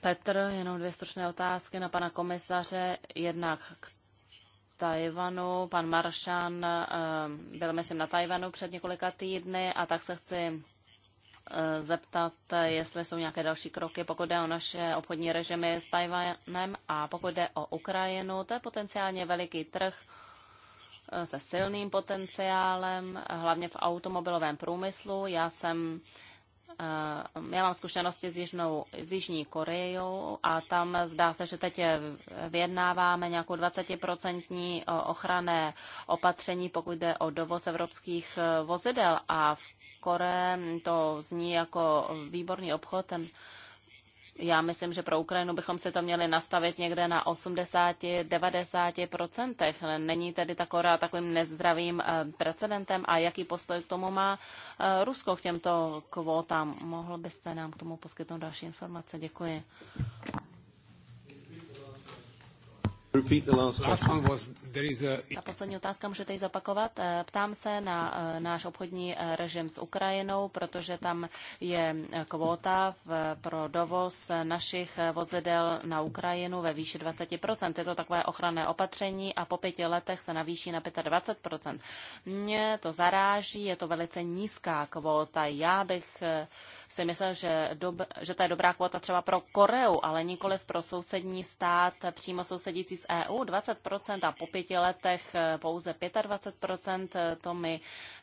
Petr, jenom dvě stručné otázky na pana komisaře. Jednak k Tajvanu. Pan Maršan um, byl, myslím, na Tajvanu před několika týdny a tak se chci Eh, zeptat, eh, jestli jsou nějaké další kroky, pokud jde o naše obchodní režimy s Tajvanem a pokud jde o Ukrajinu. To je potenciálně veliký trh eh, se silným potenciálem, hlavně v automobilovém průmyslu. Já jsem já mám zkušenosti s, Jižnou, s Jižní Koreou a tam zdá se, že teď vyjednáváme nějakou 20% ochranné opatření, pokud jde o dovoz evropských vozidel a v Koreje, to zní jako výborný obchod. Ten, já myslím, že pro Ukrajinu bychom si to měli nastavit někde na 80-90%. Není tedy ta Korea takovým nezdravým eh, precedentem a jaký postoj k tomu má eh, Rusko k těmto kvótám? Mohl byste nám k tomu poskytnout další informace? Děkuji. Ta poslední otázka můžete ji zopakovat. Eh, ptám se na eh, náš obchodní eh, režim s Ukrajinou, protože tam je kvóta v, pro dovoz našich vozidel na Ukrajinu ve výši 20%. Je to takové ochranné opatření a po pěti letech se navýší na 25%. Mě to zaráží, je to velice nízká kvóta. Já bych si myslel, že, dob, že to je dobrá kvóta třeba pro Koreu, ale nikoli pro sousední stát, přímo sousedící s EU, 20% a po pěti letech e, pouze 25%, e, to mi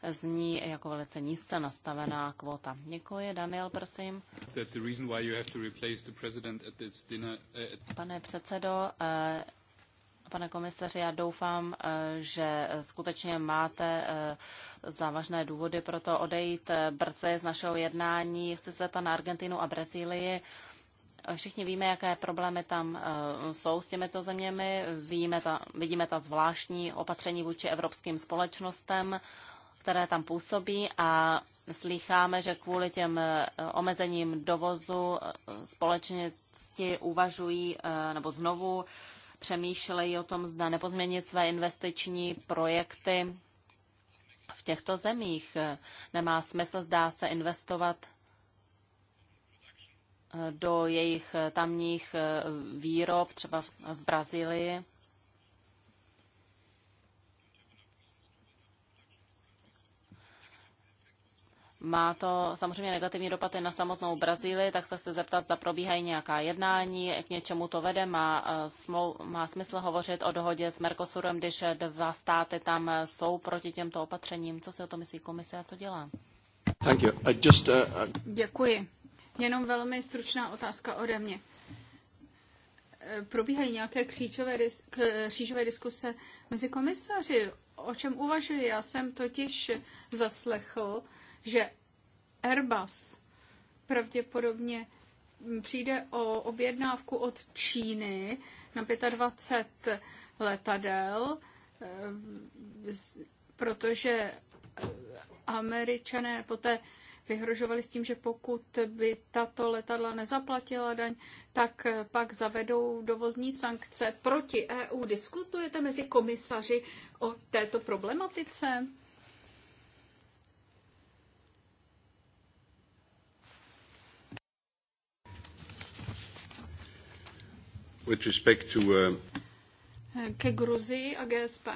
zní jako velice nízce nastavená kvota. Děkuji, Daniel, prosím. Uh, pane předsedo, e, Pane komisaři, já doufám, že skutečně máte závažné důvody pro to odejít brzy z našeho jednání. Chci se na Argentinu a Brazílii. Všichni víme, jaké problémy tam e, jsou s těmito zeměmi. Vidíme ta, vidíme ta zvláštní opatření vůči evropským společnostem, které tam působí a slýcháme, že kvůli těm e, omezením dovozu e, společnosti uvažují nebo znovu přemýšlejí o tom, zda nepozměnit své investiční projekty v těchto zemích. Nemá smysl, zdá se, investovat do jejich eh, tamních eh, výrob, třeba v Brazílii. Má to samozřejmě negativní dopady na samotnou Brazílii, tak se chci zeptat, zda probíhají nějaká jednání, k něčemu to vede. Má, eh, smlou, má smysl hovořit o dohodě s Mercosurem, když dva státy tam jsou proti těmto opatřením. Co si o to myslí komise a co dělá? Děkuji. Jenom velmi stručná otázka ode mě. Probíhají nějaké křížové, křížové diskuse mezi komisaři? O čem uvažuji? Já jsem totiž zaslechl, že Airbus pravděpodobně přijde o objednávku od Číny na 25 letadel, eh, protože američané poté vyhrožovali s tím, že pokud by tato letadla nezaplatila daň, tak pak zavedou dovozní sankce proti EU. Diskutujete mezi komisaři o této problematice? With respect to, uh... Ke Gruzii a GSP.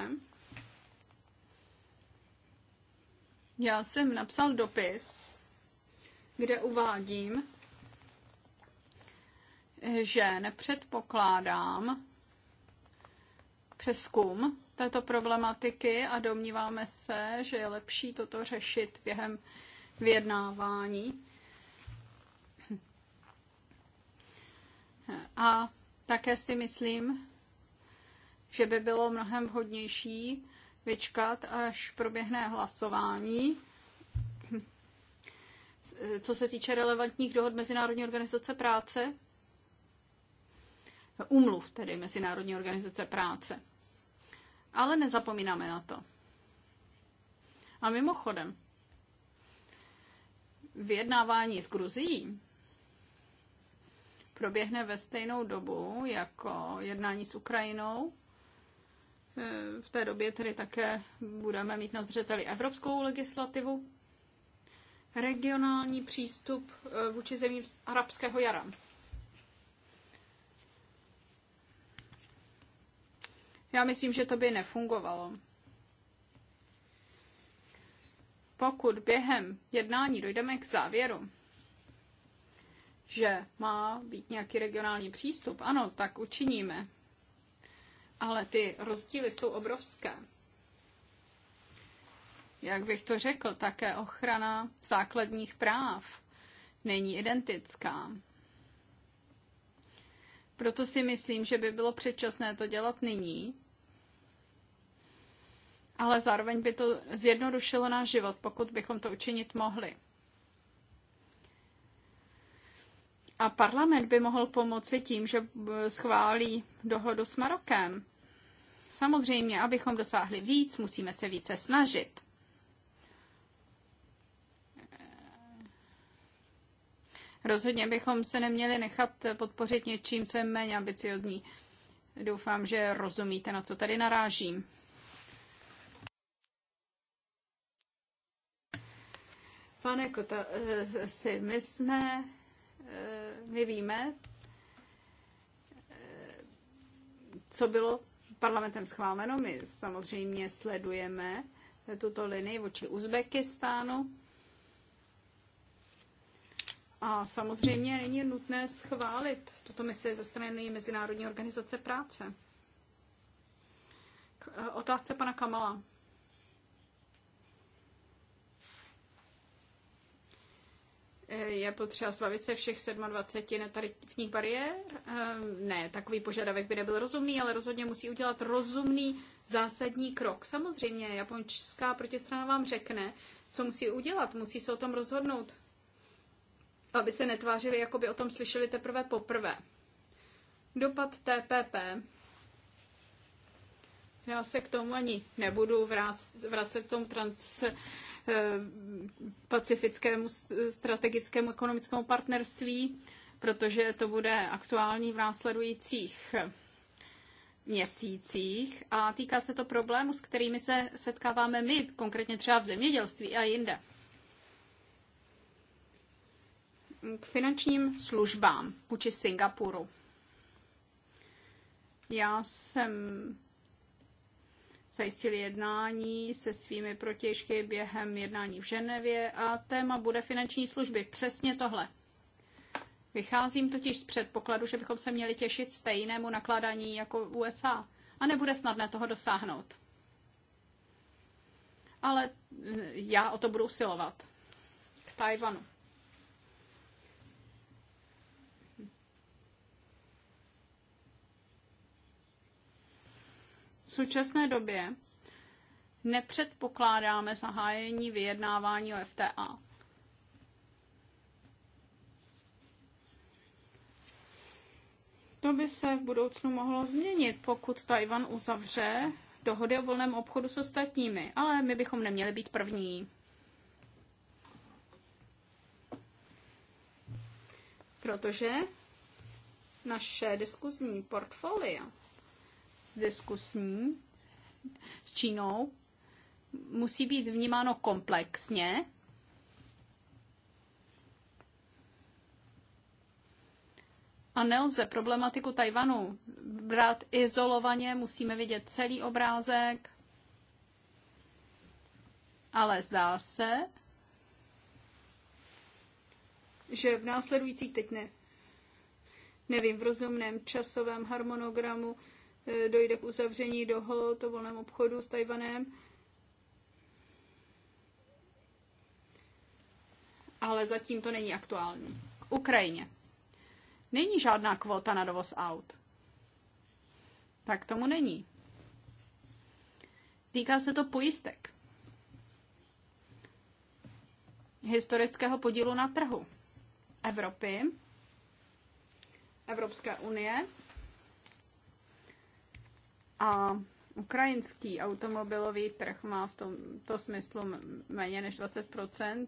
Já jsem napsal dopis kde uvádím, že nepředpokládám přeskum této problematiky a domníváme se, že je lepší toto řešit během vyjednávání. A také si myslím, že by bylo mnohem vhodnější vyčkat, až proběhne hlasování co se týče relevantních dohod Mezinárodní organizace práce, umluv tedy Mezinárodní organizace práce. Ale nezapomínáme na to. A mimochodem, vyjednávání s Gruzií proběhne ve stejnou dobu jako jednání s Ukrajinou. E, v té době tedy také budeme mít na zřeteli evropskou legislativu regionální přístup eh, vůči zemím arabského jara. Já myslím, že to by nefungovalo. Pokud během jednání dojdeme k závěru, že má být nějaký regionální přístup, ano, tak učiníme. Ale ty rozdíly jsou obrovské jak bych to řekl, také ochrana základních práv není identická. Proto si myslím, že by bylo předčasné to dělat nyní, ale zároveň by to zjednodušilo náš život, pokud bychom to učinit mohli. A parlament by mohl pomoci tím, že schválí dohodu s Marokem. Samozřejmě, abychom dosáhli víc, musíme se více snažit. Rozhodně bychom se neměli nechat podpořit něčím, co je méně ambiciozní. Doufám, že rozumíte, na co tady narážím. Pane Kota, eh, si my jsme, eh, my víme, eh, co bylo parlamentem schváleno. My samozřejmě sledujeme tuto linii vůči Uzbekistánu. A samozřejmě není nutné schválit tuto misi ze strany Mezinárodní organizace práce. K e, otázce pana Kamala. E, je potřeba zbavit se všech 27 netarifních bariér? E, ne, takový požadavek by nebyl rozumný, ale rozhodně musí udělat rozumný zásadní krok. Samozřejmě, japonská protistrana vám řekne, co musí udělat, musí se o tom rozhodnout aby se netvářili, jako by o tom slyšeli teprve poprvé. Dopad TPP. Já se k tomu ani nebudu vracet k tomu transpacifickému eh, strategickému ekonomickému partnerství, protože to bude aktuální v následujících měsících a týká se to problému, s kterými se setkáváme my, konkrétně třeba v zemědělství a jinde k finančním službám vůči Singapuru. Já jsem zajistil jednání se svými protěžky během jednání v Ženevě a téma bude finanční služby. Přesně tohle. Vycházím totiž z předpokladu, že bychom se měli těšit stejnému nakládání jako USA a nebude snadné toho dosáhnout. Ale eh, já o to budu usilovat. K Tajvanu. V současné době nepředpokládáme zahájení vyjednávání o FTA. To by se v budoucnu mohlo změnit, pokud Tajvan uzavře dohody o volném obchodu s ostatními, ale my bychom neměli být první. Protože naše diskuzní portfolio s diskusní s Čínou musí být vnímáno komplexně. A nelze problematiku Tajvanu brát izolovaně, musíme vidět celý obrázek. Ale zdá se, že v následujících, teď ne, nevím, v rozumném časovém harmonogramu Eh, dojde k uzavření dohod o volném obchodu s Tajvanem. Ale zatím to není aktuální. K Ukrajině. Není žádná kvota na dovoz aut. Tak tomu není. Týká se to pojistek. Historického podílu na trhu Evropy, Evropské unie a ukrajinský automobilový trh má v tomto smyslu méně než 20%.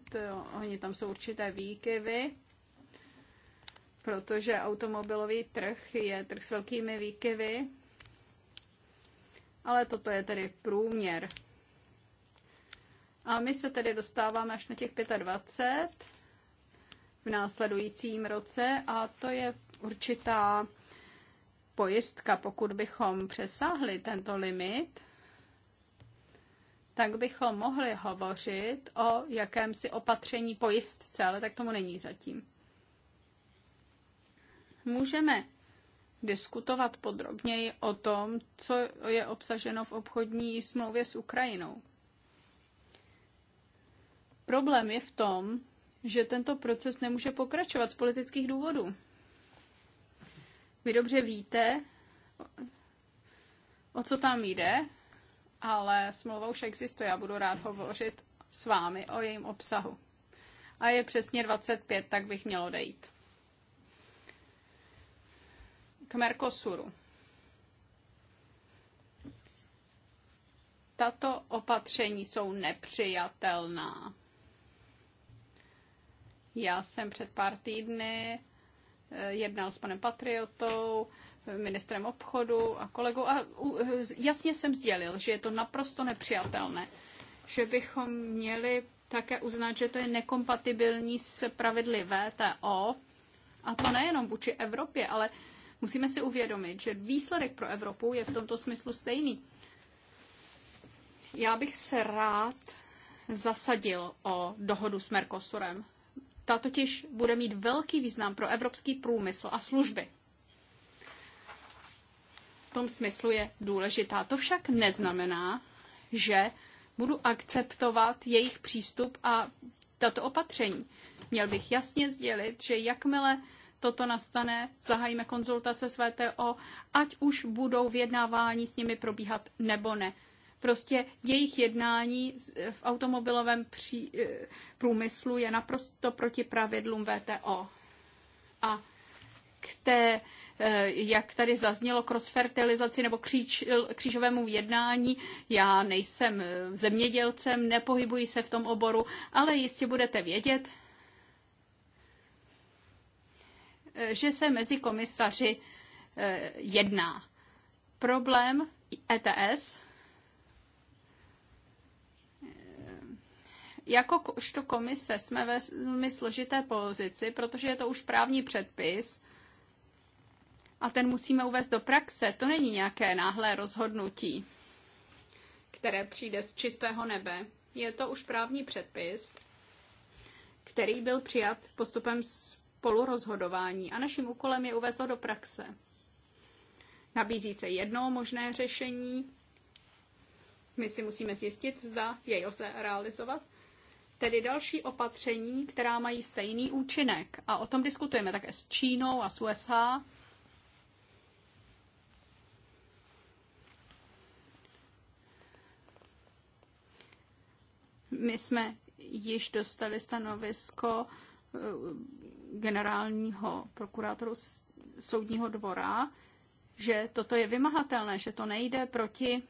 Oni tam jsou určité výkyvy, protože automobilový trh je trh s velkými výkyvy, ale toto je tedy průměr. A my se tedy dostáváme až na těch 25 v následujícím roce a to je určitá pojistka. Pokud bychom přesáhli tento limit, tak bychom mohli hovořit o jakémsi opatření pojistce, ale tak tomu není zatím. Můžeme diskutovat podrobněji o tom, co je obsaženo v obchodní smlouvě s Ukrajinou. Problém je v tom, že tento proces nemůže pokračovat z politických důvodů. Vy dobře víte, o co tam jde, ale smlouva už existuje. Já budu rád hovořit s vámi o jejím obsahu. A je přesně 25, tak bych mělo odejít. K Mercosuru. Tato opatření jsou nepřijatelná. Já jsem před pár týdny Eh, jednal s panem Patriotou, ministrem obchodu a kolegou a eh, jasně jsem sdělil, že je to naprosto nepřijatelné, že bychom měli také uznat, že to je nekompatibilní s pravidly VTO a to nejenom vůči Evropě, ale musíme si uvědomit, že výsledek pro Evropu je v tomto smyslu stejný. Já bych se rád zasadil o dohodu s Mercosurem. Ta totiž bude mít velký význam pro evropský průmysl a služby. V tom smyslu je důležitá. To však neznamená, že budu akceptovat jejich přístup a tato opatření. Měl bych jasně sdělit, že jakmile toto nastane, zahájíme konzultace s VTO, ať už budou vyjednávání s nimi probíhat nebo ne. Prostě jejich jednání v automobilovém pří, eh, průmyslu je naprosto proti pravidlům VTO. A k té, eh, jak tady zaznělo, crossfertilizaci nebo kříč, křížovému jednání. Já nejsem eh, zemědělcem, nepohybuji se v tom oboru, ale jistě budete vědět, že se mezi komisaři jedná. Problém ETS Jako to komise jsme ve velmi složité pozici, protože je to už právní předpis a ten musíme uvést do praxe. To není nějaké náhlé rozhodnutí, které přijde z čistého nebe. Je to už právní předpis, který byl přijat postupem spolurozhodování a naším úkolem je uvést ho do praxe. Nabízí se jedno možné řešení, my si musíme zjistit, zda jej lze realizovat tedy další opatření, která mají stejný účinek. A o tom diskutujeme také s Čínou a s USA. My jsme již dostali stanovisko eh, generálního prokurátoru soudního dvora, že toto je vymahatelné, že to nejde proti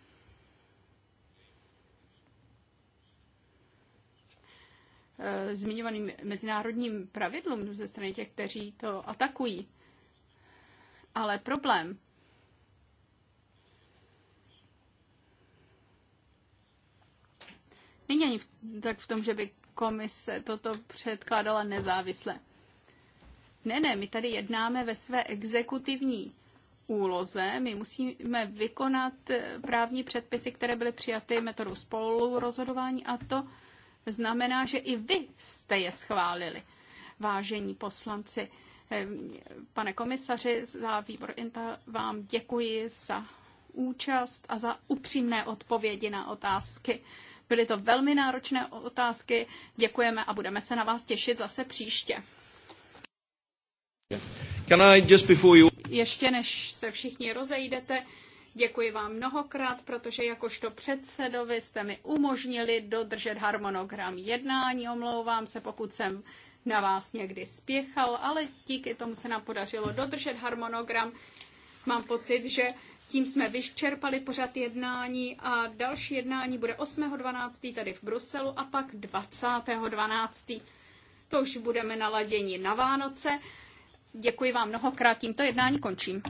Eh, zmiňovaným mezinárodním pravidlům ze strany těch, kteří to atakují. Ale problém není ani v, tak v tom, že by komise toto předkládala nezávisle. Ne, ne, my tady jednáme ve své exekutivní úloze. My musíme vykonat eh, právní předpisy, které byly přijaty metodou spolurozhodování a to znamená, že i vy jste je schválili, vážení poslanci. Pane komisaři, za výbor INTA vám děkuji za účast a za upřímné odpovědi na otázky. Byly to velmi náročné otázky. Děkujeme a budeme se na vás těšit zase příště. Can I just before you... Ještě než se všichni rozejdete, Děkuji vám mnohokrát, protože jakožto předsedovi jste mi umožnili dodržet harmonogram jednání. Omlouvám se, pokud jsem na vás někdy spěchal, ale díky tomu se nám podařilo dodržet harmonogram. Mám pocit, že tím jsme vyčerpali pořad jednání a další jednání bude 8.12. tady v Bruselu a pak 20.12. To už budeme naladěni na Vánoce. Děkuji vám mnohokrát, tímto jednání končím.